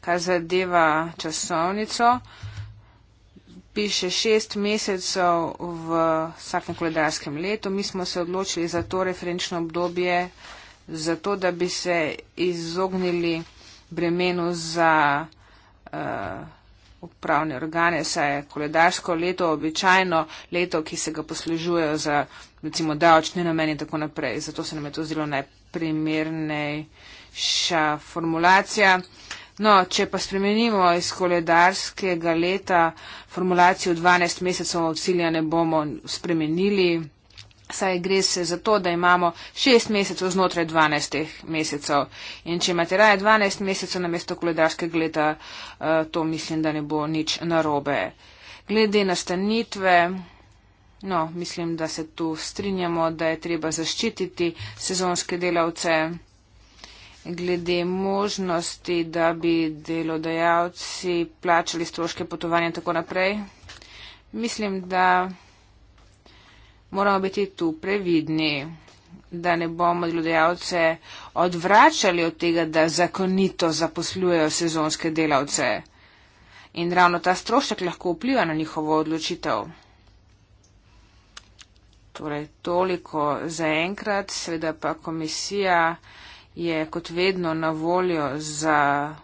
Kar zadeva časovnico, uh, piše šest mesecev v vsakem koledarskem letu. Mi smo se odločili za to referenčno obdobje, zato da bi se izognili bremenu za uh, upravne organe, saj je koledarsko leto običajno leto, ki se ga poslužujejo za recimo davčne namene in tako naprej. Zato se nam je to zelo najprimernejša formulacija. No, če pa spremenimo iz koledarskega leta formulacijo 12 mesecev od cilja ne bomo spremenili, saj gre se za to, da imamo 6 mesecev znotraj 12 mesecev. In če imate raje 12 mesecev na mesto koledarskega leta, eh, to mislim, da ne bo nič narobe. Glede nastanitve, no, mislim, da se tu strinjamo, da je treba zaščititi sezonske delavce glede možnosti, da bi delodajalci plačali stroške potovanja in tako naprej. Mislim, da moramo biti tu previdni, da ne bomo delodajalce odvračali od tega, da zakonito zaposlujejo sezonske delavce. In ravno ta strošek lahko vpliva na njihovo odločitev. Torej, toliko za enkrat, seveda pa komisija je kot vedno na voljo za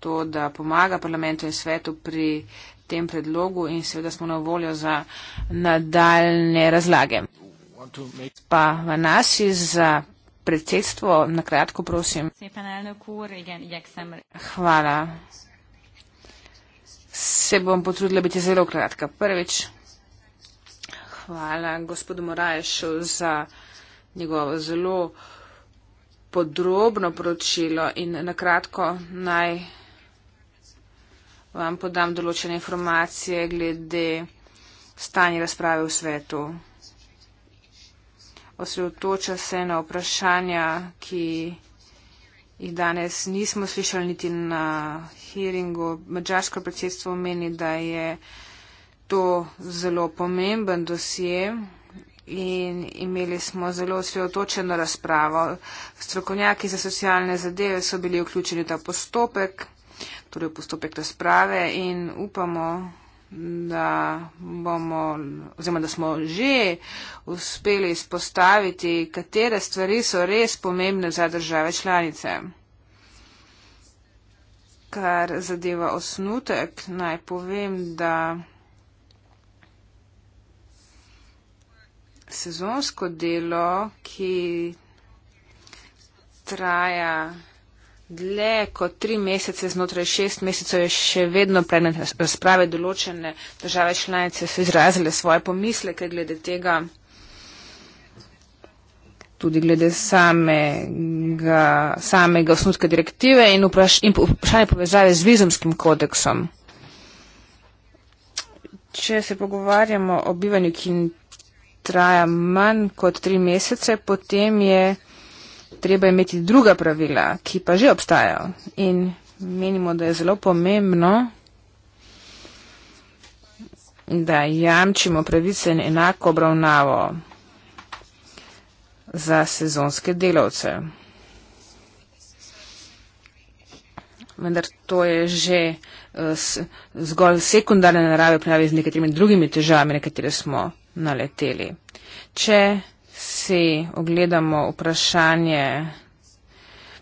to, da pomaga parlamentu in svetu pri tem predlogu in seveda smo na voljo za nadaljne razlage. Pa v nas za predsedstvo, na kratko prosim. Hvala. Se bom potrudila biti zelo kratka. Prvič, hvala gospodu Morajšu za njegovo zelo uh, podrobno poročilo in na kratko naj vam podam določene informacije glede stanja razprave v svetu. Osredotoča se na vprašanja, ki jih danes nismo slišali niti na hearingu. Mačarsko predsedstvo meni, da je to zelo pomemben dosje in imeli smo zelo sveotočeno razpravo. Strokovnjaki za socialne zadeve so bili vključeni v ta postopek, torej v postopek razprave in upamo, da, bomo, oziroma, da smo že uspeli izpostaviti, katere stvari so res pomembne za države članice. Kar zadeva osnutek, naj povem, da. sezonsko delo, ki traja dlje kot tri mesece, znotraj šest mesecev je še vedno predmet razprave določene države članice, so izrazile svoje pomisleke glede tega, tudi glede samega, samega osnutka direktive in, vpraš, in vprašanje povezave z vizumskim kodeksom. Če se pogovarjamo o bivanju, ki traja manj kot tri mesece, potem je treba imeti druga pravila, ki pa že obstajajo. In menimo, da je zelo pomembno, da jamčimo pravice in enako obravnavo za sezonske delavce. Vendar to je že eh, zgolj sekundarne narave, pravi z nekaterimi drugimi težavami, na katere smo naleteli. Če si ogledamo vprašanje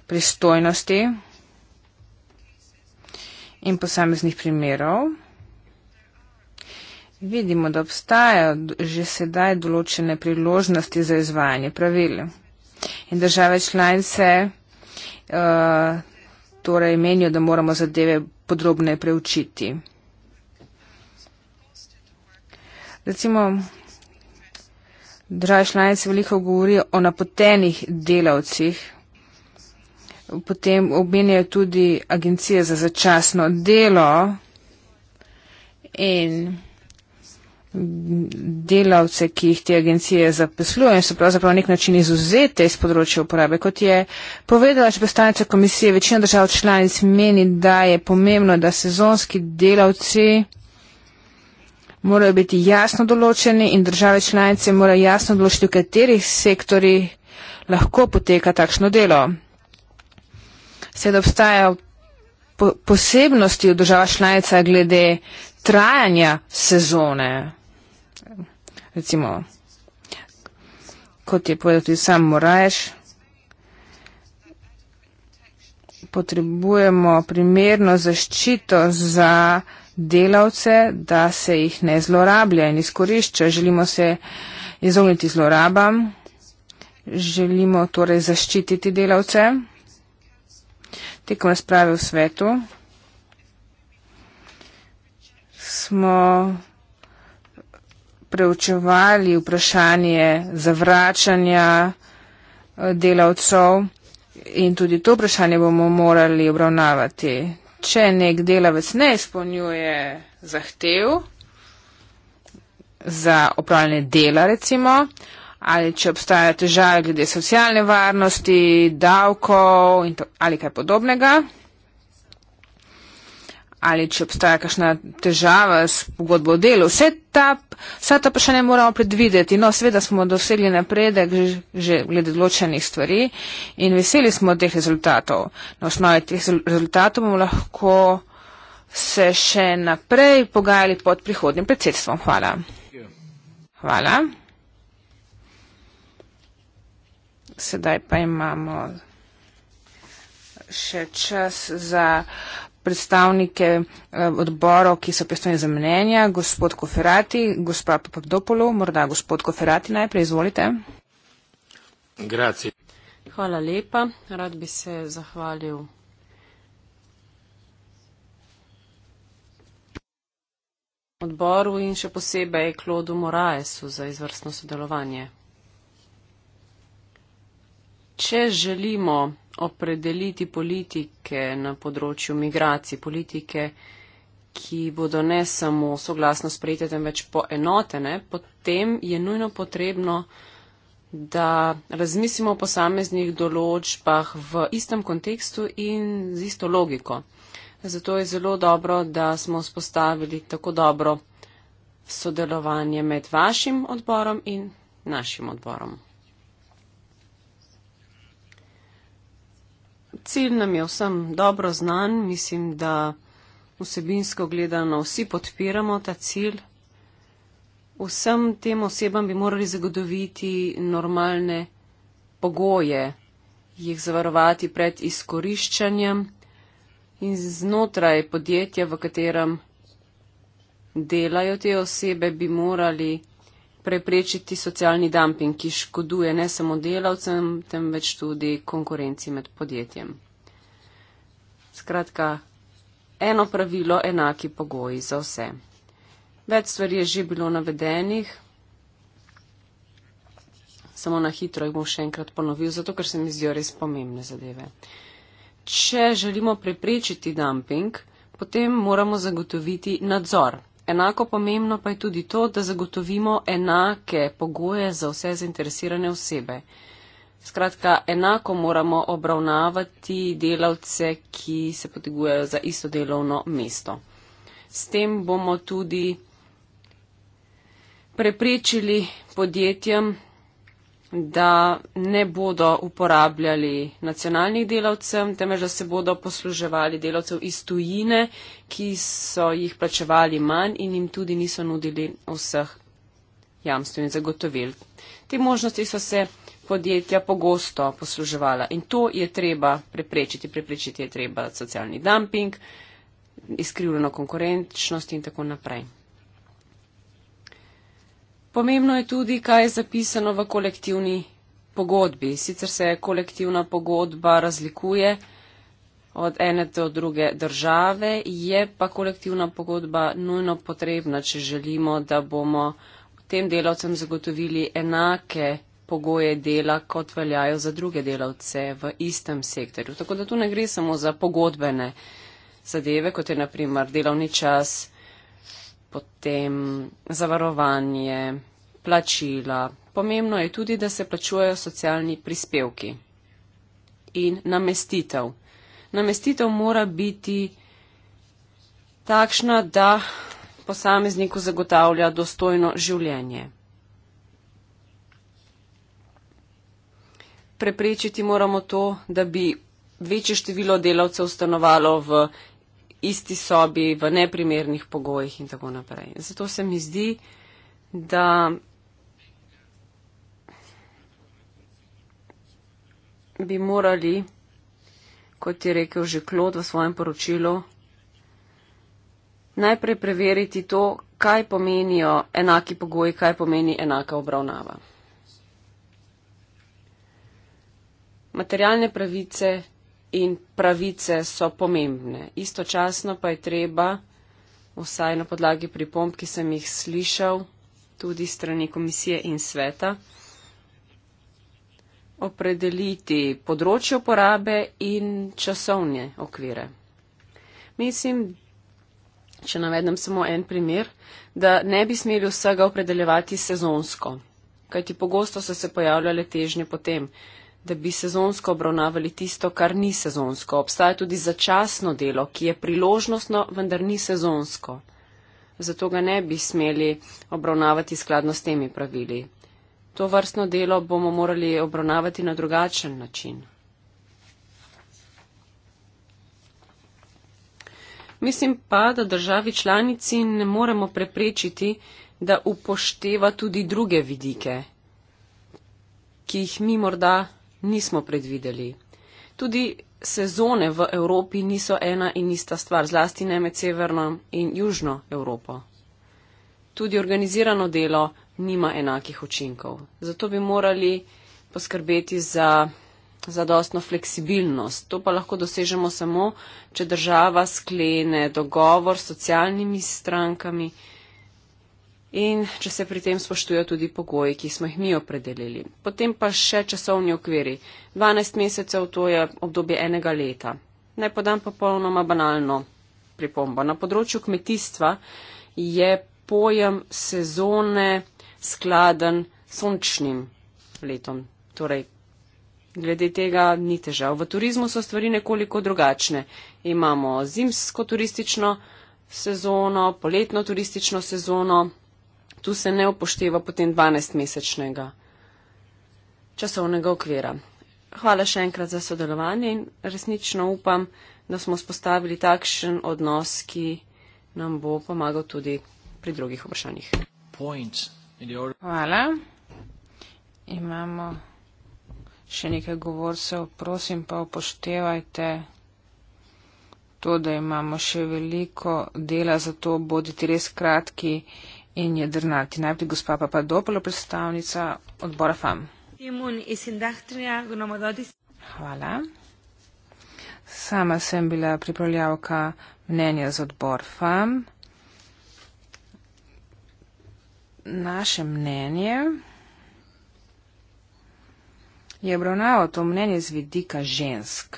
pristojnosti in posameznih primerov, vidimo, da obstajajo že sedaj določene priložnosti za izvajanje pravil. In države članice uh, torej menijo, da moramo zadeve podrobne preučiti. Recimo, Države članice veliko govorijo o napotenih delavcih, potem obmenjajo tudi agencije za začasno delo in delavce, ki jih te agencije zaposlujejo in so pravzaprav na nek način izuzete iz področja uprave. Kot je povedala že predstavnica komisije, večina držav članic meni, da je pomembno, da sezonski delavci morajo biti jasno določeni in države članice morajo jasno določiti, v katerih sektori lahko poteka takšno delo. Seveda obstajajo po posebnosti v državah članica glede trajanja sezone. Recimo, kot je povedal tudi sam Moraješ, potrebujemo primerno zaščito za delavce, da se jih ne zlorablja in izkorišča. Želimo se izogniti zlorabam, želimo torej zaščititi delavce. Tekom razprave v svetu smo preučevali vprašanje zavračanja eh, delavcev in tudi to vprašanje bomo morali obravnavati če nek delavec ne izpolnjuje zahtev za opravljanje dela, recimo, ali če obstaja težava glede socialne varnosti, davkov ali kaj podobnega ali če obstaja kakšna težava s pogodbo o delu. Vse ta, vse ta vprašanja moramo predvideti. No, seveda smo dosegli napredek že, že glede določenih stvari in veseli smo teh rezultatov. Na osnovi teh rezultatov bomo lahko se še naprej pogajali pod prihodnim predsedstvom. Hvala. Hvala. Sedaj pa imamo še čas za predstavnike eh, odborov, ki so pristojni za mnenja, gospod Koferati, gospa Papadopolo, morda gospod Koferati najprej, izvolite. Grazie. Hvala lepa, rad bi se zahvalil. Odboru in še posebej Klodu Moraesu za izvrstno sodelovanje. Če želimo opredeliti politike na področju migracij, politike, ki bodo ne samo soglasno sprejete, temveč poenotene, potem je nujno potrebno, da razmislimo o posameznih določbah v istem kontekstu in z isto logiko. Zato je zelo dobro, da smo spostavili tako dobro sodelovanje med vašim odborom in našim odborom. cilj nam je vsem dobro znan, mislim, da vsebinsko gledano vsi podpiramo ta cilj. Vsem tem osebam bi morali zagotoviti normalne pogoje, jih zavarovati pred izkoriščanjem in znotraj podjetja, v katerem delajo te osebe, bi morali preprečiti socialni dumping, ki škoduje ne samo delavcem, temveč tudi konkurenci med podjetjem. Skratka, eno pravilo, enaki pogoji za vse. Več stvari je že bilo navedenih, samo na hitro jih bom še enkrat ponovil, zato ker se mi zdijo res pomembne zadeve. Če želimo preprečiti dumping, potem moramo zagotoviti nadzor Enako pomembno pa je tudi to, da zagotovimo enake pogoje za vse zainteresirane osebe. Skratka, enako moramo obravnavati delavce, ki se potegujejo za isto delovno mesto. S tem bomo tudi preprečili podjetjem, da ne bodo uporabljali nacionalnih delavcev, temveč da se bodo posluževali delavcev iz tujine, ki so jih plačevali manj in jim tudi niso nudili vseh jamstv in zagotovil. Te možnosti so se podjetja pogosto posluževala in to je treba preprečiti. Preprečiti je treba socialni dumping, izkrivljeno konkurenčnost in tako naprej. Pomembno je tudi, kaj je zapisano v kolektivni pogodbi. Sicer se kolektivna pogodba razlikuje od ene do druge države, je pa kolektivna pogodba nujno potrebna, če želimo, da bomo tem delavcem zagotovili enake pogoje dela, kot veljajo za druge delavce v istem sektorju. Tako da tu ne gre samo za pogodbene zadeve, kot je naprimer delovni čas, potem zavarovanje, plačila. Pomembno je tudi, da se plačujejo socialni prispevki in namestitev. Namestitev mora biti takšna, da posamezniku zagotavlja dostojno življenje. Preprečiti moramo to, da bi večje število delavcev stanovalo v isti sobi, v neprimernih pogojih in tako naprej. Zato se mi zdi, da bi morali, kot je rekel že Klod v svojem poročilu, najprej preveriti to, kaj pomenijo enaki pogoji, kaj pomeni enaka obravnava. Materialne pravice in pravice so pomembne. Istočasno pa je treba, vsaj na podlagi pripomp, ki sem jih slišal tudi strani komisije in sveta, opredeliti področje uporabe in časovne okvire. Mislim, če navedem samo en primer, da ne bi smeli vsega opredeljevati sezonsko, kajti pogosto so se pojavljale težnje potem, da bi sezonsko obravnavali tisto, kar ni sezonsko. Obstaja tudi začasno delo, ki je priložnostno, vendar ni sezonsko. Zato ga ne bi smeli obravnavati skladno s temi pravili. To vrstno delo bomo morali obravnavati na drugačen način. Mislim pa, da državi članici ne moremo preprečiti, da upošteva tudi druge vidike, ki jih mi morda nismo predvideli. Tudi sezone v Evropi niso ena in ista stvar, zlasti ne med severno in južno Evropo. Tudi organizirano delo nima enakih učinkov. Zato bi morali poskrbeti za zadostno fleksibilnost. To pa lahko dosežemo samo, če država sklene dogovor s socialnimi strankami, in če se pri tem spoštujo tudi pogoji, ki smo jih mi opredelili. Potem pa še časovni okviri. 12 mesecev to je obdobje enega leta. Naj podam popolnoma banalno pripombo. Na področju kmetijstva je pojem sezone skladen sončnim letom. Torej, glede tega ni težav. V turizmu so stvari nekoliko drugačne. Imamo zimsko turistično sezono, poletno turistično sezono, Tu se ne upošteva potem 12-mesečnega časovnega okvira. Hvala še enkrat za sodelovanje in resnično upam, da smo spostavili takšen odnos, ki nam bo pomagal tudi pri drugih vprašanjih. Hvala. Imamo še nekaj govorcev. Prosim pa upoštevajte to, da imamo še veliko dela za to, bodite res kratki in jedrnati. Najprej gospa Papadopolo, predstavnica odbora FAM. Hvala. Sama sem bila pripravljavka mnenja z odbor FAM. Naše mnenje je obravnavo to mnenje z vidika žensk.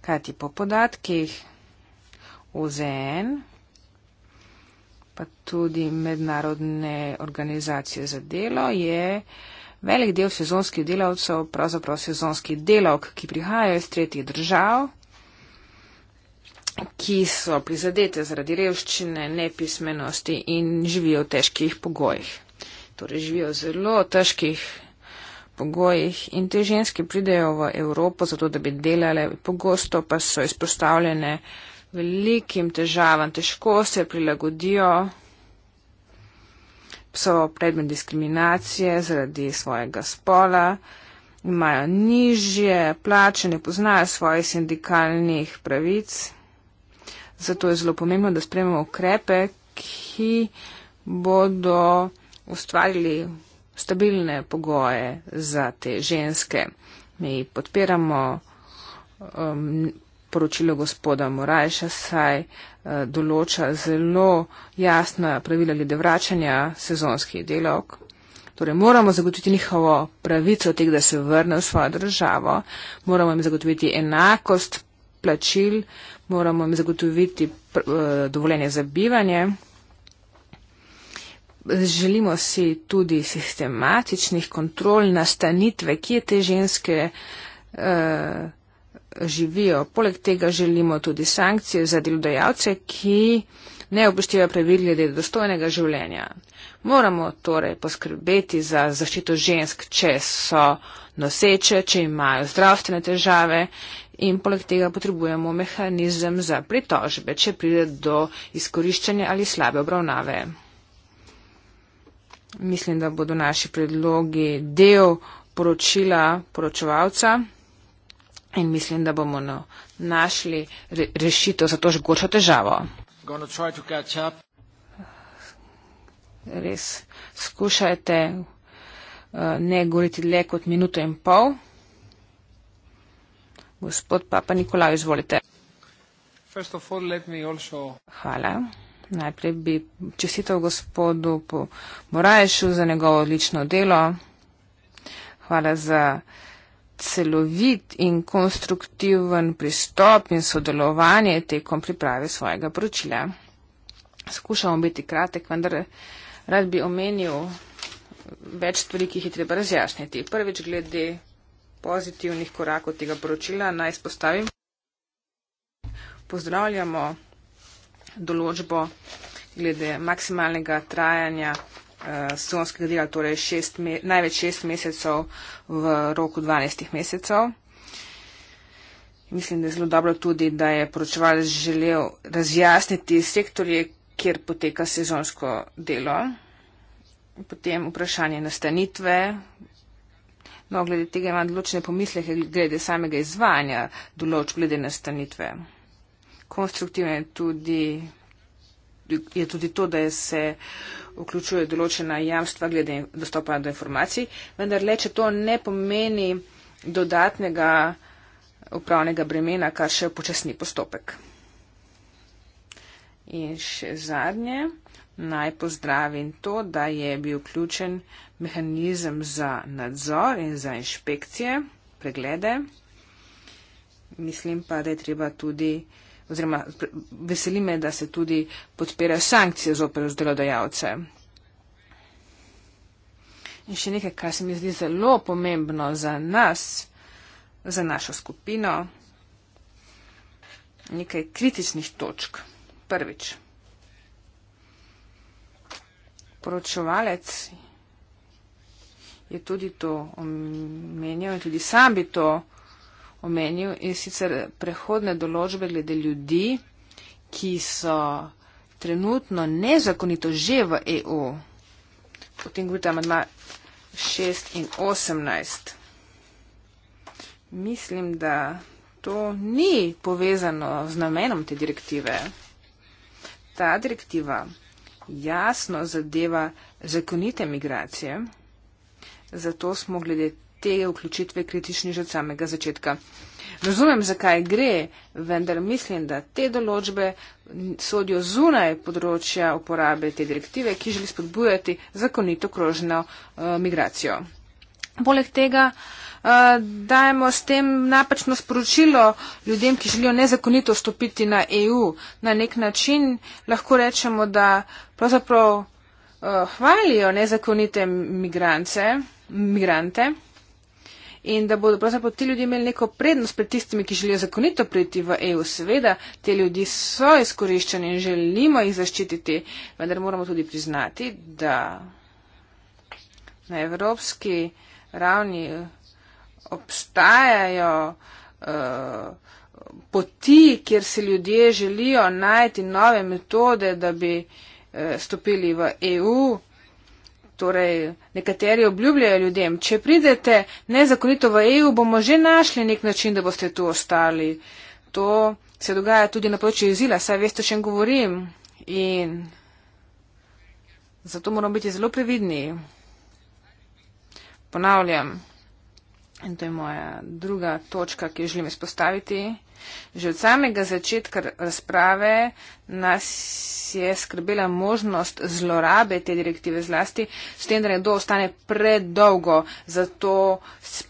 Kajti po podatkih UZN pa tudi mednarodne organizacije za delo, je velik del sezonskih delavcev, pravzaprav sezonskih delavk, ki prihajajo iz tretjih držav, ki so prizadete zaradi revščine, nepismenosti in živijo v težkih pogojih. Torej živijo v zelo težkih pogojih in te ženske pridejo v Evropo zato, da bi delale, pogosto pa so izpostavljene velikim težavam, težko se prilagodijo. So predmet diskriminacije zaradi svojega spola, imajo nižje plače, ne poznajo svojih sindikalnih pravic. Zato je zelo pomembno, da sprememo ukrepe, ki bodo ustvarili stabilne pogoje za te ženske. Mi podpiramo um, poročilo gospoda Morajša saj eh, določa zelo jasna pravila glede vračanja sezonskih delavk. Torej moramo zagotoviti njihovo pravico teh, da se vrne v svojo državo, moramo jim zagotoviti enakost plačil, moramo jim zagotoviti eh, dovoljenje za bivanje. Želimo si tudi sistematičnih kontrol nastanitve, kje te ženske. Uh, živijo. Poleg tega želimo tudi sankcije za delodajalce, ki ne obuštevajo pravil glede dostojnega življenja. Moramo torej poskrbeti za zaščito žensk, če so noseče, če imajo zdravstvene težave in poleg tega potrebujemo mehanizem za pritožbe, če pride do izkoriščanja ali slabe obravnave. Mislim, da bodo naši predlogi del poročila poročevalca in mislim, da bomo no, našli re, rešitev za to žgočo težavo. Res, skušajte eh, ne govoriti le kot minuto in pol. Gospod Papa Nikolaj, izvolite. All, also... Hvala. Najprej bi čestitev gospodu Morajšu za njegovo odlično delo. Hvala za celovit in konstruktiven pristop in sodelovanje tekom priprave svojega poročila. Skušamo biti kratek, vendar rad bi omenil več stvari, ki jih je treba razjasniti. Prvič, glede pozitivnih korakov tega poročila, naj spostavim. Pozdravljamo določbo glede maksimalnega trajanja uh, sezonskega dela, torej šest največ šest mesecev v roku 12 mesecev. Mislim, da je zelo dobro tudi, da je poročevalec želel razjasniti sektorje, kjer poteka sezonsko delo. Potem vprašanje nastanitve. No, glede tega imam določene pomisleke, glede samega izvanja določb, glede nastanitve. Konstruktivno je tudi, je tudi to, da je se vključuje določena jamstva glede dostopa do informacij, vendar le, če to ne pomeni dodatnega upravnega bremena, kar še počasni postopek. In še zadnje, naj pozdravim to, da je bil vključen mehanizem za nadzor in za inšpekcije, preglede. Mislim pa, da je treba tudi oziroma veseli me, da se tudi podpira sankcije zoper vzdelodajalce. In še nekaj, kar se mi zdi zelo pomembno za nas, za našo skupino, nekaj kritičnih točk. Prvič. Poročevalec je tudi to omenjal in tudi sam bi to omenil in sicer prehodne določbe glede ljudi, ki so trenutno nezakonito že v EU. Potem govorite amadma 6 in 18. Mislim, da to ni povezano z namenom te direktive. Ta direktiva jasno zadeva zakonite migracije, zato smo glede te vključitve kritični že od samega začetka. Razumem, zakaj gre, vendar mislim, da te določbe sodijo zunaj področja uporabe te direktive, ki želi spodbujati zakonito krožno uh, migracijo. Poleg tega uh, dajemo s tem napačno sporočilo ljudem, ki želijo nezakonito vstopiti na EU. Na nek način lahko rečemo, da pravzaprav uh, hvalijo nezakonite migrance, migrante in da bodo pravzaprav ti ljudje imeli neko prednost pred tistimi, ki želijo zakonito priti v EU. Seveda, te ljudi so izkoriščeni in želimo jih zaščititi, vendar moramo tudi priznati, da na evropski ravni eh, obstajajo uh, poti, kjer si ljudje želijo najti nove metode, da bi uh, stopili v EU. Torej, nekateri obljubljajo ljudem, če pridete nezakonito v EU, bomo že našli nek način, da boste tu ostali. To se dogaja tudi na področju izila, saj veste, o čem govorim. In zato moramo biti zelo previdni. Ponavljam, in to je moja druga točka, ki jo želim izpostaviti. Že od samega začetka razprave nas je skrbela možnost zlorabe te direktive zlasti, s tem, da nekdo ostane predolgo. Zato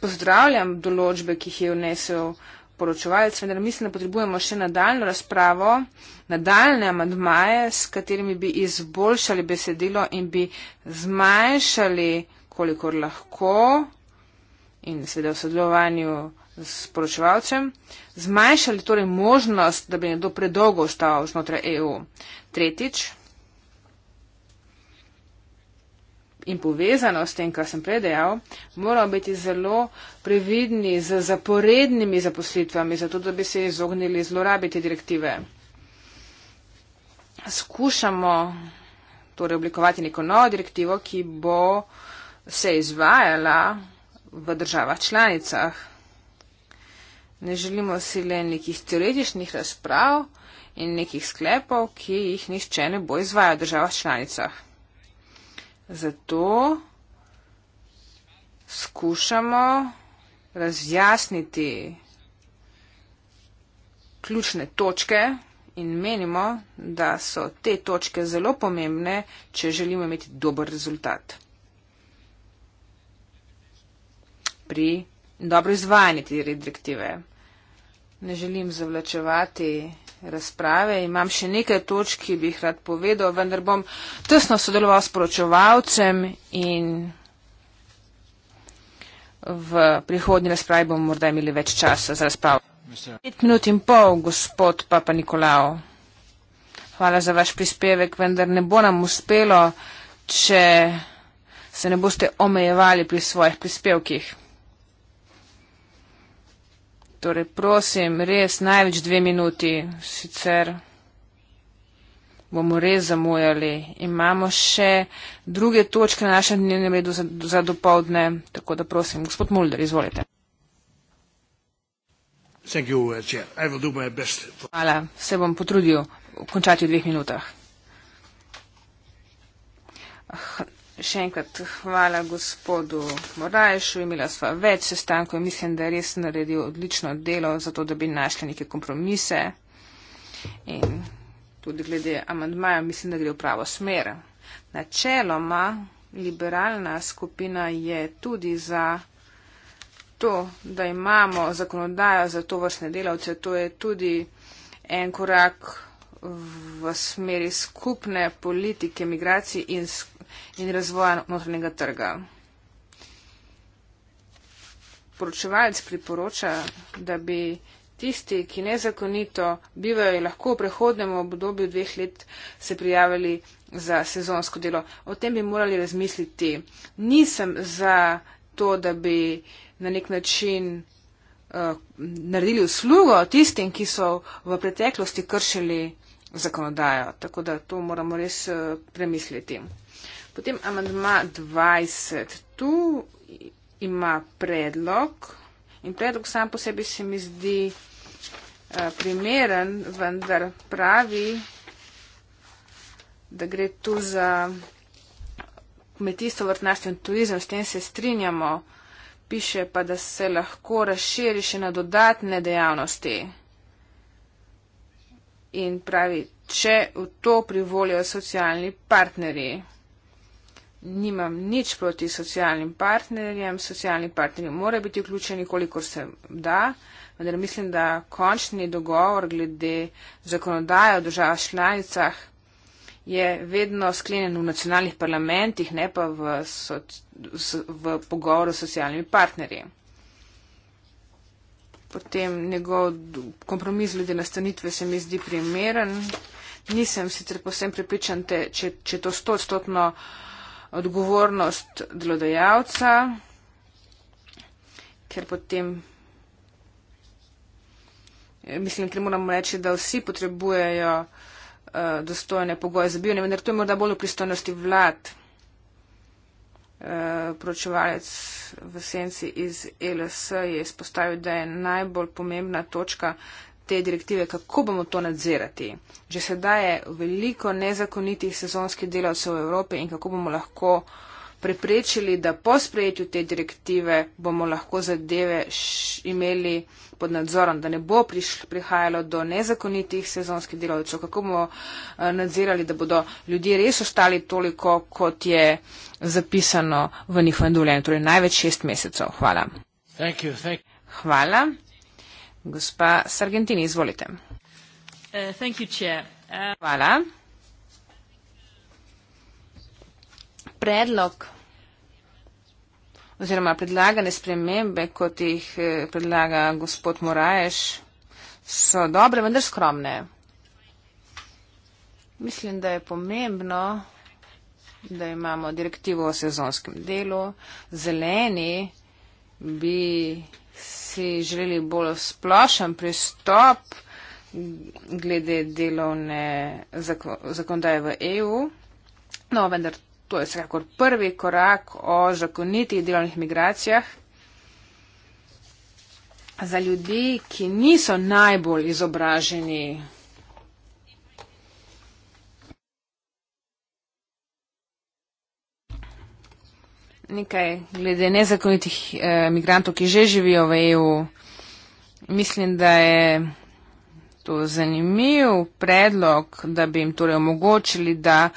pozdravljam določbe, ki jih je vnesel poročevalec, vendar mislim, da potrebujemo še nadaljno razpravo, nadaljne amadmaje, s katerimi bi izboljšali besedilo in bi zmanjšali, kolikor lahko, in seveda v sodelovanju s poročevalcem, zmanjšali torej možnost, da bi nekdo predolgo ostal znotraj EU. Tretjič in povezano s tem, kar sem predejal, moramo biti zelo previdni z zaporednimi zaposlitvami, zato da bi se izognili zlorabiti direktive. Skušamo torej oblikovati neko novo direktivo, ki bo se izvajala v državah članicah ne želimo si le nekih teoretičnih razprav in nekih sklepov, ki jih nihče ne bo izvajal v državah članicah. Zato skušamo razjasniti ključne točke in menimo, da so te točke zelo pomembne, če želimo imeti dober rezultat pri dobro izvajanju te direktive ne želim zavlačevati razprave. Imam še nekaj točk, ki bi jih rad povedal, vendar bom tesno sodeloval s poročevalcem in v prihodnji razpravi bomo morda imeli več časa za razpravo. Pet minut in pol, gospod Papa Nikolao. Hvala za vaš prispevek, vendar ne bo nam uspelo, če se ne boste omejevali pri svojih prispevkih. Torej, prosim, res največ dve minuti, sicer bomo res zamujali. Imamo še druge točke na našem dnevnem redu za, za dopoldne, tako da prosim, gospod Mulder, izvolite. You, uh, for... Hvala, se bom potrudil končati v dveh minutah še enkrat hvala gospodu Morajšu. Imela sva več sestankov in mislim, da je res naredil odlično delo za to, da bi našli neke kompromise. In tudi glede amandmaja mislim, da gre v pravo smer. Načeloma liberalna skupina je tudi za to, da imamo zakonodajo za to vrstne delavce. To je tudi en korak v smeri skupne politike migracij in skupne in razvoja notranjega trga. Poročevalec priporoča, da bi tisti, ki nezakonito bivajo in lahko v prehodnem obdobju dveh let se prijavili za sezonsko delo. O tem bi morali razmisliti. Nisem za to, da bi na nek način uh, naredili uslugo tistim, ki so v preteklosti kršili zakonodajo. Tako da to moramo res uh, premisliti. Potem amandma 20. Tu ima predlog in predlog sam po sebi se mi zdi eh, primeren, vendar pravi, da gre tu za kmetijstvo, vrtnarstvo in turizem, s tem se strinjamo, piše pa, da se lahko razširi še na dodatne dejavnosti. In pravi, če v to privolijo socialni partnerji nimam nič proti socialnim partnerjem, socialni partnerji morajo biti vključeni, kolikor se da, vendar mislim, da končni dogovor glede zakonodaje v državah članicah je vedno sklenjen v nacionalnih parlamentih, ne pa v, so, v pogovoru s socialnimi partnerji. Potem njegov kompromis glede nastanitve se mi zdi primeren. Nisem sicer posebno pripričan, če, če to stotno 100 odgovornost delodajalca, ker potem. Mislim, ker moramo reči, da vsi potrebujejo uh, dostojne pogoje za bivanje, vendar to je morda bolj v pristojnosti vlad. Uh, eh, Pročevalec v senci iz e LS je izpostavil, da je najbolj pomembna točka te direktive, kako bomo to nadzirati. Že sedaj je veliko nezakonitih sezonskih delavcev v Evropi in kako bomo lahko preprečili, da po sprejetju te direktive bomo lahko zadeve imeli pod nadzorom, da ne bo prihajalo do nezakonitih sezonskih delavcev, kako bomo eh, nadzirali, da bodo ljudje res ostali toliko, kot je zapisano v njihovem dovoljenju, torej največ šest mesecev. Hvala. Thank you, thank you. Hvala. Gospa Sargentini, izvolite. Uh, uh, Hvala. Predlog oziroma predlagane spremembe, kot jih eh, predlaga gospod Moraješ, so dobre, vendar skromne. Mislim, da je pomembno, da imamo direktivo o sezonskem delu. Zeleni bi si želeli bolj splošen pristop glede delovne zakonodaje v EU. No, vendar to je vsekakor prvi korak o zakonitih delovnih migracijah. Za ljudi, ki niso najbolj izobraženi nekaj glede nezakonitih eh, migrantov, ki že živijo v EU. Mislim, da je to zanimiv predlog, da bi jim torej omogočili, da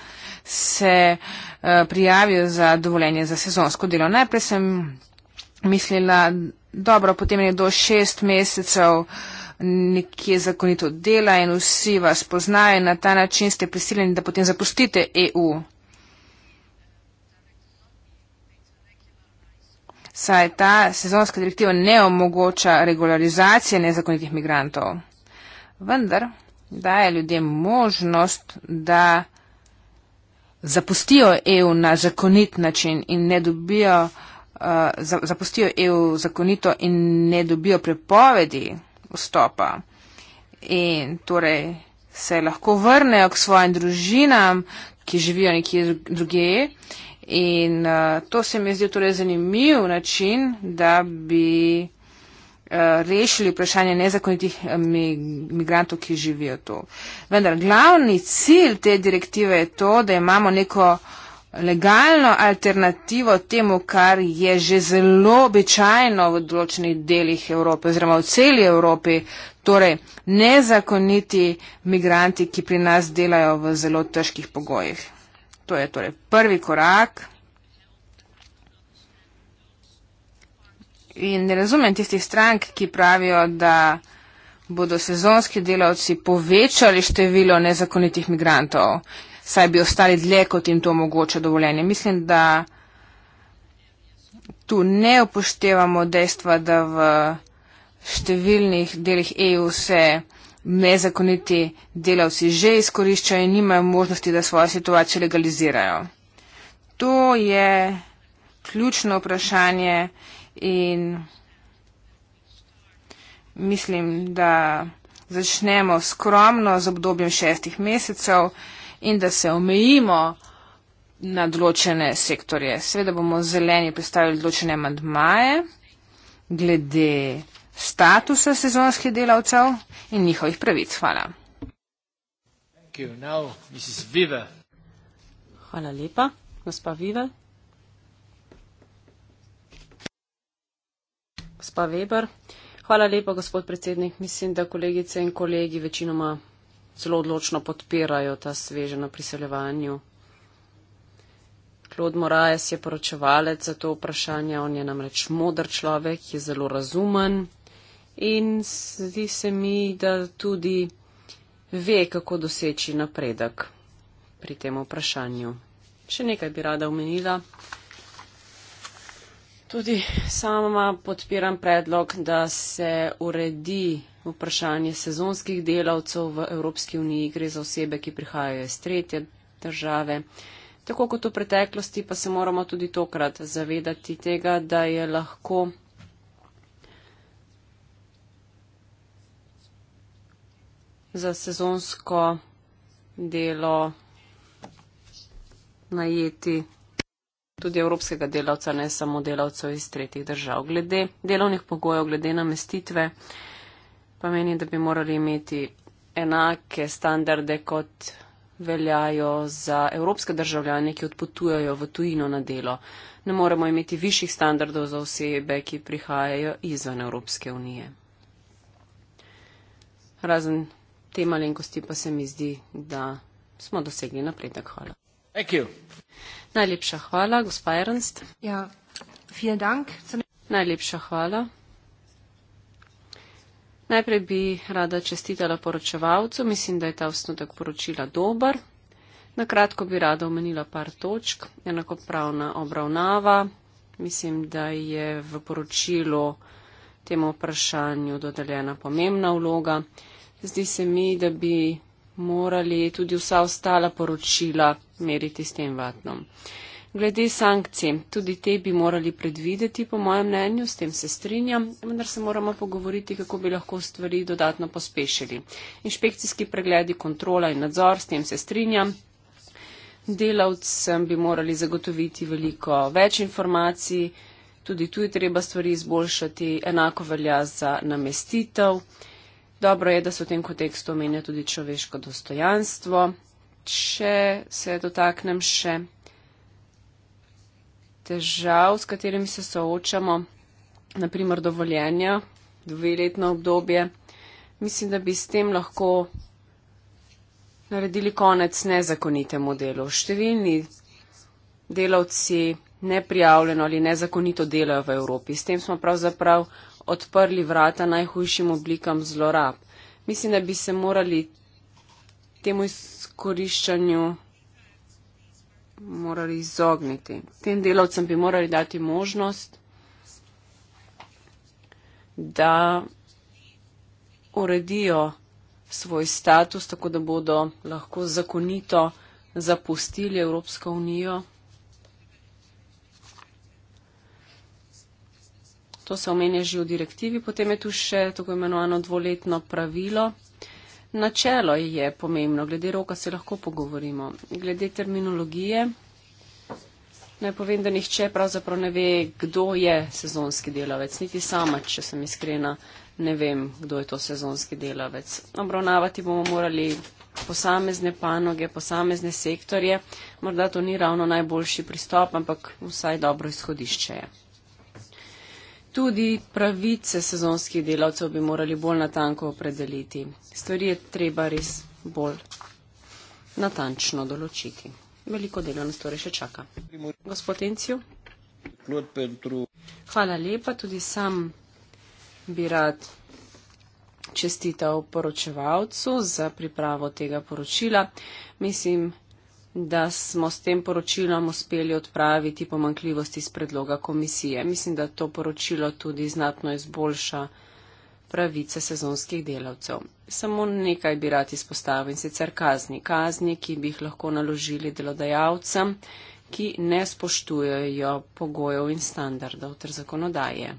se eh, prijavijo za dovoljenje za sezonsko delo. Najprej sem mislila, dobro, potem je do šest mesecev nekje zakonito dela in vsi vas poznajo in na ta način ste prisiljeni, da potem zapustite EU. saj ta sezonska direktiva ne omogoča regularizacije nezakonitih migrantov, vendar daje ljudem možnost, da zapustijo EU na zakonit način in ne dobijo, uh, zapustijo EU zakonito in ne dobijo prepovedi vstopa. In torej se lahko vrnejo k svojim družinam, ki živijo nekje drugeje. In uh, to se mi je zdel torej zanimiv način, da bi uh, rešili vprašanje nezakonitih eh, migrantov, ki živijo tu. Vendar glavni cilj te direktive je to, da imamo neko legalno alternativo temu, kar je že zelo običajno v določenih delih Evrope oziroma v celi Evropi, torej nezakoniti migranti, ki pri nas delajo v zelo težkih pogojih. To je torej prvi korak. In ne razumem tistih strank, ki pravijo, da bodo sezonski delavci povečali število nezakonitih migrantov, saj bi ostali dlje, kot jim to omogoča dovoljenje. Mislim, da tu ne upoštevamo dejstva, da v številnih delih EU se nezakoniti delavci že izkoriščajo in nimajo možnosti, da svojo situacijo legalizirajo. To je ključno vprašanje in mislim, da začnemo skromno z obdobjem šestih mesecev in da se omejimo na določene sektorje. Sveda bomo zeleni predstavili določene mandmaje glede statusa sezonskih delavcev in njihovih pravic. Hvala. Hvala lepa, gospa Vive. Gospa Weber. Hvala lepa, gospod predsednik. Mislim, da kolegice in kolegi večinoma zelo odločno podpirajo ta sveže na priseljevanju. Klod Moraes je poročevalec za to vprašanje, on je namreč modr človek, je zelo razumen, in zdi se mi, da tudi ve, kako doseči napredek pri tem vprašanju. Še nekaj bi rada omenila. Tudi sama podpiram predlog, da se uredi vprašanje sezonskih delavcev v Evropski uniji. Gre za osebe, ki prihajajo iz tretje države. Tako kot v preteklosti, pa se moramo tudi tokrat zavedati tega, da je lahko za sezonsko delo najeti tudi evropskega delavca, ne samo delavcev iz tretjih držav. Glede delovnih pogojev, glede namestitve, pa meni, da bi morali imeti enake standarde, kot veljajo za evropske državljane, ki odpotujajo v tujino na delo. Ne moremo imeti višjih standardov za osebe, ki prihajajo izven Evropske unije. Razen te malenkosti pa se mi zdi, da smo dosegli napredek. Hvala. Najlepša hvala, gospa Ernst. Ja, vielen Dank. Najlepša hvala. Najprej bi rada čestitala poročevalcu. Mislim, da je ta osnutek poročila dober. Na kratko bi rada omenila par točk. Enakopravna obravnava. Mislim, da je v poročilu temu vprašanju dodeljena pomembna vloga. Zdi se mi, da bi morali tudi vsa ostala poročila meriti s tem vatnom. Glede sankcij, tudi te bi morali predvideti, po mojem mnenju, s tem se strinjam, vendar se moramo pogovoriti, kako bi lahko stvari dodatno pospešili. Inšpekcijski pregledi, kontrola in nadzor, s tem se strinjam. Delavcem bi morali zagotoviti veliko več informacij, tudi tu je treba stvari izboljšati, enako velja za namestitev. Dobro je, da se v tem kontekstu omenja tudi človeško dostojanstvo. Če se dotaknem še težav, s katerimi se soočamo, naprimer dovoljenja, dveletno obdobje, mislim, da bi s tem lahko naredili konec nezakonitemu delu. Številni delavci neprijavljeno ali nezakonito delajo v Evropi. S tem smo pravzaprav odprli vrata najhujšim oblikam zlorab. Mislim, da bi se morali temu izkoriščanju morali izogniti. Tem delavcem bi morali dati možnost, da uredijo svoj status, tako da bodo lahko zakonito zapustili Evropsko unijo. to se omenja že v direktivi, potem je tu še tako imenovano dvoletno pravilo. Načelo je pomembno, glede roka se lahko pogovorimo. Glede terminologije, naj povem, da nihče pravzaprav ne ve, kdo je sezonski delavec. Niti sama, če sem iskrena, ne vem, kdo je to sezonski delavec. Obravnavati bomo morali posamezne panoge, posamezne sektorje. Morda to ni ravno najboljši pristop, ampak vsaj dobro izhodišče je. Tudi pravice sezonskih delavcev bi morali bolj natanko opredeliti. Stvari je treba res bolj natančno določiti. Veliko dela nas torej še čaka. Gospod Enciu. Hvala lepa, tudi sam bi rad čestital poročevalcu za pripravo tega poročila. Mislim, da smo s tem poročilom uspeli odpraviti pomankljivosti iz predloga komisije. Mislim, da to poročilo tudi znatno izboljša pravice sezonskih delavcev. Samo nekaj bi rad izpostavil in sicer kazni. Kazni, ki bi jih lahko naložili delodajalcem, ki ne spoštujejo pogojev in standardov ter zakonodaje.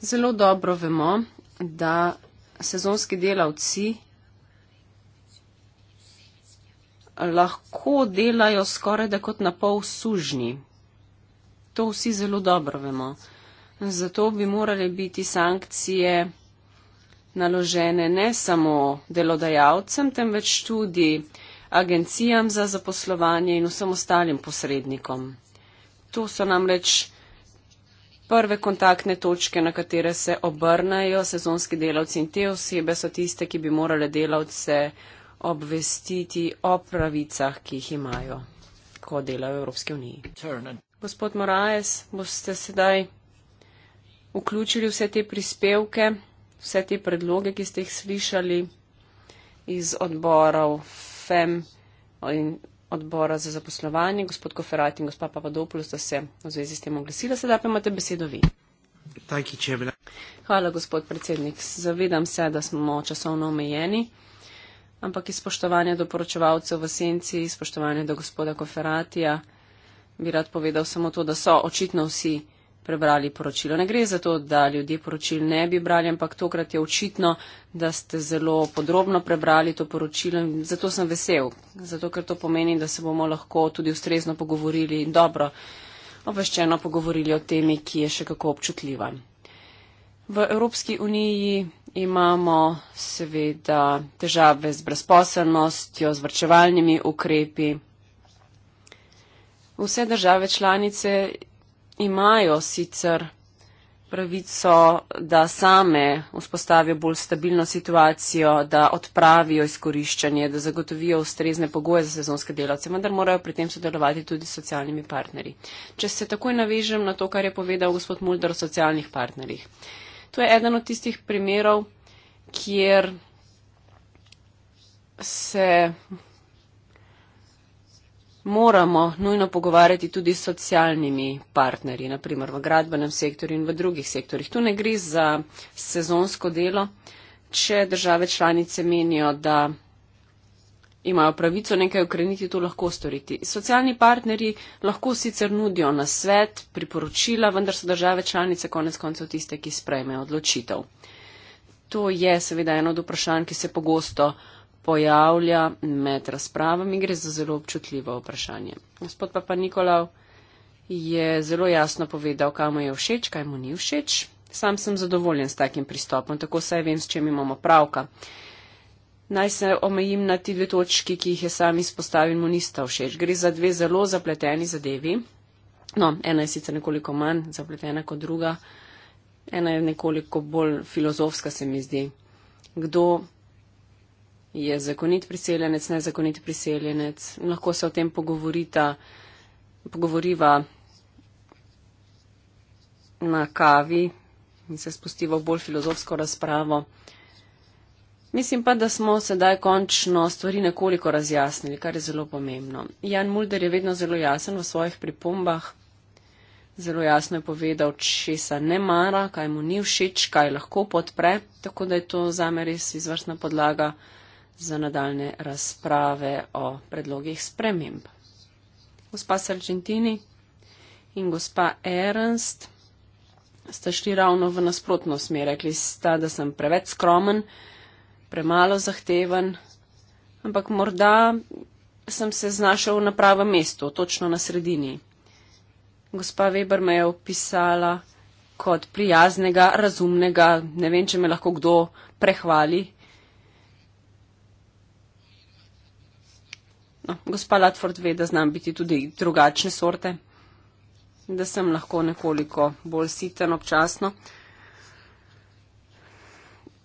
Zelo dobro vemo, da sezonski delavci lahko delajo skoraj da kot na pol sužni. To vsi zelo dobro vemo. Zato bi morali biti sankcije naložene ne samo delodajalcem, temveč tudi agencijam za zaposlovanje in vsem ostalim posrednikom. To so namreč prve kontaktne točke, na katere se obrnajo sezonski delavci in te osebe so tiste, ki bi morale delavce obvestiti o pravicah, ki jih imajo, ko delajo v Evropski uniji. Gospod Moraes, boste sedaj vključili vse te prispevke, vse te predloge, ki ste jih slišali iz odborov FEM in odbora za zaposlovanje. Gospod Koferat in gospa Papadopoulos, da se v zvezi s tem oglasila, sedaj pa imate besedo vi. Hvala, gospod predsednik. Zavedam se, da smo časovno omejeni ampak iz spoštovanja do poročevalcev v senci, iz spoštovanja do gospoda Koferatija bi rad povedal samo to, da so očitno vsi prebrali poročilo. Ne gre za to, da ljudje poročil ne bi brali, ampak tokrat je očitno, da ste zelo podrobno prebrali to poročilo in zato sem vesel, zato ker to pomeni, da se bomo lahko tudi ustrezno pogovorili in dobro obveščeno pogovorili o temi, ki je še kako občutljiva. V Evropski uniji imamo seveda težave z brezposelnostjo, z vrčevalnimi ukrepi. Vse države članice imajo sicer pravico, da same vzpostavijo bolj stabilno situacijo, da odpravijo izkoriščanje, da zagotovijo ustrezne pogoje za sezonske delavce, vendar morajo pri tem sodelovati tudi s socialnimi partnerji. Če se takoj navežem na to, kar je povedal gospod Mulder o socialnih partnerjih. Uh, to je eden od tistih primerov, kjer se moramo nujno pogovarjati tudi s socialnimi partnerji, naprimer v gradbenem sektorju in v drugih sektorjih. Tu ne gre za sezonsko delo, če države članice menijo, da imajo pravico nekaj ukreniti, to lahko storiti. Socialni partnerji lahko sicer nudijo na svet, priporočila, vendar so države članice konec koncev tiste, ki sprejme odločitev. To je seveda eno od vprašanj, ki se pogosto pojavlja med razpravami, gre za zelo občutljivo vprašanje. Gospod Papa Nikolav je zelo jasno povedal, kaj mu je všeč, kaj mu ni všeč. Sam sem zadovoljen s takim pristopom, tako saj vem, s čem imamo pravka. Naj se omejim na ti dve točki, ki jih je sam izpostavil, mu nista všeč. Gre za dve zelo zapleteni zadevi. No, ena je sicer nekoliko manj zapletena kot druga, ena je nekoliko bolj filozofska, se mi zdi. Kdo je zakonit priseljenec, nezakonit priseljenec, lahko se o tem pogovorita, pogovoriva na kavi in se spustiva v bolj filozofsko razpravo. Mislim pa, da smo sedaj končno stvari nekoliko razjasnili, kar je zelo pomembno. Jan Mulder je vedno zelo jasen v svojih pripombah, zelo jasno je povedal, česa ne mara, kaj mu ni všeč, kaj lahko podpre, tako da je to za me res izvrstna podlaga za nadaljne razprave o predlogih sprememb. Gospa Sargentini in gospa Ernst ste šli ravno v nasprotno smer, rekli ste, da sem preveč skromen premalo zahteven, ampak morda sem se znašel na pravem mestu, točno na sredini. Gospa Weber me je opisala kot prijaznega, razumnega, ne vem, če me lahko kdo prehvali. No, gospa Latford ve, da znam biti tudi drugačne sorte, da sem lahko nekoliko bolj siten občasno.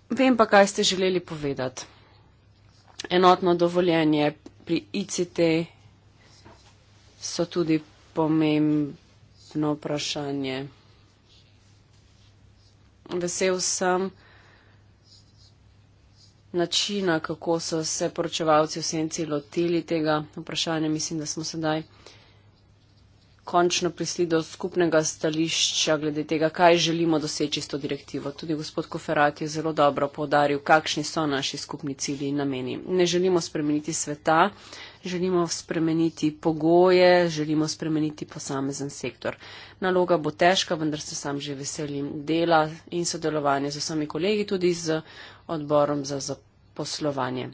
Vem pa, kaj ste želeli povedati. Enotno dovoljenje pri ICT so tudi pomembno vprašanje. Vesel sem načina, kako so se poročevalci v senci lotili tega vprašanja. Mislim, da smo sedaj končno prišli do skupnega stališča glede tega, kaj želimo doseči s to direktivo. Tudi gospod Koferat je zelo dobro povdaril, kakšni so naši skupni cilji in nameni. Ne želimo spremeniti sveta, želimo spremeniti pogoje, želimo spremeniti posamezen sektor. Naloga bo težka, vendar se sam že veselim dela in sodelovanja z vsemi kolegi, tudi z odborom za zaposlovanje.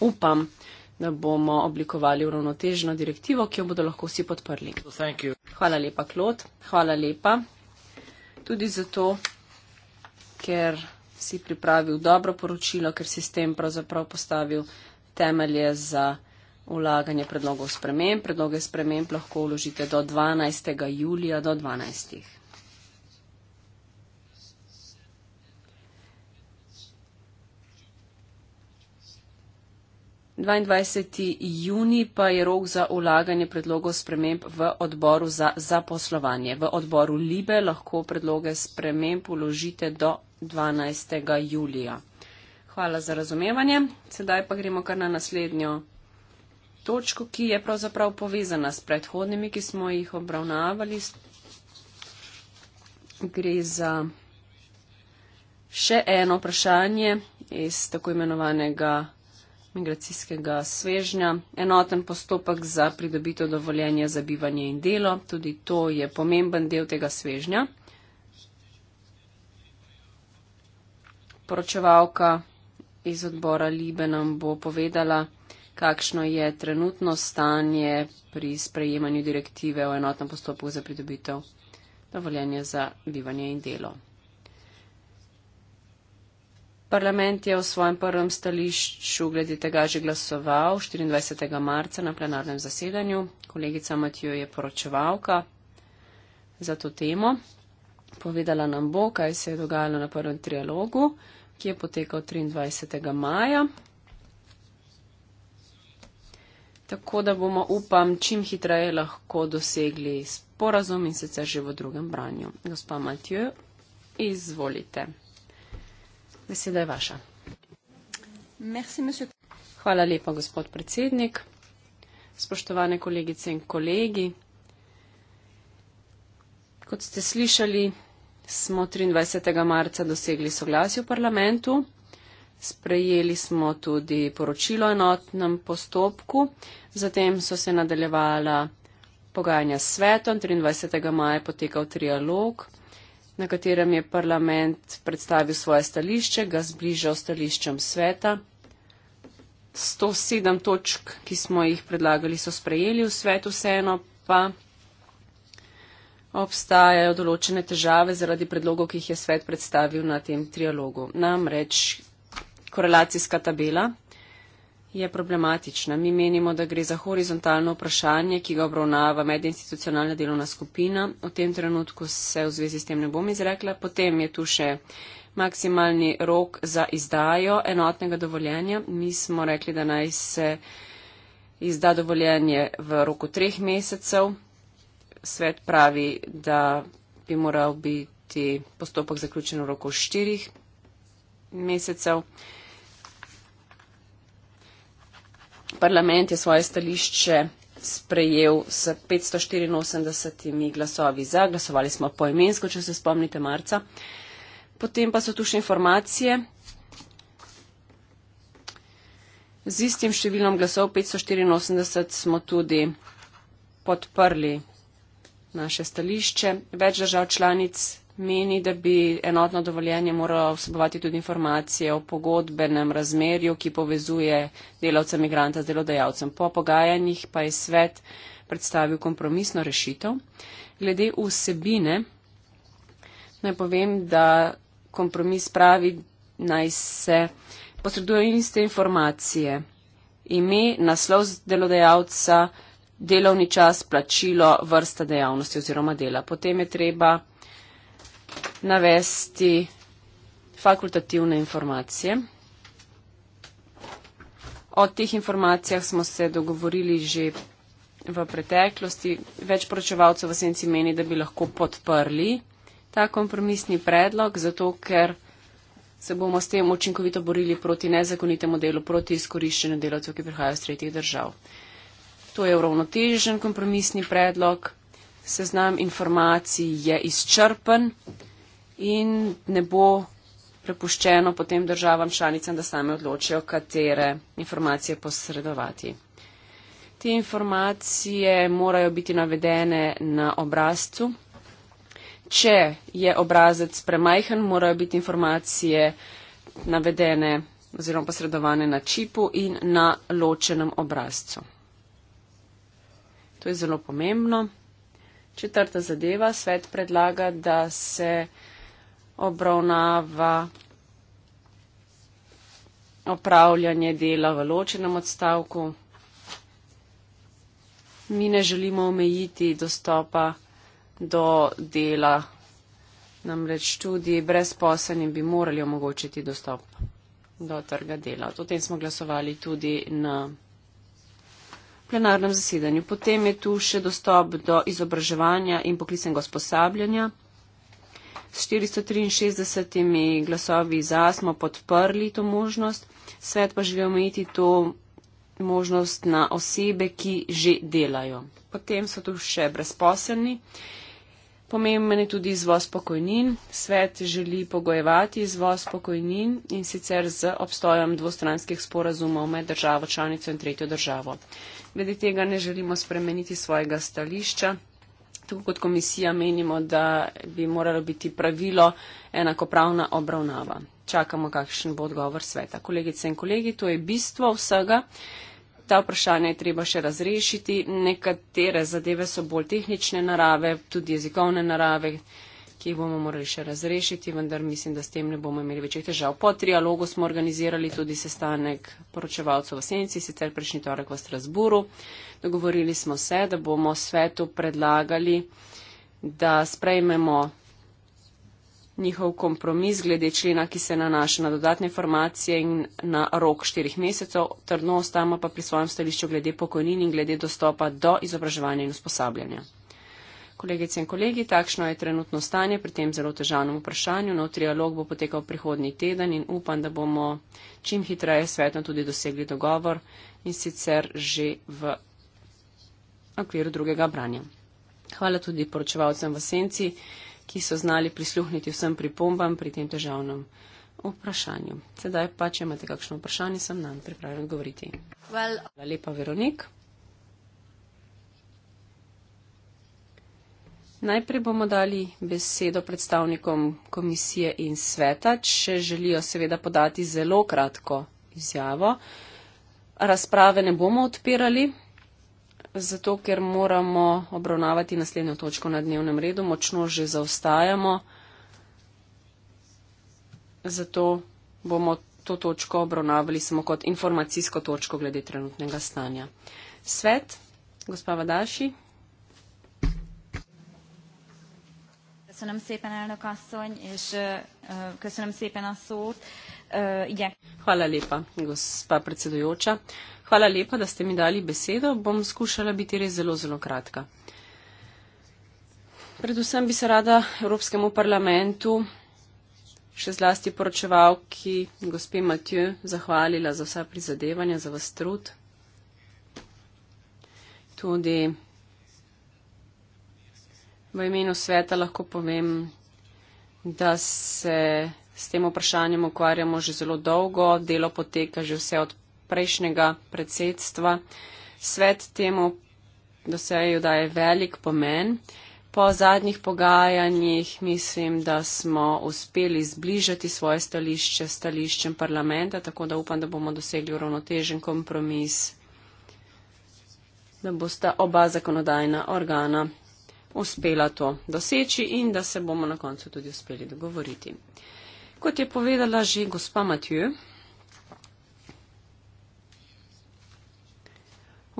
Upam, da bomo oblikovali uravnotežno direktivo, ki jo bodo lahko vsi podprli. Hvala lepa, Klot. Hvala lepa tudi zato, ker si pripravil dobro poročilo, ker si s tem pravzaprav postavil temelje za ulaganje predlogov sprememb. Predloge sprememb lahko vložite do 12. julija do 12. 22. juni pa je rok za ulaganje predlogov sprememb v odboru za zaposlovanje. V odboru Libe lahko predloge sprememb uložite do 12. julija. Hvala za razumevanje. Sedaj pa gremo kar na naslednjo točko, ki je pravzaprav povezana s predhodnimi, ki smo jih obravnavali. Gre za še eno vprašanje iz tako imenovanega migracijskega svežnja, enoten postopek za pridobitev dovoljenja za bivanje in delo, tudi to je pomemben del tega svežnja. Poročevalka iz odbora Libe nam bo povedala, kakšno je trenutno stanje pri sprejemanju direktive o enotnem postopku za pridobitev dovoljenja za bivanje in delo. Parlament je v svojem prvem stališču glede tega že glasoval 24. marca na plenarnem zasedanju. Kolegica Matijo je poročevalka za to temo. Povedala nam bo, kaj se je dogajalo na prvem trialogu, ki je potekal 23. maja. Tako da bomo, upam, čim hitreje lahko dosegli sporazum in sicer že v drugem branju. Gospa Matijo, izvolite. Beseda je vaša. Hvala lepa, gospod predsednik. Spoštovane kolegice in kolegi. Kot ste slišali, smo 23. marca dosegli soglasje v parlamentu. Sprejeli smo tudi poročilo o enotnem postopku. Zatem so se nadaljevala pogajanja s svetom. 23. maja je potekal trialog na katerem je parlament predstavil svoje stališče, ga zbližal stališčem sveta. 107 točk, ki smo jih predlagali, so sprejeli v svetu, vseeno pa obstajajo določene težave zaradi predlogov, ki jih je svet predstavil na tem trialogu. Namreč korelacijska tabela je problematična. Mi menimo, da gre za horizontalno vprašanje, ki ga obravnava medinstitucionalna delovna skupina. V tem trenutku se v zvezi s tem ne bom izrekla. Potem je tu še maksimalni rok za izdajo enotnega dovoljenja. Mi smo rekli, da naj se izda dovoljenje v roku treh mesecev. Svet pravi, da bi moral biti postopek zaključen v roku štirih mesecev. parlament je svoje stališče sprejel s 584 glasovi za, glasovali smo poemensko, če se spomnite, marca. Potem pa so tu še informacije. Z istim številom glasov 584 smo tudi podprli naše stališče. Več držav članic meni, da bi enotno dovoljenje moralo vsebovati tudi informacije o pogodbenem razmerju, ki povezuje delavca migranta z delodajalcem. Po pogajanjih pa je svet predstavil kompromisno rešitev. Glede vsebine, naj povem, da kompromis pravi, naj se posreduje iste informacije. Ime, naslov delodajalca, delovni čas, plačilo, vrsta dejavnosti oziroma dela. Potem je treba navesti fakultativne informacije. O teh informacijah smo se dogovorili že v preteklosti. Več poročevalcev v senci meni, da bi lahko podprli ta kompromisni predlog, zato ker se bomo s tem učinkovito borili proti nezakonitemu delu, proti izkoriščenju delavcev, ki prihajajo iz tretjih držav. To je uravnotežen kompromisni predlog, seznam informacij je izčrpen in ne bo prepuščeno potem državam članicam, da same odločijo, katere informacije posredovati. Te informacije morajo biti navedene na obrazcu. Če je obrazec premajhen, morajo biti informacije navedene oziroma posredovane na čipu in na ločenem obrazcu. To je zelo pomembno. Četrta zadeva. Svet predlaga, da se obravnava opravljanje dela v ločenem odstavku. Mi ne želimo omejiti dostopa do dela, namreč tudi brezposelnim bi morali omogočiti dostop do trga dela. O tem smo glasovali tudi na plenarnem zasedanju. Potem je tu še dostop do izobraževanja in poklicnega usposabljanja. 463 glasovi za smo podprli to možnost, svet pa želi omejiti to možnost na osebe, ki že delajo. Potem so tu še brezposelni. Pomemben je tudi izvoz pokojnin. Svet želi pogojevati izvoz pokojnin in sicer z obstojem dvostranskih sporazumov med državo članico in tretjo državo. Glede tega ne želimo spremeniti svojega stališča tako kot komisija menimo, da bi moralo biti pravilo enakopravna obravnava. Čakamo, kakšen bo odgovor sveta. Kolegice in kolegi, to je bistvo vsega. Ta vprašanja je treba še razrešiti. Nekatere zadeve so bolj tehnične narave, tudi jezikovne narave, ki jih bomo morali še razrešiti, vendar mislim, da s tem ne bomo imeli večjih težav. Po trialogu smo organizirali tudi sestanek poročevalcev v Senci, sicer prejšnji torek v Strasburu. Dogovorili smo se, da bomo svetu predlagali, da sprejmemo njihov kompromis glede člena, ki se nanaša na dodatne formacije in na rok štirih mesecev, trdno ostamo pa pri svojem stališču glede pokojnin in glede dostopa do izobraževanja in usposabljanja. Kolegice in kolegi, takšno je trenutno stanje pri tem zelo težavnem vprašanju. Nov trialog bo potekal prihodnji teden in upam, da bomo čim hitreje svetno tudi dosegli dogovor in sicer že v okviru drugega branja. Hvala tudi poročevalcem v senci, ki so znali prisluhniti vsem pripombam pri tem težavnem vprašanju. Sedaj pa, če imate kakšno vprašanje, sem nam pripravljen govoriti. Well. Hvala lepa, Veronik. Najprej bomo dali besedo predstavnikom komisije in sveta, če želijo seveda podati zelo kratko izjavo. Razprave ne bomo odpirali, zato ker moramo obravnavati naslednjo točko na dnevnem redu, močno že zaostajamo. Zato bomo to točko obravnavali samo kot informacijsko točko glede trenutnega stanja. Svet, gospa Vadaši. Köszönöm szépen, elnök asszony, és uh, köszönöm szépen a szót. Uh, Eh, je. Hvala lepa, gospa predsedujoča. Hvala lepa, da ste mi dali besedo. Bom skušala biti res zelo, zelo kratka. Predvsem bi se rada Evropskemu parlamentu, še zlasti poročevalki, gospe Matju, zahvalila za vsa prizadevanja, za vas trud. Tudi v imenu sveta lahko povem, da se s tem vprašanjem ukvarjamo že zelo dolgo, delo poteka že vse od prejšnjega predsedstva. Svet temu dosejo daje velik pomen. Po zadnjih pogajanjih mislim, da smo uspeli zbližati svoje stališče s stališčem parlamenta, tako da upam, da bomo dosegli uravnotežen kompromis, da bosta oba zakonodajna organa uspela to doseči in da se bomo na koncu tudi uspeli dogovoriti. Kot je povedala že gospa Matjo,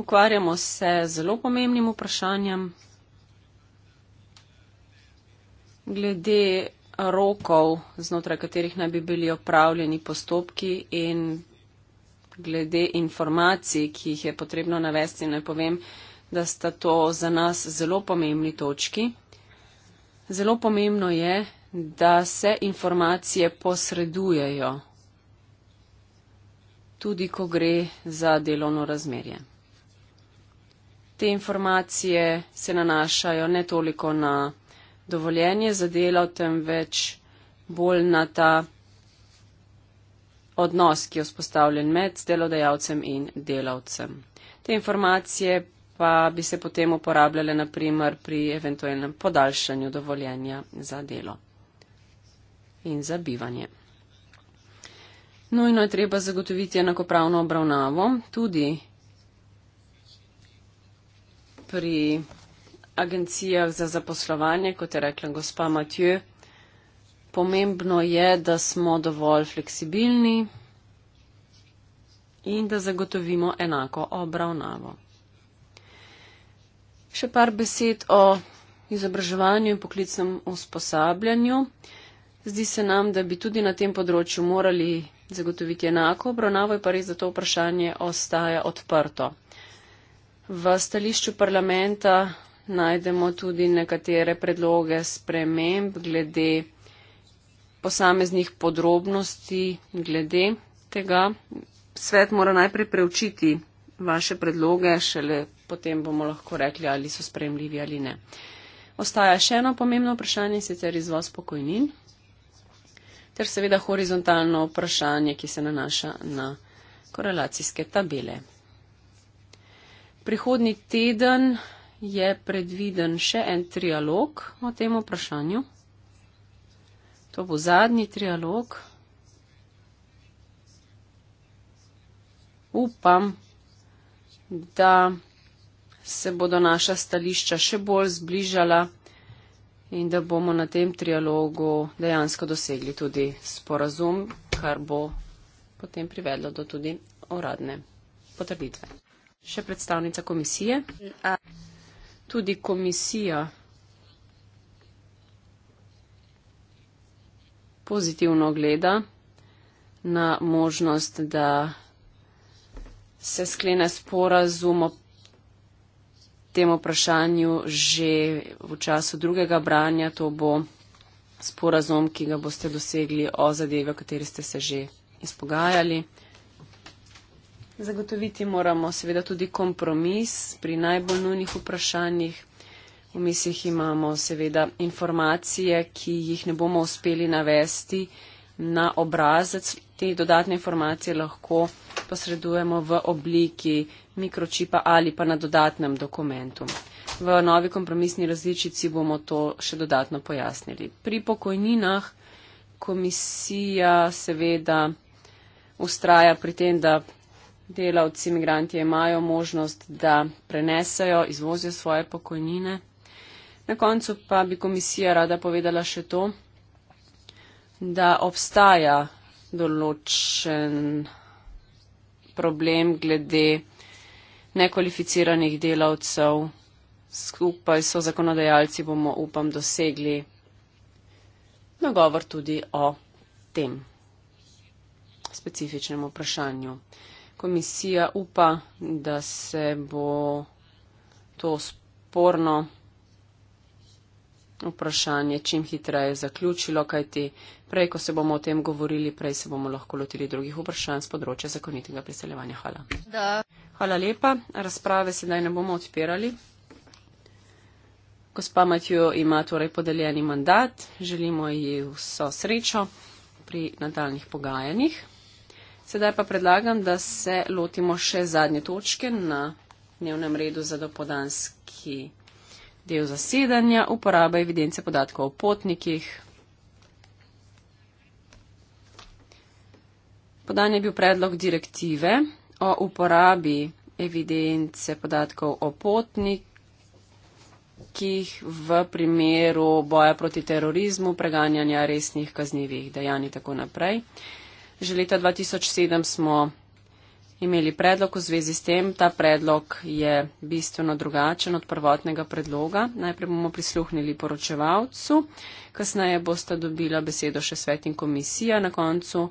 ukvarjamo se z zelo pomembnim vprašanjem glede rokov, znotraj katerih naj bi bili opravljeni postopki in glede informacij, ki jih je potrebno navesti. Naj povem, da sta to za nas zelo pomembni točki. Zelo pomembno je, da se informacije posredujejo, tudi ko gre za delovno razmerje. Te informacije se nanašajo ne toliko na dovoljenje za delo, temveč bolj na ta odnos, ki je vzpostavljen med delodajalcem in delavcem. Te informacije pa bi se potem uporabljale naprimer pri eventualnem podaljšanju dovoljenja za delo in za bivanje. Nujno je treba zagotoviti enakopravno obravnavo tudi pri agencijah za zaposlovanje, kot je rekla gospa Matjo. Pomembno je, da smo dovolj fleksibilni in da zagotovimo enako obravnavo. Še par besed o izobraževanju in poklicnem usposabljanju. Zdi se nam, da bi tudi na tem področju morali zagotoviti enako obravnavo, pa res zato vprašanje ostaja odprto. V stališču parlamenta najdemo tudi nekatere predloge sprememb glede posameznih podrobnosti glede tega. Svet mora najprej preučiti vaše predloge, šele potem bomo lahko rekli, ali so spremljivi ali ne. Ostaja še eno pomembno vprašanje, sicer izvoz pokojnin ter seveda horizontalno vprašanje, ki se nanaša na korelacijske tabele. Prihodni teden je predviden še en trialog o tem vprašanju. To bo zadnji trialog. Upam, da se bodo naša stališča še bolj zbližala in da bomo na tem trialogu dejansko dosegli tudi sporazum, kar bo potem privedlo do tudi uradne potrditve. Še predstavnica komisije. Tudi komisija pozitivno gleda na možnost, da se sklene sporazum o tem vprašanju že v času drugega branja. To bo sporazum, ki ga boste dosegli o zadevi, o kateri ste se že izpogajali. Zagotoviti moramo seveda tudi kompromis pri najbolj nujnih vprašanjih. V mislih imamo seveda informacije, ki jih ne bomo uspeli navesti na obrazec. Te dodatne informacije lahko posredujemo v obliki mikročipa ali pa na dodatnem dokumentu. V novi kompromisni različici bomo to še dodatno pojasnili. Pri pokojninah komisija seveda ustraja pri tem, da delavci imigranti imajo možnost, da prenesejo, izvozijo svoje pokojnine. Na koncu pa bi komisija rada povedala še to, da obstaja določen problem glede nekvalificiranih delavcev. Skupaj so zakonodajalci, bomo upam, dosegli nagovor tudi o tem specifičnem vprašanju. Komisija upa, da se bo to sporno vprašanje čim hitreje zaključilo, kajti prej, ko se bomo o tem govorili, prej se bomo lahko lotili drugih vprašanj z področja zakonitega priseljevanja. Hvala. Da. Hvala lepa. Razprave sedaj ne bomo odpirali. Gospa Matjo ima torej podeljeni mandat. Želimo ji vso srečo pri nadaljnih pogajanjih. Sedaj pa predlagam, da se lotimo še zadnje točke na dnevnem redu za dopodanski del zasedanja, uporaba evidence podatkov o potnikih. Podan je bil predlog direktive o uporabi evidence podatkov o potnikih v primeru boja proti terorizmu, preganjanja resnih kaznjivih dejanj in tako naprej. Že leta 2007 smo imeli predlog v zvezi s tem. Ta predlog je bistveno drugačen od prvotnega predloga. Najprej bomo prisluhnili poročevalcu, kasneje boste dobila besedo še svet in komisija, na koncu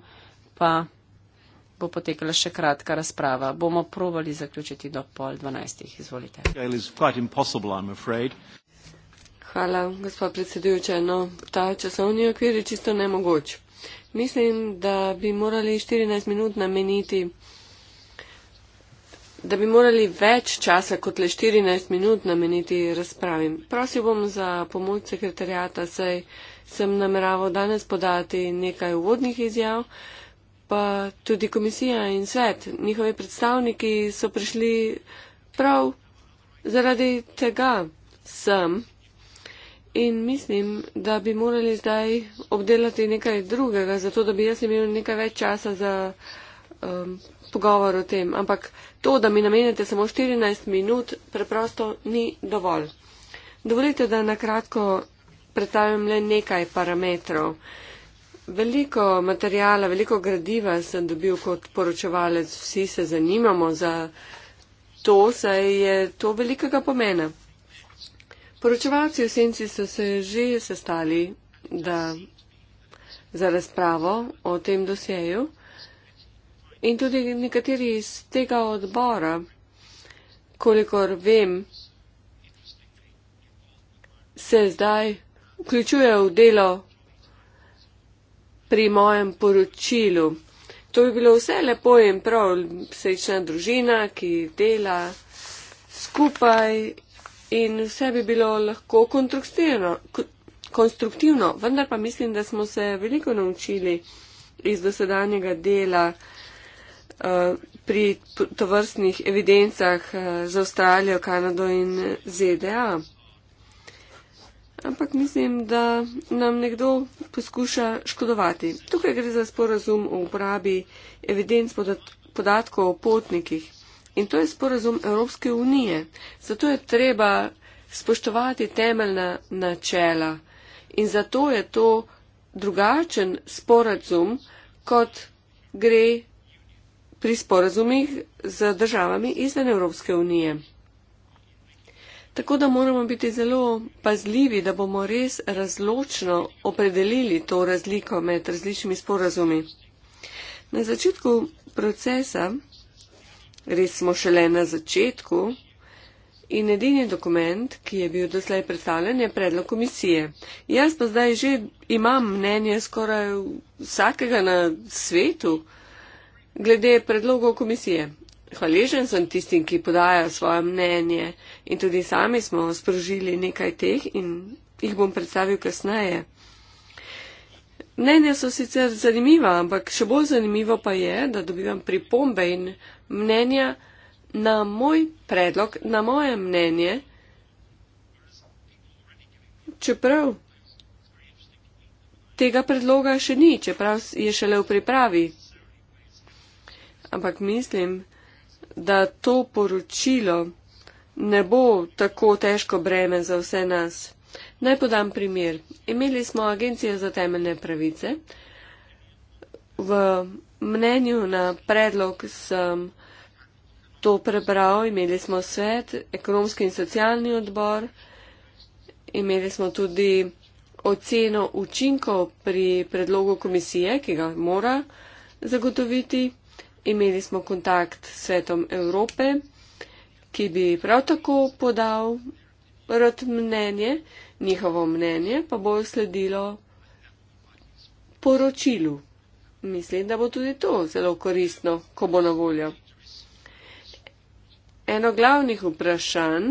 pa bo potekala še kratka razprava. Bomo provali zaključiti do pol dvanajstih. Izvolite. Hvala, gospod predsedujoče. No, ta časovni okvir je čisto nemogoč. Mislim, da bi morali 14 minut nameniti da bi morali več časa kot le 14 minut nameniti razpravi. Prosil bom za pomoč sekretarjata, saj sem nameraval danes podati nekaj uvodnih izjav, pa tudi komisija in svet. Njihovi predstavniki so prišli prav zaradi tega sem in mislim, da bi morali zdaj obdelati nekaj drugega, zato da bi jaz imel nekaj več časa za. Um, pogovor o tem, ampak to, da mi namenjate samo 14 minut, preprosto ni dovolj. Dovolite, da na kratko predstavim le nekaj parametrov. Veliko materijala, veliko gradiva sem dobil kot poročevalec, vsi se zanimamo za to, saj je to velikega pomena. Poročevalci v senci so se že sestali da, za razpravo o tem dosjeju. In tudi nekateri iz tega odbora, kolikor vem, se zdaj vključuje v delo pri mojem poročilu. To bi bilo vse lepo in prav srečna družina, ki dela skupaj in vse bi bilo lahko konstruktivno, vendar pa mislim, da smo se veliko naučili iz dosedanjega dela. Eh, pri tovrstnih evidencah eh, za Avstralijo, Kanado in ZDA. Ampak mislim, da nam nekdo poskuša škodovati. Tukaj gre za sporazum o uporabi evidenc podatkov o potnikih. In to je sporazum Evropske unije. Zato je treba spoštovati temeljna načela. In zato je to drugačen sporazum, kot gre pri sporazumih z državami izven Evropske unije. Tako da moramo biti zelo pazljivi, da bomo res razločno opredelili to razliko med različnimi sporazumi. Na začetku procesa, res smo šele na začetku, in edini dokument, ki je bil doslej predstavljen, je predlog komisije. Jaz pa zdaj že imam mnenje skoraj vsakega na svetu, glede predlogov komisije. Hvaležen sem tistim, ki podajajo svoje mnenje in tudi sami smo sprožili nekaj teh in jih bom predstavil kasneje. Mnenja so sicer zanimiva, ampak še bolj zanimivo pa je, da dobivam pripombe in mnenja na moj predlog, na moje mnenje, čeprav tega predloga še ni, čeprav je šele v pripravi ampak mislim, da to poročilo ne bo tako težko breme za vse nas. Naj podam primer. Imeli smo Agencijo za temeljne pravice. V mnenju na predlog sem to prebral. Imeli smo svet, ekonomski in socialni odbor. Imeli smo tudi oceno učinkov pri predlogu komisije, ki ga mora zagotoviti imeli smo kontakt s Svetom Evrope, ki bi prav tako podal rad mnenje, njihovo mnenje pa bo sledilo poročilu. Mislim, da bo tudi to zelo koristno, ko bo na voljo. Eno glavnih vprašanj,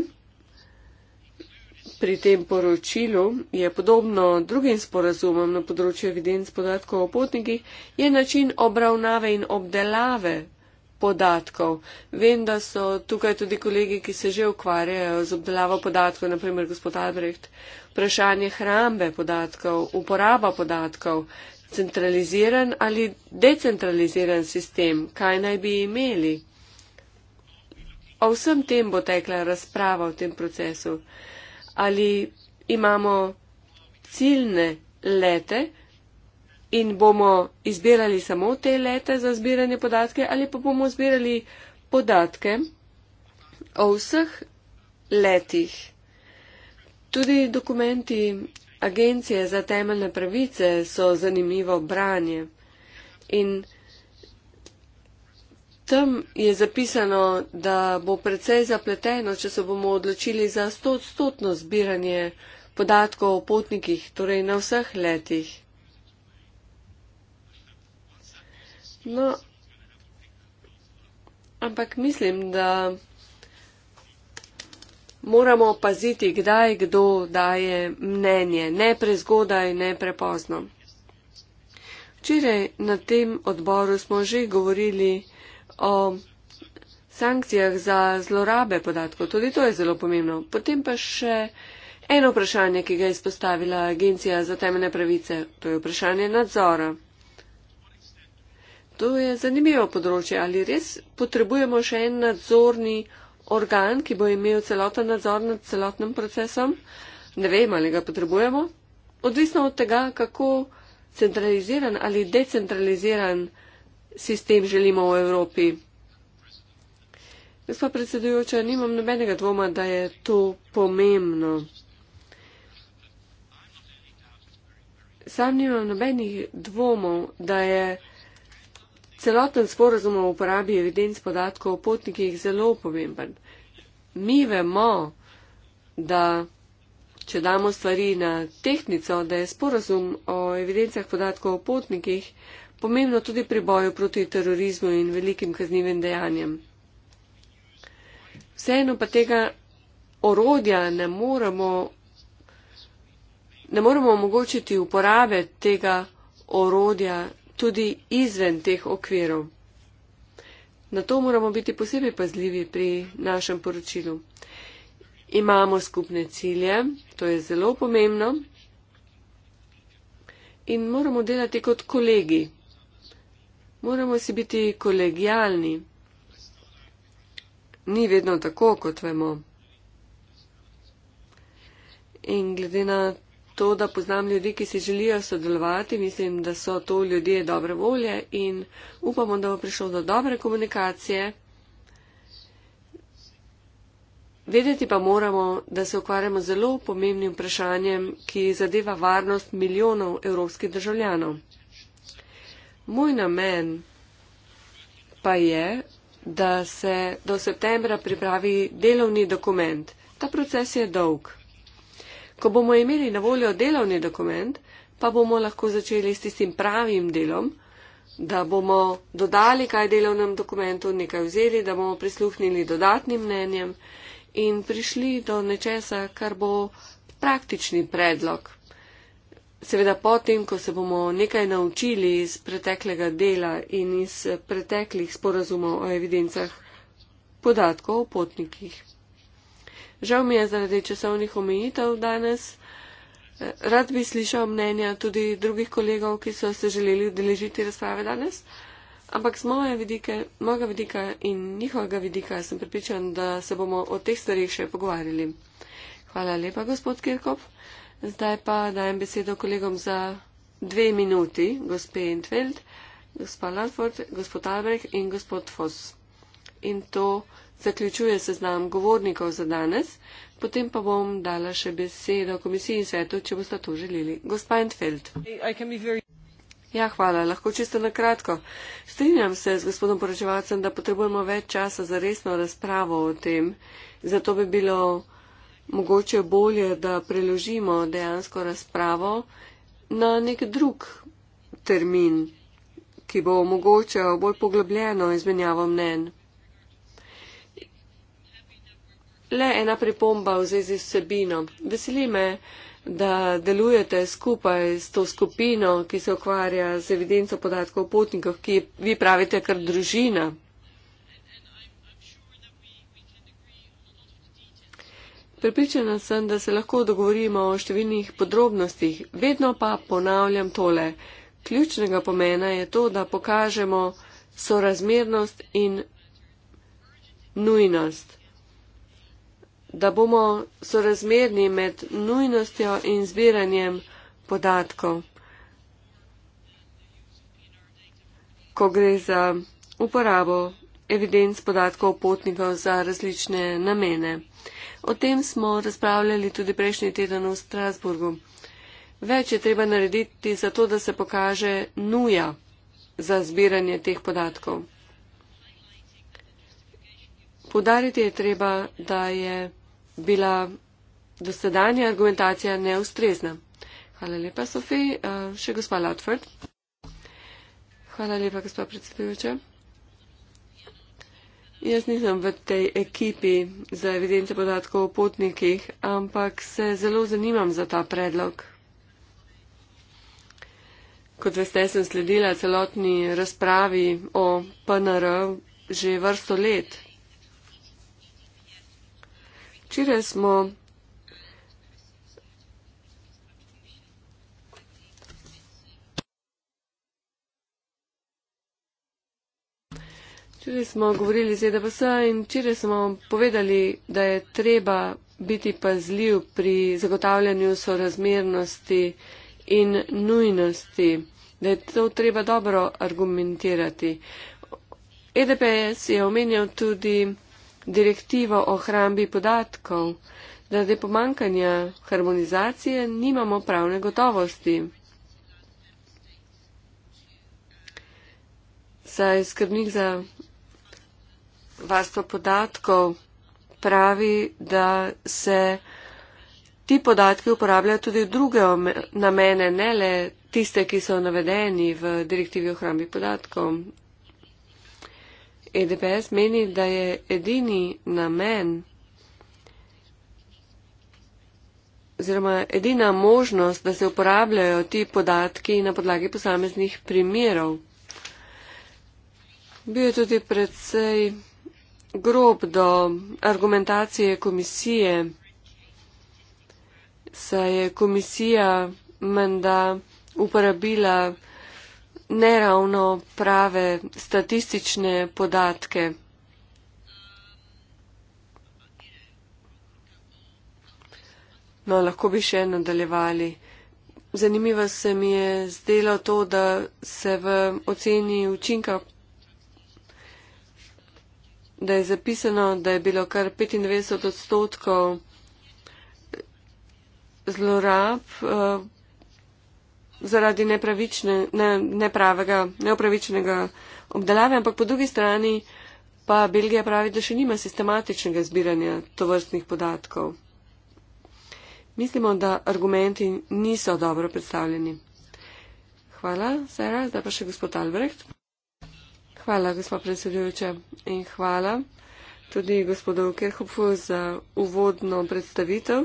Pri tem poročilu je podobno drugim sporazumom na področju evidenc podatkov o potnikih, je način obravnave in obdelave podatkov. Vem, da so tukaj tudi kolegi, ki se že ukvarjajo z obdelavo podatkov, naprimer gospod Albrecht, vprašanje hrambe podatkov, uporaba podatkov, centraliziran ali decentraliziran sistem, kaj naj bi imeli. O vsem tem bo tekla razprava v tem procesu ali imamo ciljne lete in bomo izbirali samo te lete za zbiranje podatke ali pa bomo zbirali podatke o vseh letih. Tudi dokumenti Agencije za temeljne pravice so zanimivo branje in Tam je zapisano, da bo precej zapleteno, če se bomo odločili za stotstotno zbiranje podatkov o potnikih, torej na vseh letih. No, ampak mislim, da moramo paziti, kdaj kdo daje mnenje, ne prezgodaj, ne prepozno. Včeraj na tem odboru smo že govorili, o sankcijah za zlorabe podatkov. Tudi to je zelo pomembno. Potem pa še eno vprašanje, ki ga je izpostavila Agencija za temene pravice. To je vprašanje nadzora. To je zanimivo področje. Ali res potrebujemo še en nadzorni organ, ki bo imel celoten nadzor nad celotnim procesom? Ne vem, ali ga potrebujemo. Odvisno od tega, kako centraliziran ali decentraliziran sistem želimo v Evropi. Gospod predsedujoča, nimam nobenega dvoma, da je to pomembno. Sam nimam nobenih dvomov, da je celoten sporozum o uporabi evidenc podatkov o potnikih zelo pomemben. Mi vemo, da če damo stvari na tehnico, da je sporozum o evidencah podatkov o potnikih pomembno tudi pri boju proti terorizmu in velikim kaznivim dejanjem. Vseeno pa tega orodja ne moremo, ne moremo omogočiti uporabe tega orodja tudi izven teh okvirov. Na to moramo biti posebej pazljivi pri našem poročilu. Imamo skupne cilje, to je zelo pomembno, in moramo delati kot kolegi. Moramo si biti kolegijalni. Ni vedno tako, kot vemo. In glede na to, da poznam ljudi, ki si želijo sodelovati, mislim, da so to ljudje dobre volje in upamo, da bo prišlo do dobre komunikacije. Vedeti pa moramo, da se ukvarjamo zelo pomembnim vprašanjem, ki zadeva varnost milijonov evropskih državljanov. Moj namen pa je, da se do septembra pripravi delovni dokument. Ta proces je dolg. Ko bomo imeli na voljo delovni dokument, pa bomo lahko začeli s tistim pravim delom, da bomo dodali kaj delovnem dokumentu, nekaj vzeli, da bomo prisluhnili dodatnim mnenjem in prišli do nečesa, kar bo praktični predlog. Seveda potem, ko se bomo nekaj naučili iz preteklega dela in iz preteklih sporazumov o evidencah podatkov o potnikih. Žal mi je zaradi časovnih omejitev danes. Rad bi slišal mnenja tudi drugih kolegov, ki so se želeli udeležiti razprave danes, ampak z moje vidike, mojega vidika in njihovega vidika sem pripričan, da se bomo o teh stvarih še pogovarjali. Hvala lepa, gospod Kirkov. Zdaj pa dajem besedo kolegom za dve minuti, gospe Entveld, gospa Lanford, gospod Albrecht in gospod Fos. In to zaključuje seznam govornikov za danes. Potem pa bom dala še besedo komisiji in svetu, če boste to želeli. Gospa Entveld. Ja, hvala. Lahko čisto na kratko. Strinjam se z gospodom poročevalcem, da potrebujemo več časa za resno razpravo o tem. Zato bi bilo mogoče bolje, da preložimo dejansko razpravo na nek drug termin, ki bo omogočal bolj poglobljeno izmenjavo mnen. Le ena pripomba v zvezi s sebino. Veseli me, da delujete skupaj s to skupino, ki se ukvarja z evidenco podatkov o potnikov, ki vi pravite kar družina. Prepričana sem, da se lahko dogovorimo o številnih podrobnostih, vedno pa ponavljam tole. Ključnega pomena je to, da pokažemo sorazmernost in nujnost. Da bomo sorazmerni med nujnostjo in zbiranjem podatkov. Ko gre za uporabo evidenc podatkov potnikov za različne namene. O tem smo razpravljali tudi prejšnji teden v Strasburgu. Več je treba narediti za to, da se pokaže nuja za zbiranje teh podatkov. Podariti je treba, da je bila dosedanja argumentacija neustrezna. Hvala lepa, Sofi. Uh, še gospa Latford. Hvala lepa, gospa predsedujoča. Jaz nisem v tej ekipi za evidence podatkov o potnikih, ampak se zelo zanimam za ta predlog. Kot veste, sem sledila celotni razpravi o PNR že vrsto let. Včeraj smo Včeraj smo govorili z EDVS in včeraj smo povedali, da je treba biti pazljiv pri zagotavljanju sorazmernosti in nujnosti, da je to treba dobro argumentirati. EDPS je omenjal tudi direktivo o hrambi podatkov, da zaradi pomankanja harmonizacije nimamo pravne gotovosti. Saj skrbnik za varstvo podatkov pravi, da se ti podatki uporabljajo tudi v druge namene, ne le tiste, ki so navedeni v direktivi o hrambi podatkov. EDPS meni, da je edini namen oziroma edina možnost, da se uporabljajo ti podatki na podlagi posameznih primerov. Bil je tudi predvsej grob do argumentacije komisije, saj je komisija menda uporabila neravno prave statistične podatke. No, lahko bi še nadaljevali. Zanimivo se mi je zdelo to, da se v oceni učinka da je zapisano, da je bilo kar 95 odstotkov zlorab uh, zaradi nepravične, ne, nepravega, neopravičenega obdelave, ampak po drugi strani pa Belgija pravi, da še nima sistematičnega zbiranja tovrstnih podatkov. Mislimo, da argumenti niso dobro predstavljeni. Hvala, Sara, zdaj pa še gospod Albrecht. Hvala, gospod predsedujoče, in hvala tudi gospodu Kerhopfu za uvodno predstavitev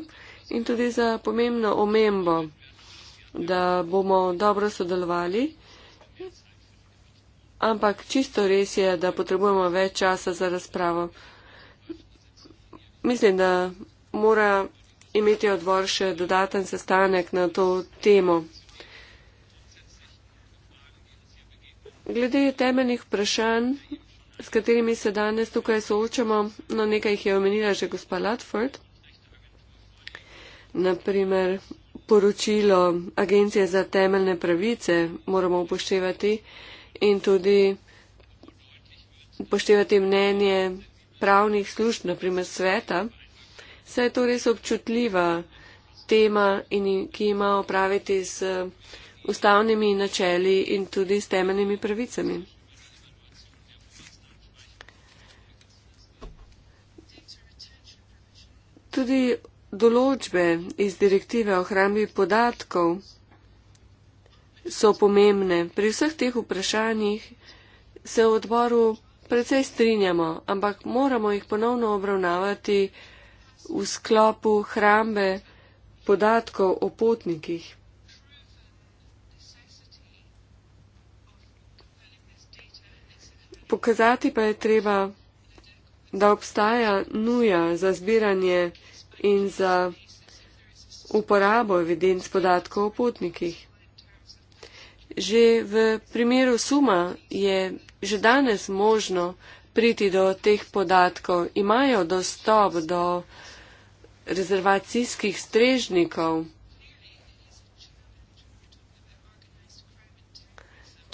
in tudi za pomembno omembo, da bomo dobro sodelovali. Ampak čisto res je, da potrebujemo več časa za razpravo. Mislim, da mora imeti odbor še dodaten sestanek na to temo. Glede temeljnih vprašanj, s katerimi se danes tukaj soočamo, no nekaj jih je omenila že gospa Latford, naprimer poročilo Agencije za temeljne pravice moramo upoštevati in tudi upoštevati mnenje pravnih služb, naprimer sveta, saj je to res občutljiva tema in ki ima opraviti s ustavnimi načeli in tudi s temeljnimi pravicami. Tudi določbe iz direktive o hrambi podatkov so pomembne. Pri vseh teh vprašanjih se v odboru precej strinjamo, ampak moramo jih ponovno obravnavati v sklopu hrambe podatkov o potnikih. Pokazati pa je treba, da obstaja nuja za zbiranje in za uporabo evidenc podatkov o potnikih. Že v primeru suma je že danes možno priti do teh podatkov. Imajo dostop do rezervacijskih strežnikov.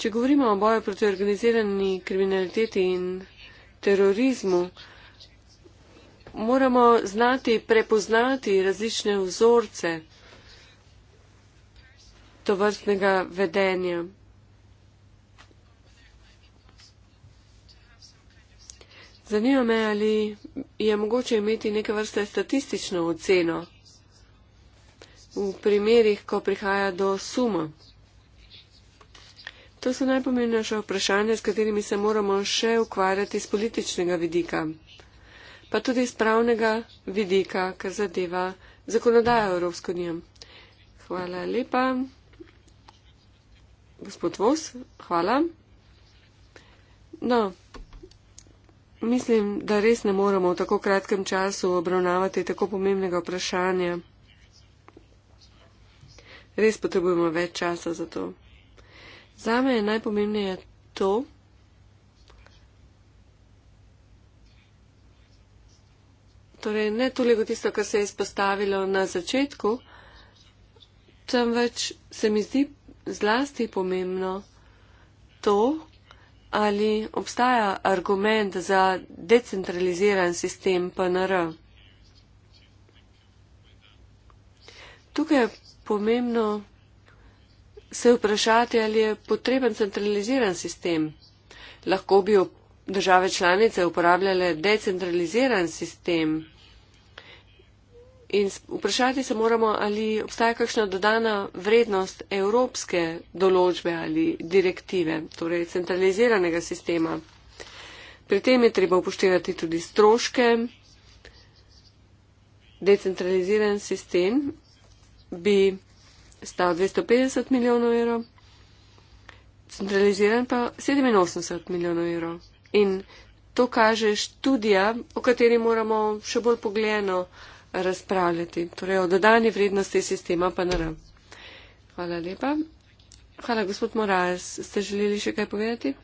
Če govorimo o boju proti organizirani kriminaliteti in terorizmu, moramo znati prepoznati različne vzorce tovrstnega vedenja. Zanima me, ali je mogoče imeti neke vrste statistično oceno v primerih, ko prihaja do suma. To so najpomembnejša vprašanja, s katerimi se moramo še ukvarjati z političnega vidika, pa tudi z pravnega vidika, kar zadeva zakonodajo Evropske unije. Hvala lepa. Gospod Vos, hvala. No, mislim, da res ne moramo v tako kratkem času obravnavati tako pomembnega vprašanja. Res potrebujemo več časa za to. Zame je najpomembnejše to, torej ne toliko tisto, kar se je izpostavilo na začetku, temveč se mi zdi zlasti pomembno to, ali obstaja argument za decentraliziran sistem PNR. Tukaj je pomembno, se vprašati, ali je potreben centraliziran sistem. Lahko bi države članice uporabljale decentraliziran sistem. In vprašati se moramo, ali obstaja kakšna dodana vrednost evropske določbe ali direktive, torej centraliziranega sistema. Pri tem je treba upoštevati tudi stroške. Decentraliziran sistem bi stal 250 milijonov evrov, centraliziran pa 87 milijonov evrov. In to kaže študija, o kateri moramo še bolj pogledno razpravljati, torej o dodani vrednosti sistema PNR. Hvala lepa. Hvala, gospod Moraz. Ste želeli še kaj povedati?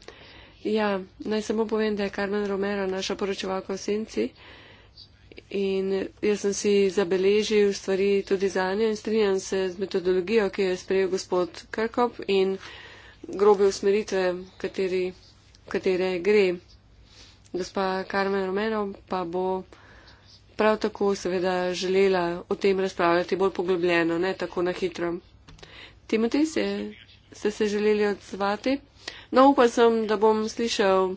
Ja, naj samo povem, da je Carmen Romero, naša poročevalka v Senci, uh, in jaz sem si zabeležil stvari tudi za njo in strinjam se z metodologijo, ki jo je sprejel gospod Krkop in grobe usmeritve, kateri, katere gre. Gospa Karmen Romero pa bo prav tako seveda želela o tem razpravljati bolj poglobljeno, ne tako na hitro. Timotej, ste se, se želeli odzvati? No, upam sem, da bom slišal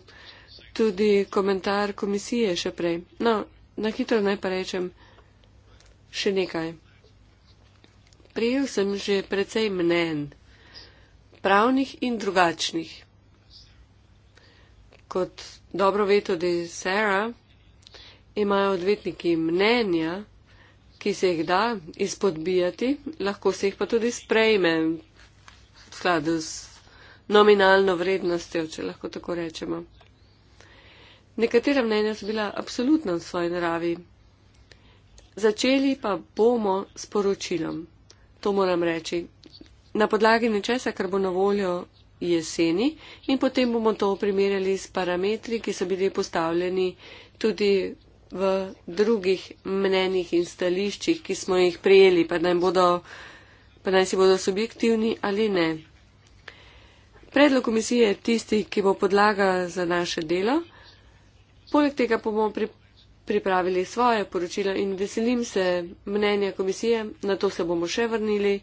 tudi komentar komisije še prej. No, na hitro naj pa rečem še nekaj. Prijel sem že precej mnen, pravnih in drugačnih. Kot dobro ve tudi Sara, imajo odvetniki mnenja, ki se jih da izpodbijati, lahko se jih pa tudi sprejme v skladu z nominalno vrednostjo, če lahko tako rečemo. Nekatera mnenja so bila absolutna v svoji naravi. Začeli pa bomo s poročilom. To moram reči. Na podlagi nečesa, kar bo na voljo jeseni in potem bomo to primerjali s parametri, ki so bili postavljeni tudi v drugih mnenjih in stališčih, ki smo jih prijeli, pa naj, bodo, pa naj si bodo subjektivni ali ne. Predlog komisije je tisti, ki bo podlaga za naše delo. Poleg tega pa bomo pri, pripravili svoje poročila in veselim se mnenja komisije, na to se bomo še vrnili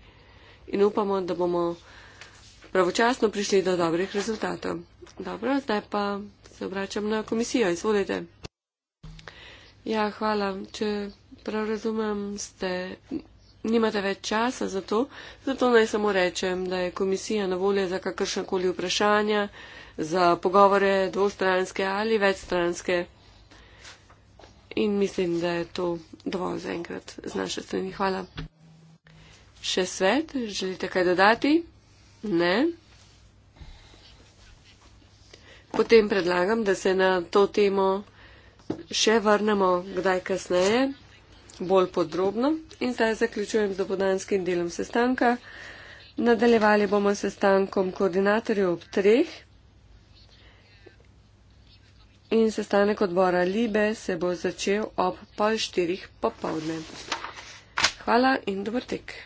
in upamo, da bomo pravočasno prišli do dobrih rezultatov. Dobro, zdaj pa se obračam na komisijo. Izvolite. Ja, hvala. Če prav razumem, ste, nimate več časa za to, zato naj samo rečem, da je komisija na voljo za kakršnakoli vprašanja, za pogovore dvostranske ali večstranske. In mislim, da je to dovolj za enkrat z naše strani. Hvala. Še svet, želite kaj dodati? Ne. Potem predlagam, da se na to temo še vrnemo kdaj kasneje, bolj podrobno. In zdaj zaključujem z dopodanskim delom sestanka. Nadaljevali bomo sestankom koordinatorjev ob treh in sestanek odbora Libe se bo začel ob pol štirih popovdne. Hvala in dober tek.